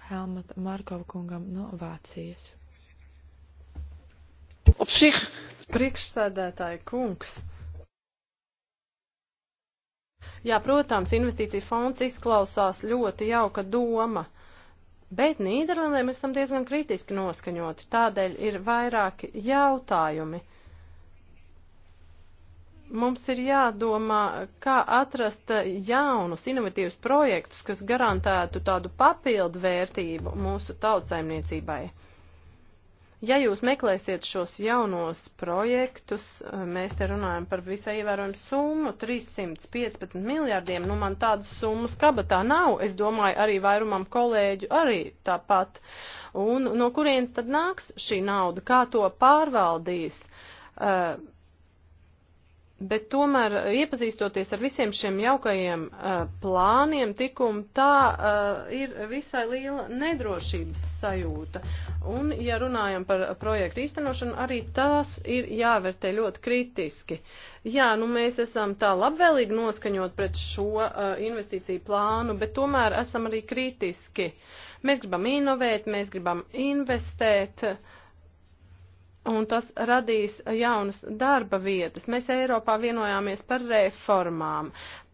Helmut Markov kungam no Vācijas. Opsih! Priekšsēdētāji kungs! Jā, protams, investīcija fonds izklausās ļoti jauka doma, bet Nīderlandē mēs esam diezgan kritiski noskaņoti, tādēļ ir vairāki jautājumi. Mums ir jādomā, kā atrast jaunus, inovatīvus projektus, kas garantētu tādu papildu vērtību mūsu tautsaimniecībai. Ja jūs meklēsiet šos jaunos projektus, mēs te runājam par visai ievērojumu summu - 315 miljārdiem, nu man tādas summas kabatā nav, es domāju, arī vairumam kolēģu arī tāpat. Un no kurienes tad nāks šī nauda, kā to pārvaldīs? Uh, Bet tomēr, eh, iepazīstoties ar visiem šiem jaukajiem uh, plāniem, tikum tā uh, ir visai liela nedrošības sajūta. Un, ja runājam par projektu īstenošanu, arī tās ir jāvērtē ļoti kritiski. Jā, nu mēs esam tā labvēlīgi noskaņot pret šo uh, investīciju plānu, bet tomēr esam arī kritiski. Mēs gribam inovēt, mēs gribam investēt. Uh, un tas radīs jaunas darba vietas. Mēs Eiropā vienojāmies par reformām,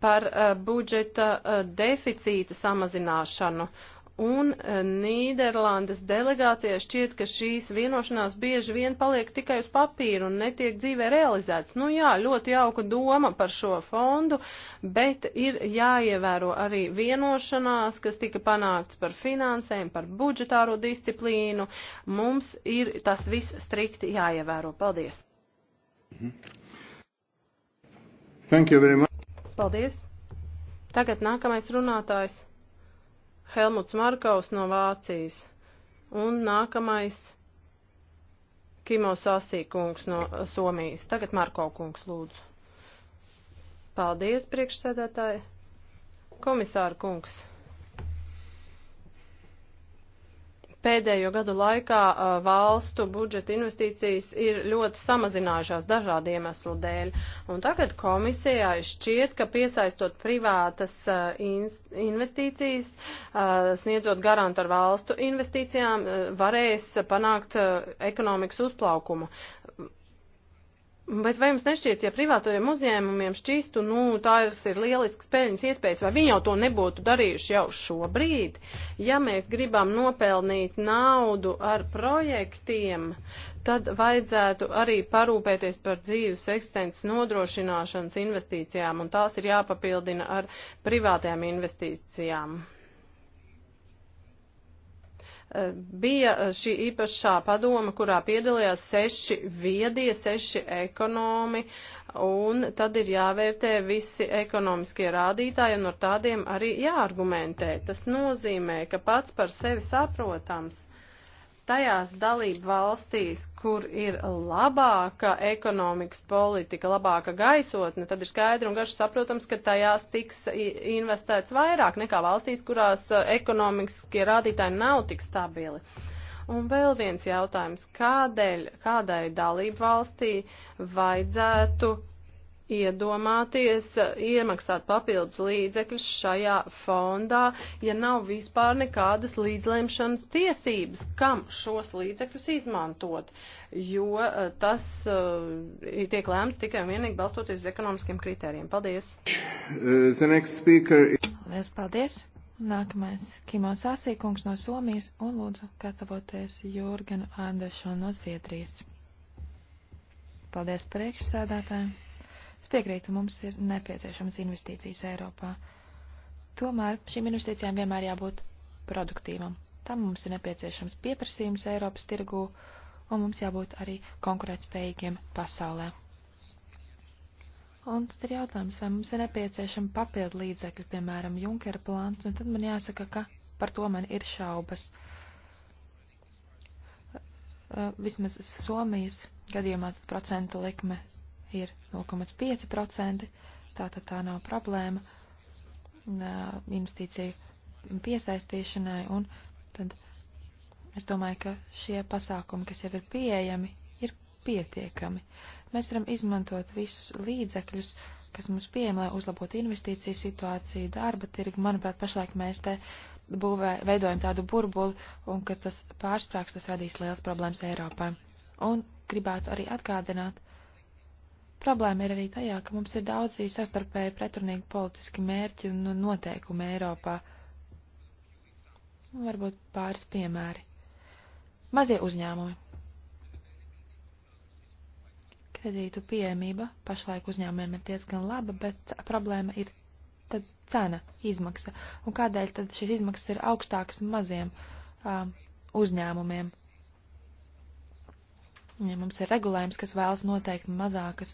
par uh, budžeta uh, deficīta samazināšanu un eh, Nīderlandes delegācijai šķiet, ka šīs vienošanās bieži vien paliek tikai uz papīru un netiek dzīvē realizēts. Nu jā, ļoti jauka doma par šo fondu, bet ir jāievēro arī vienošanās, kas tika panākts par finansēm, par budžetāro disciplīnu. Mums ir tas viss strikti jāievēro. Paldies! Thank you very much. Paldies. Tagad nākamais runātājs. Helmuts Markovs no Vācijas un nākamais Kimo Sasī kungs no Somijas. Tagad Markov kungs lūdzu. Paldies, priekšsēdētāji. Komisāra kungs. Pēdējo gadu laikā uh, valstu budžeta investīcijas ir ļoti samazinājušās dažādu iemeslu dēļ. Un tagad komisijā šķiet, ka piesaistot privātas uh, investīcijas, uh, sniedzot garantu ar valstu investīcijām, varēs panākt ekonomikas uzplaukumu. Bet vai jums nešķiet, ja privātajiem uzņēmumiem šķistu, nu, tās ir lielisks peļņas iespējas, vai viņi jau to nebūtu darījuši jau šobrīd? Ja mēs gribam nopelnīt naudu ar projektiem, tad vajadzētu arī parūpēties par dzīves eksistences nodrošināšanas investīcijām, un tās ir jāpapildina ar privātajām investīcijām. Eh, bija eh, šī īpašā padoma, kurā piedalījās seši viedie, seši ekonomi, un tad ir jāvērtē visi ekonomiskie rādītāji, un ar tādiem arī jāargumentē. Tas nozīmē, ka pats par sevi saprotams tajās dalību valstīs, kur ir labāka ekonomikas politika, labāka gaisotne, tad ir skaidri un gaši saprotams, ka tajās tiks investēts vairāk nekā valstīs, kurās e, ekonomiskie rādītāji nav tik stabili. Un vēl viens jautājums, kādēļ, kādai dalību valstī vajadzētu iedomāties iemaksāt papildus līdzekļus šajā fondā, ja nav vispār nekādas līdzlemšanas tiesības, kam šos līdzekļus izmantot, jo eh, tas uh, tiek lēmts tikai un vienīgi balstoties uz ekonomiskiem kritērijiem. Paldies! Uh, speaker... Liels paldies! Nākamais Kimo Sāsīkungs no Somijas un lūdzu gatavoties Jorgenu Andešonu no Zviedrijas. Paldies priekšsēdētājiem! Es piekrītu, mums ir nepieciešamas investīcijas Eiropā. Tomēr šīm investīcijām vienmēr jābūt produktīvam. Tam mums ir nepieciešams pieprasījums Eiropas tirgū, un mums jābūt arī konkurētspējīgiem pasaulē. Un tad ir jautājums, vai mums ir nepieciešama papildu līdzekļi, piemēram, Junkera plāns, un tad man jāsaka, ka par to man ir šaubas. Vismaz Somijas gadījumā procentu likme ir 0,5%, tātad tā nav problēma investīciju piesaistīšanai, un tad es domāju, ka šie pasākumi, kas jau ir pieejami, ir pietiekami. Mēs varam izmantot visus līdzekļus, kas mums pieejami, lai uzlabotu investīciju situāciju, darba tirgu. Manuprāt, pašlaik mēs te būvē, veidojam tādu burbuli, un, kad tas pārsprāgs, tas radīs liels problēmas Eiropai. Un gribētu arī atgādināt, Problēma ir arī tajā, ka mums ir daudz sastarpēji pretrunīgi politiski mērķi un noteikumi Eiropā. Varbūt pāris piemēri. Mazie uzņēmumi. Kredītu pieejamība pašlaik uzņēmumiem ir diezgan laba, bet problēma ir tad cena, izmaksa. Un kādēļ tad šīs izmaksas ir augstākas maziem um, uzņēmumiem? Ja mums ir regulējums, kas vēlas noteikt mazākas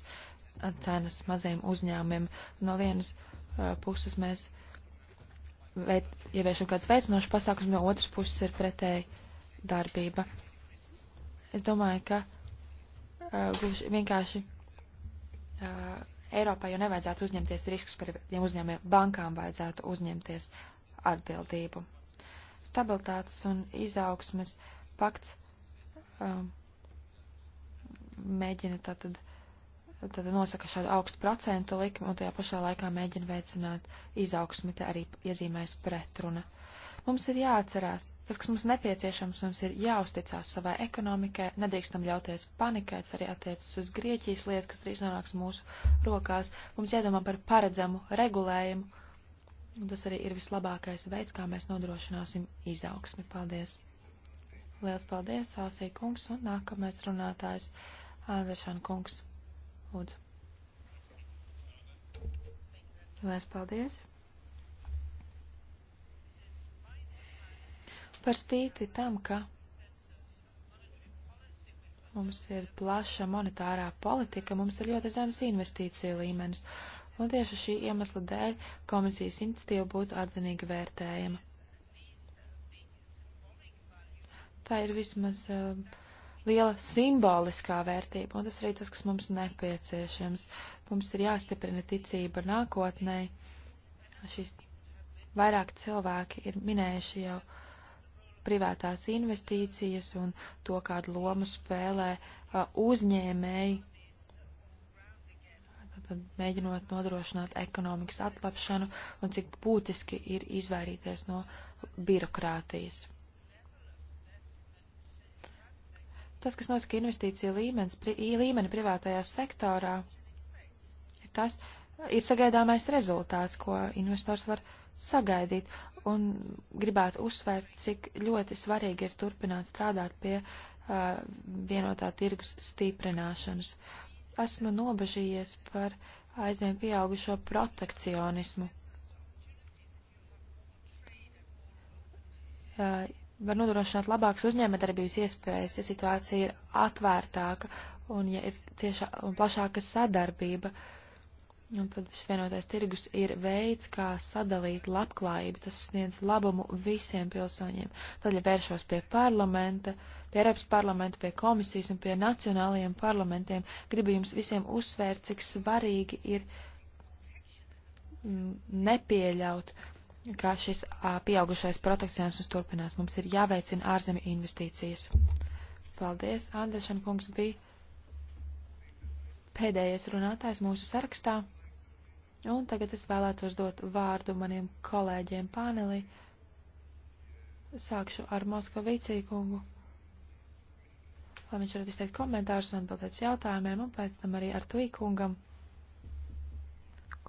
cenas maziem uzņēmumiem. No vienas uh, puses mēs veid, ieviešam kāds veicinošs pasākums, no otras puses ir pretēji darbība. Es domāju, ka uh, vienkārši uh, Eiropā jau nevajadzētu uzņemties riskus par tiem uzņēmumiem, bankām vajadzētu uzņemties atbildību. Stabilitātes un izaugsmes pakts. Um, uh, mēģina tātad, tātad nosaka šādu augstu procentu likmi un tajā pašā laikā mēģina veicināt izaugsmi, te arī iezīmēs pretruna. Mums ir jāatcerās, tas, kas mums nepieciešams, mums ir jāuzticās savai ekonomikai, nedrīkstam ļauties panikai, tas arī attiecas uz Grieķijas lietu, kas drīz nonāks mūsu rokās. Mums jādomā par paredzamu regulējumu, un tas arī ir vislabākais veids, kā mēs nodrošināsim izaugsmi. Paldies! Liels paldies, Sāsī kungs, un nākamais runātājs Andersona kungs, lūdzu. Lielas paldies. Par spīti tam, ka mums ir plaša monetārā politika, mums ir ļoti zemes investīcija līmenis, un tieši šī iemesla dēļ komisijas iniciatīva būtu atzinīgi vērtējama. Tā ir vismaz uh, liela simboliskā vērtība, un tas arī tas, kas mums nepieciešams. Mums ir jāstiprina ticība nākotnē. Šis vairāk cilvēki ir minējuši jau privātās investīcijas un to, kādu lomu spēlē uh, uzņēmēji, tad mēģinot nodrošināt ekonomikas atlapšanu un cik būtiski ir izvairīties no birokrātijas. Tas, kas nosaka investīcija līmenis, pri, līmeni privātajā sektorā, ir tas, ir sagaidāmais rezultāts, ko investors var sagaidīt. Un gribētu uzsvērt, cik ļoti svarīgi ir turpināt strādāt pie uh, vienotā tirgus stiprināšanas. Esmu nobežījies par aizvien pieaugušo protekcionismu. Uh, var nodrošināt labākas uzņēmējdarbības iespējas, ja situācija ir atvērtāka un ja ir ciešā un plašāka sadarbība. Un tad šis vienotais tirgus ir veids, kā sadalīt labklājību, tas sniedz labumu visiem pilsoņiem. Tad, ja vēršos pie parlamenta, pie Eiropas parlamenta, pie komisijas un pie nacionālajiem parlamentiem, gribu jums visiem uzsvērt, cik svarīgi ir mm, nepieļaut uh, ka šis pieaugušais protekcionisms turpinās. Mums ir jāveicina ārzemju investīcijas. Paldies, Andrešana kungs bija pēdējais runātājs mūsu sarakstā. Un tagad es vēlētos dot vārdu maniem kolēģiem panelī. Sākšu ar Moskavīcī kungu, lai viņš varētu izteikt komentārus un atbildēt jautājumiem, un pēc tam arī ar Tuī kungam,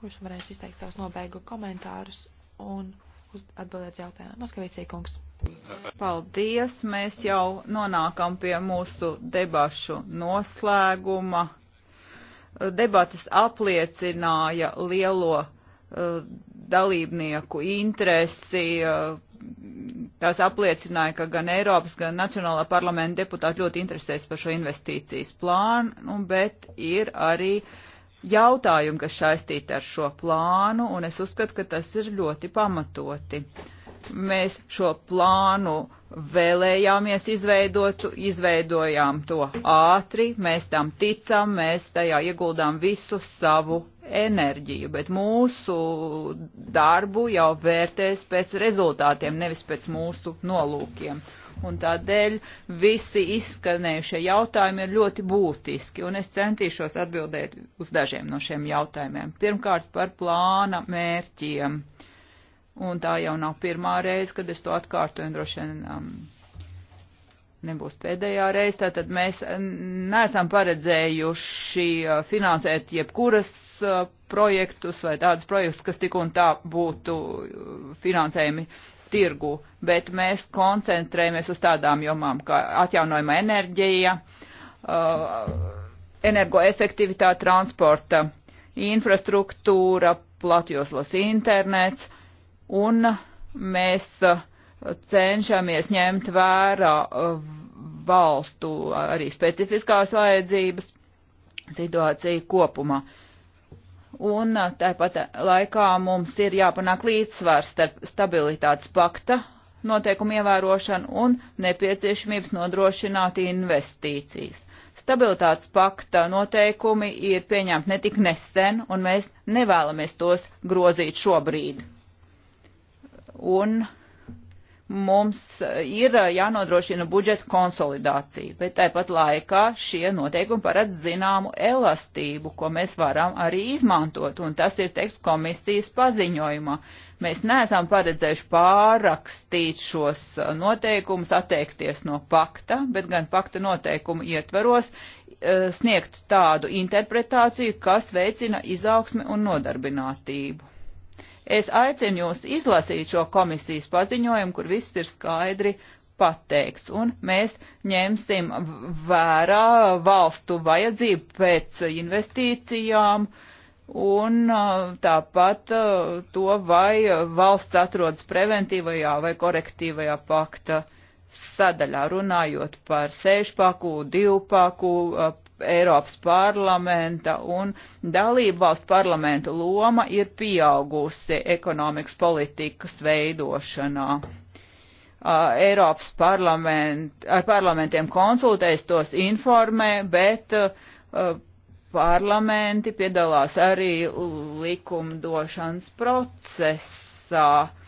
kurš varēs izteikt savus nobeigu komentārus un atbildēt jautājumu. Moskavīcija kungs. Paldies, mēs jau nonākam pie mūsu debašu noslēguma. Debates apliecināja lielo uh, dalībnieku interesi. Uh, tās apliecināja, ka gan Eiropas, gan Nacionālā parlamenta deputāti ļoti interesēs par šo investīcijas plānu, bet ir arī uh, jautājumi, kas saistīti ar šo plānu, un es uzskatu, ka tas ir ļoti pamatoti. Mēs šo plānu vēlējāmies izveidot, izveidojām to ātri, mēs tam ticam, mēs tajā ieguldām visu savu enerģiju, bet mūsu darbu jau vērtēs pēc rezultātiem, nevis pēc mūsu nolūkiem un tādēļ visi izskanējušie jautājumi ir ļoti būtiski, un es centīšos atbildēt uz dažiem no šiem jautājumiem. Pirmkārt, par plāna mērķiem, un tā jau nav pirmā reize, kad es to atkārtoju, un droši vien um, nebūs pēdējā reize, tātad mēs neesam paredzējuši uh, finansēt jebkuras uh, projektus vai tādus projektus, kas tik un tā būtu uh, finansējumi tirgu, bet mēs koncentrējamies uz tādām jomām kā atjaunojama enerģija, uh, energoefektivitāte, transporta infrastruktūra, platjoslas internets, un mēs uh, cenšamies ņemt vērā uh, valstu arī specifiskās vajadzības situāciju kopumā. Uh, un uh, tāpat laikā mums ir jāpanāk līdzsvars starp stabilitātes pakta noteikumu ievērošanu un nepieciešamības nodrošināt investīcijas. Stabilitātes pakta noteikumi ir pieņemti ne tik nesen, un mēs nevēlamies tos grozīt šobrīd. Un mums ir jānodrošina budžeta konsolidācija, bet tāpat laikā šie noteikumi paredz zināmu elastību, ko mēs varam arī izmantot, un tas ir teksts komisijas paziņojumā. Mēs neesam paredzējuši pārakstīt šos noteikumus, atteikties no pakta, bet gan pakta noteikumu ietveros e, sniegt tādu interpretāciju, kas veicina izaugsmi un nodarbinātību Es aicinu jūs izlasīt šo komisijas paziņojumu, kur viss ir skaidri pateikts, un mēs ņemsim vērā valstu vajadzību pēc investīcijām, un tāpat to, vai valsts atrodas preventīvajā vai korektīvajā pakta sadaļā, runājot par sešpaku, divpaku, Eiropas parlamenta un dalību valstu parlamentu loma ir pieaugusi ekonomikas politikas veidošanā. Uh, Eiropas parlament, ar parlamentiem konsultēs tos informē, bet uh, parlamenti piedalās arī likumdošanas procesā. Uh,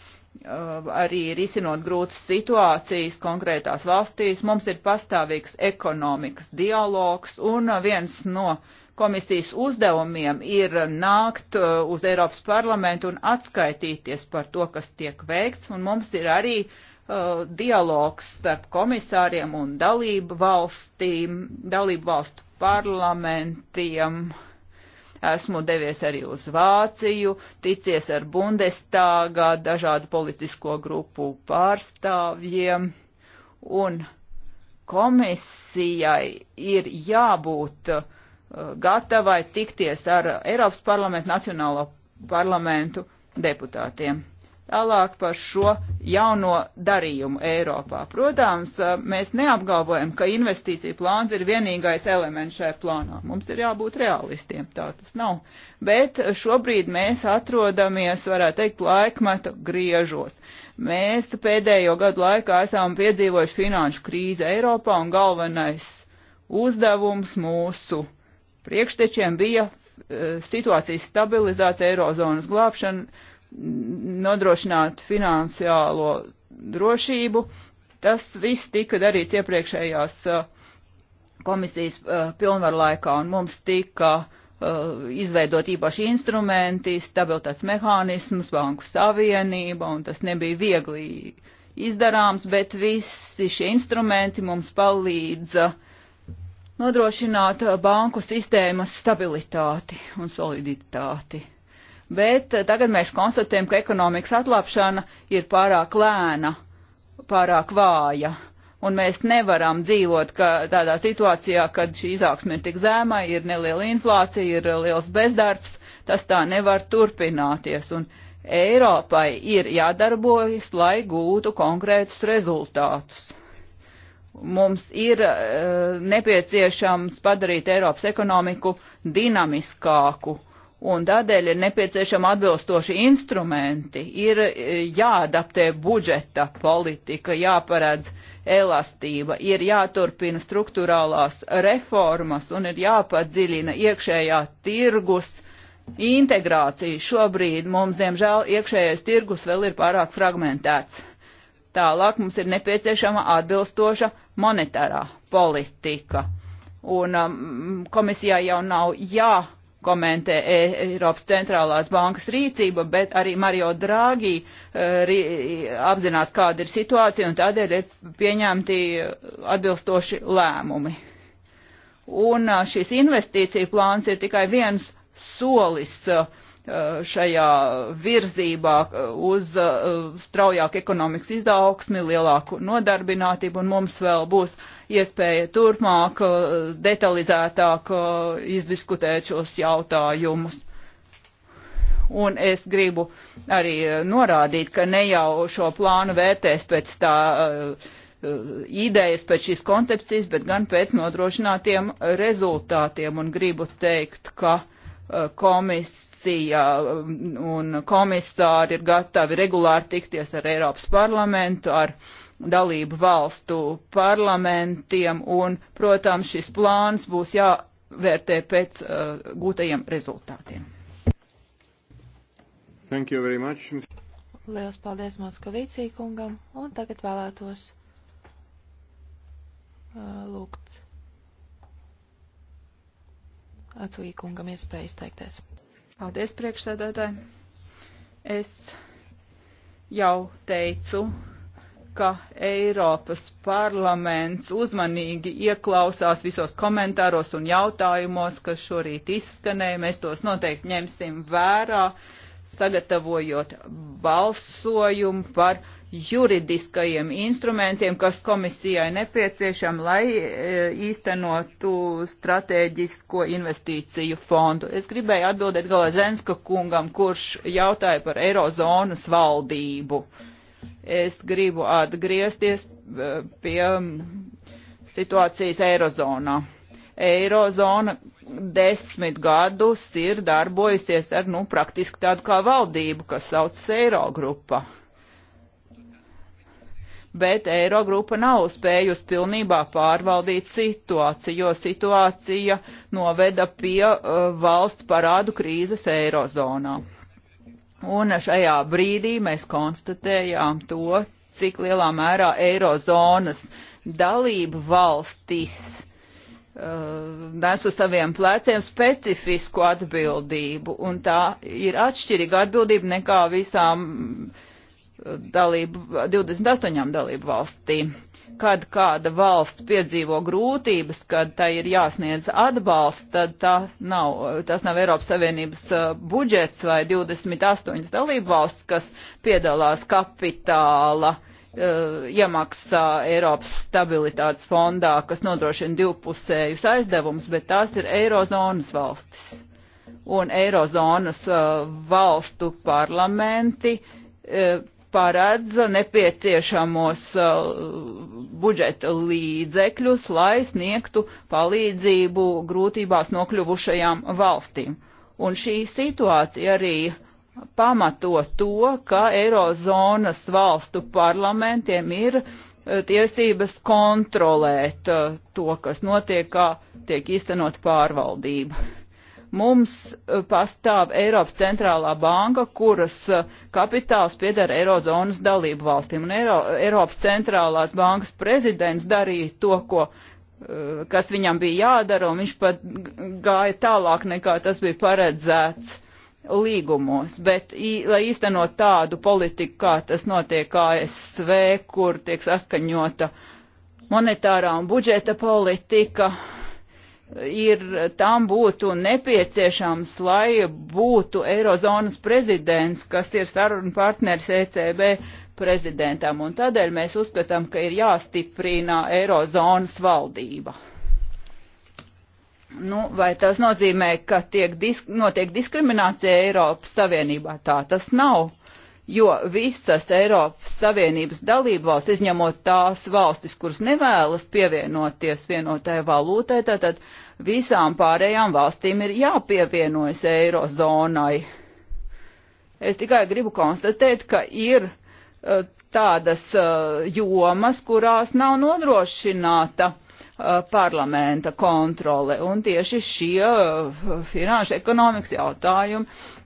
Uh, arī risinot grūtas situācijas konkrētās valstīs. Mums ir pastāvīgs ekonomikas dialogs, un uh, viens no komisijas uzdevumiem ir nākt uh, uz Eiropas parlamentu un atskaitīties par to, kas tiek veikts, un mums ir arī uh, dialogs starp komisāriem un dalību valstīm, dalību valstu parlamentiem. Uh, Esmu devies arī uz Vāciju, ticies ar Bundestāgā dažādu politisko grupu pārstāvjiem, un komisijai ir jābūt uh, gatavai tikties ar Eiropas parlamentu, Nacionālo parlamentu deputātiem. Tālāk par šo jauno darījumu Eiropā. Protams, mēs neapgalvojam, ka investīcija plāns ir vienīgais elements šajā plānā. Mums ir jābūt realistiem, tā tas nav. Bet šobrīd mēs atrodamies, varētu teikt, laikmeta griežos. Mēs pēdējo gadu laikā esam piedzīvojuši finanšu krīzi Eiropā un galvenais uzdevums mūsu priekštečiem bija situācijas stabilizācija, eirozonas glābšana nodrošināt finansiālo drošību. Tas viss tika darīts iepriekšējās uh, komisijas uh, pilnvaru laikā, un mums tika uh, izveidot īpaši instrumenti, stabilitātes mehānismus, banku savienība, un tas nebija viegli izdarāms, bet visi šie instrumenti mums palīdza nodrošināt banku sistēmas stabilitāti un soliditāti bet eh, tagad mēs konstatējam, ka ekonomikas atlapšana ir pārāk lēna, pārāk vāja. Un mēs nevaram dzīvot ka, tādā situācijā, kad šī izaugsme ir tik zēma, ir neliela inflācija, ir eh, liels bezdarbs. Tas tā nevar turpināties. Un Eiropai ir jādarbojas, lai gūtu konkrētus rezultātus mums ir uh, nepieciešams padarīt Eiropas ekonomiku dinamiskāku, Un tādēļ ir nepieciešama atbilstoši instrumenti, ir e, jāadaptē budžeta politika, jāparedz elastība, ir jāturpina struktūrālās reformas un ir jāpadziļina iekšējā tirgus integrācija. Šobrīd mums, diemžēl, iekšējais tirgus vēl ir pārāk fragmentēts. Tālāk mums ir nepieciešama atbilstoša monetārā politika. Un um, komisijā jau nav jā komentē e, Eiropas centrālās bankas rīcība, bet arī Mario Draghi e, apzinās, kāda ir situācija, un tādēļ ir pieņemti atbilstoši lēmumi. Un šis investīcija plāns ir tikai viens solis šajā virzībā uz straujāku ekonomikas izaugsmi, lielāku nodarbinātību, un mums vēl būs uh, iespēja turpmāk uh, detalizētāk uh, izdiskutēt šos jautājumus. Un es gribu arī uh, norādīt, ka ne jau šo plānu vērtēs pēc tā uh, idejas pēc šīs koncepcijas, bet gan pēc nodrošinātiem rezultātiem. Un gribu teikt, ka komis, komisija um, un komisāri ir gatavi regulāri tikties ar Eiropas parlamentu, ar dalību valstu parlamentiem, un, protams, šis plāns būs jāvērtē pēc uh, gūtajiem rezultātiem. Thank you very much. Liels paldies Moskavīcī kungam, un tagad vēlētos uh, lūgt Atsvīkungam iespēju izteikties. Paldies, priekšsēdētāji. Es jau teicu, ka Eiropas parlaments uzmanīgi ieklausās visos komentāros un jautājumos, kas šorīt izskanēja. Mēs tos noteikti ņemsim vērā, sagatavojot balsojumu par juridiskajiem instrumentiem, kas komisijai nepieciešam, lai e, īstenotu strateģisko investīciju fondu. Es gribēju atbildēt Galazenska kungam, kurš jautāja par Eirozonas valdību. Es gribu atgriezties e, pie situācijas Eirozonā. Eirozona desmit gadus ir darbojusies ar, nu, praktiski tādu kā valdību, kas saucas Eirogrupa. grupa bet Eirogrupa nav spējusi pilnībā pārvaldīt situāciju, jo situācija noveda pie uh, valsts parādu krīzes Eirozonā. Un šajā brīdī mēs konstatējām to, cik lielā mērā Eirozonas dalību valstis uh, nes uz saviem pleciem specifisku atbildību, un tā ir atšķirīga atbildība nekā visām uh, dalību, 28 dalību valstīm. Kad kāda valsts piedzīvo grūtības, kad tai ir jāsniedz atbalsts, tad tā nav, tas nav Eiropas Savienības budžets vai 28 dalību valsts, kas piedalās kapitāla uh, iemaksā Eiropas stabilitātes fondā, kas nodrošina divpusējus aizdevumus, bet tās ir Eirozonas valstis. Un Eirozonas uh, valstu parlamenti uh, paredz nepieciešamos uh, budžeta līdzekļus, lai sniegtu palīdzību grūtībās nokļuvušajām valstīm. Un šī situācija arī pamato to, ka Eirozonas valstu parlamentiem ir uh, tiesības kontrolēt uh, to, kas notiek, kā tiek īstenot pārvaldība mums eh, pastāv Eiropas centrālā banka, kuras eh, kapitāls piedara Eirozonas dalību valstīm. Un Eiro, Eiropas centrālās bankas prezidents darīja to, ko, eh, kas viņam bija jādara, un viņš pat gāja tālāk nekā tas bija paredzēts līgumos, bet, lai īstenot tādu politiku, kā tas notiek ASV, kur tiek saskaņota monetārā un budžeta politika, ir, tam būtu nepieciešams, lai būtu Eirozonas prezidents, kas ir sarunu partneris ECB prezidentam. Un tādēļ mēs uzskatām, ka ir jāstiprina Eirozonas valdība. Nu, vai tas nozīmē, ka tiek disk notiek diskriminācija Eiropas Savienībā? Tā tas nav jo visas Eiropas Savienības dalībvalsts, izņemot tās valstis, kuras nevēlas pievienoties vienotai valūtai, tātad visām pārējām valstīm ir jāpievienojas eirozonai. Es tikai gribu konstatēt, ka ir eh, tādas eh, jomas, kurās nav nodrošināta eh, parlamenta kontrole. Un tieši šie finanšu ekonomikas jautājumi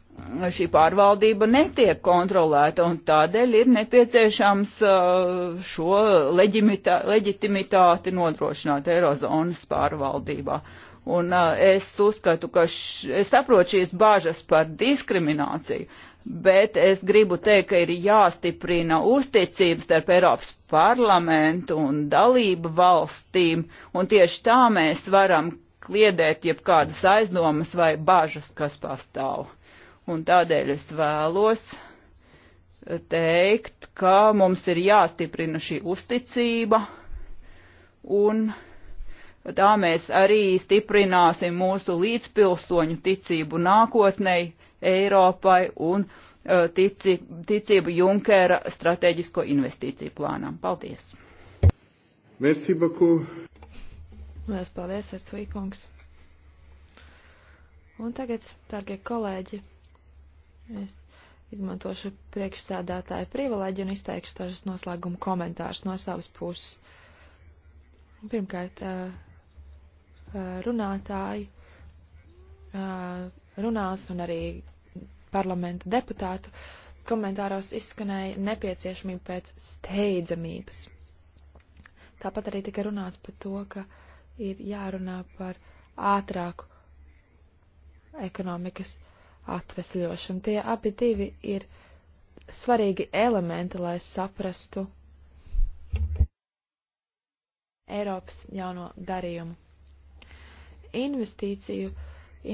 šī pārvaldība netiek kontrolēta, un tādēļ ir nepieciešams uh, šo leģitimitāti nodrošināt Eirozonas pārvaldībā. Un uh, es uzskatu, ka š, es saprotu šīs bāžas par diskrimināciju, bet es gribu teikt, ka ir jāstiprina uzticības starp Eiropas parlamentu un dalību valstīm, un tieši tā mēs varam kliedēt jebkādas aizdomas vai bažas, kas pastāv. Un tādēļ es vēlos teikt, ka mums ir jāstiprina šī uzticība un tā mēs arī stiprināsim mūsu līdzpilsoņu ticību nākotnei Eiropai un e, tici, ticību Junkera strateģisko investīciju plānām. Paldies! Merci beaucoup! Lielas paldies, Artvīkungs! Un tagad, dārgie kolēģi! Es izmantošu priekšsēdētāju privileģi un izteikšu dažas noslēguma komentārus no savas puses. Pirmkārt, runātāji runās un arī parlamenta deputātu komentāros izskanēja nepieciešamība pēc steidzamības. Tāpat arī tika runāts par to, ka ir jārunā par ātrāku ekonomikas uh, atvesļošanu. Tie abi divi ir svarīgi elementi, lai saprastu Eiropas jauno darījumu. Investīciju,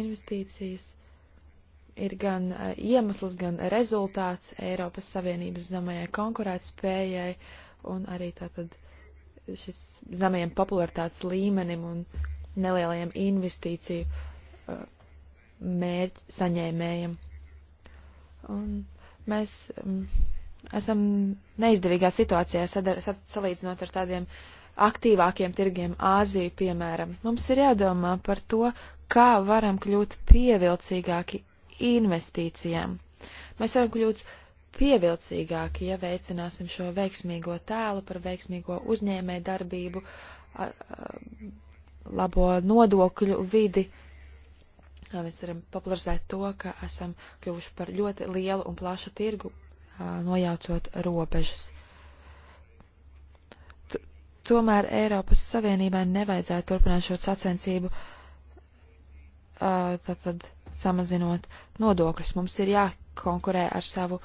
investīcijas ir gan eh, iemesls, gan rezultāts Eiropas Savienības zemajai konkurētspējai un arī tātad šis zemajiem popularitātes līmenim un nelielajiem investīciju uh, mērķi saņēmējiem. Un mēs mm, esam neizdevīgā situācijā sadar, sad, salīdzinot ar tādiem aktīvākiem tirgiem Āziju, piemēram. Mums ir jādomā par to, kā varam kļūt pievilcīgāki investīcijām. Mēs varam kļūt pievilcīgāki, ja veicināsim šo veiksmīgo tēlu par veiksmīgo uzņēmē darbību, labo nodokļu vidi Mēs varam popularizēt to, ka esam kļuvuši par ļoti lielu un plašu tirgu, nojaucot robežas. T Tomēr Eiropas Savienībai nevajadzētu turpināt šo sacensību, tātad samazinot nodokļus. Mums ir jākonkurē ar savu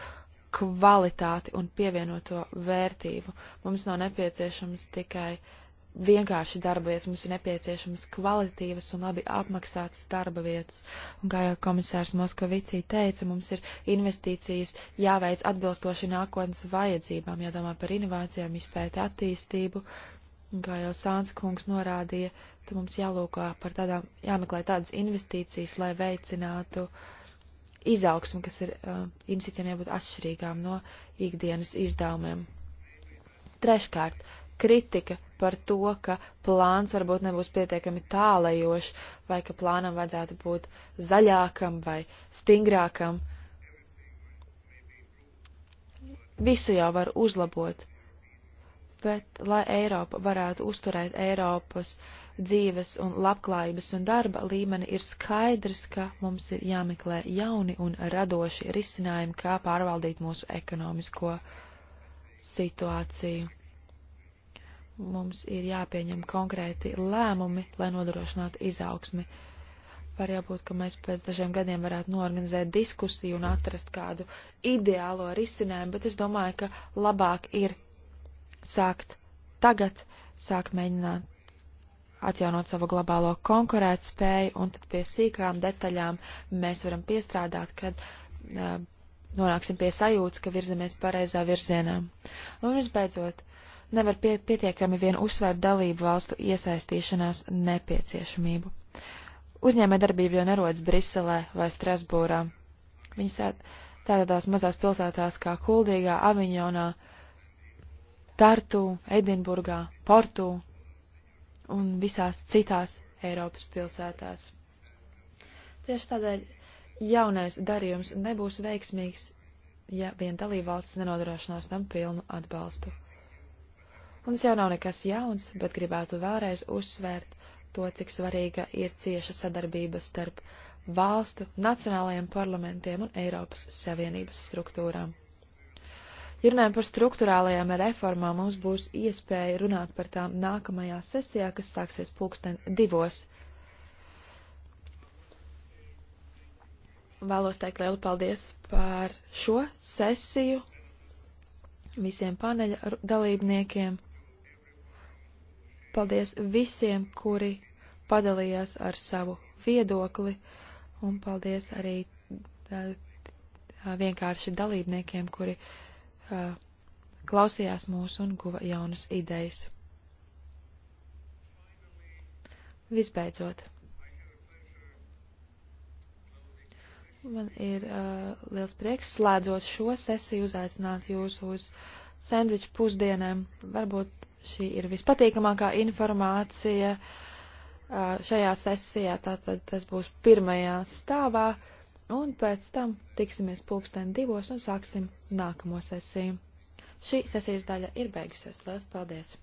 kvalitāti un pievienoto vērtību. Mums nav nepieciešams tikai uh, vienkārši darba vietas, mums ir nepieciešamas kvalitīvas un labi apmaksātas darba vietas. Un kā jau komisārs Moskavicī teica, mums ir investīcijas jāveic atbilstoši nākotnes vajadzībām, jādomā par inovācijām, izpēti attīstību. Un kā jau Sāns kungs norādīja, tad mums jālūkā par tādām, jāmeklē tādas investīcijas, lai veicinātu izaugsmu, kas ir uh, investīcijām jābūt atšķirīgām no ikdienas izdevumiem. Treškārt, uh, kritika par to, ka plāns varbūt nebūs pietiekami tālajošs, vai ka plānam vajadzētu būt zaļākam vai stingrākam. Visu jau var uzlabot, bet lai Eiropa varētu uzturēt Eiropas dzīves un labklājības un darba līmeni, ir skaidrs, ka mums ir jāmeklē jauni un radoši risinājumi, kā pārvaldīt mūsu ekonomisko situāciju mums ir jāpieņem konkrēti lēmumi, lai nodrošinātu izaugsmi. Var jābūt, ka mēs pēc dažiem gadiem varētu norganizēt diskusiju un atrast kādu ideālo risinājumu, bet es domāju, ka labāk ir sākt tagad, sākt mēģināt atjaunot savu globālo konkurētspēju, un tad pie sīkām detaļām mēs varam piestrādāt, kad uh, nonāksim pie sajūtas, ka virzamies pareizā virzienā. Un visbeidzot, uh, nevar pie, pietiekami vien uzsvērt dalību valstu iesaistīšanās nepieciešamību. Uzņēmē darbība jau nerodas Briselē vai Strasbūrā. Viņas tā, tādās mazās pilsētās kā Kuldīgā, Aviņonā, Tartu, Edinburgā, Portū un visās citās Eiropas pilsētās. Tieši tādēļ jaunais darījums nebūs veiksmīgs, ja vien dalībvalstis nenodrošinās tam pilnu atbalstu. Mums jau nav nekas jauns, bet gribētu vēlreiz uzsvērt to, cik svarīga ir cieša sadarbība starp valstu, nacionālajiem parlamentiem un Eiropas Savienības struktūrām. Ja runājam par struktūrālajām reformām, mums būs iespēja runāt par tām nākamajā sesijā, kas sāksies pulksten divos. Vēlos teikt lielu paldies par šo sesiju visiem paneļa dalībniekiem. Paldies visiem, kuri padalījās ar savu viedokli, un paldies arī tā, tā, vienkārši dalībniekiem, kuri uh, klausījās mūs un guva jaunas idejas. Visbeidzot, man ir uh, liels prieks slēdzot šo sesiju, uzaicināt jūs uz sandviču pusdienēm. Varbūt šī ir vispatīkamākā informācija šajā sesijā, tātad tas būs pirmajā stāvā, un pēc tam tiksimies pulksten divos un sāksim nākamo sesiju. Šī sesijas daļa ir beigusies. Lielas paldies!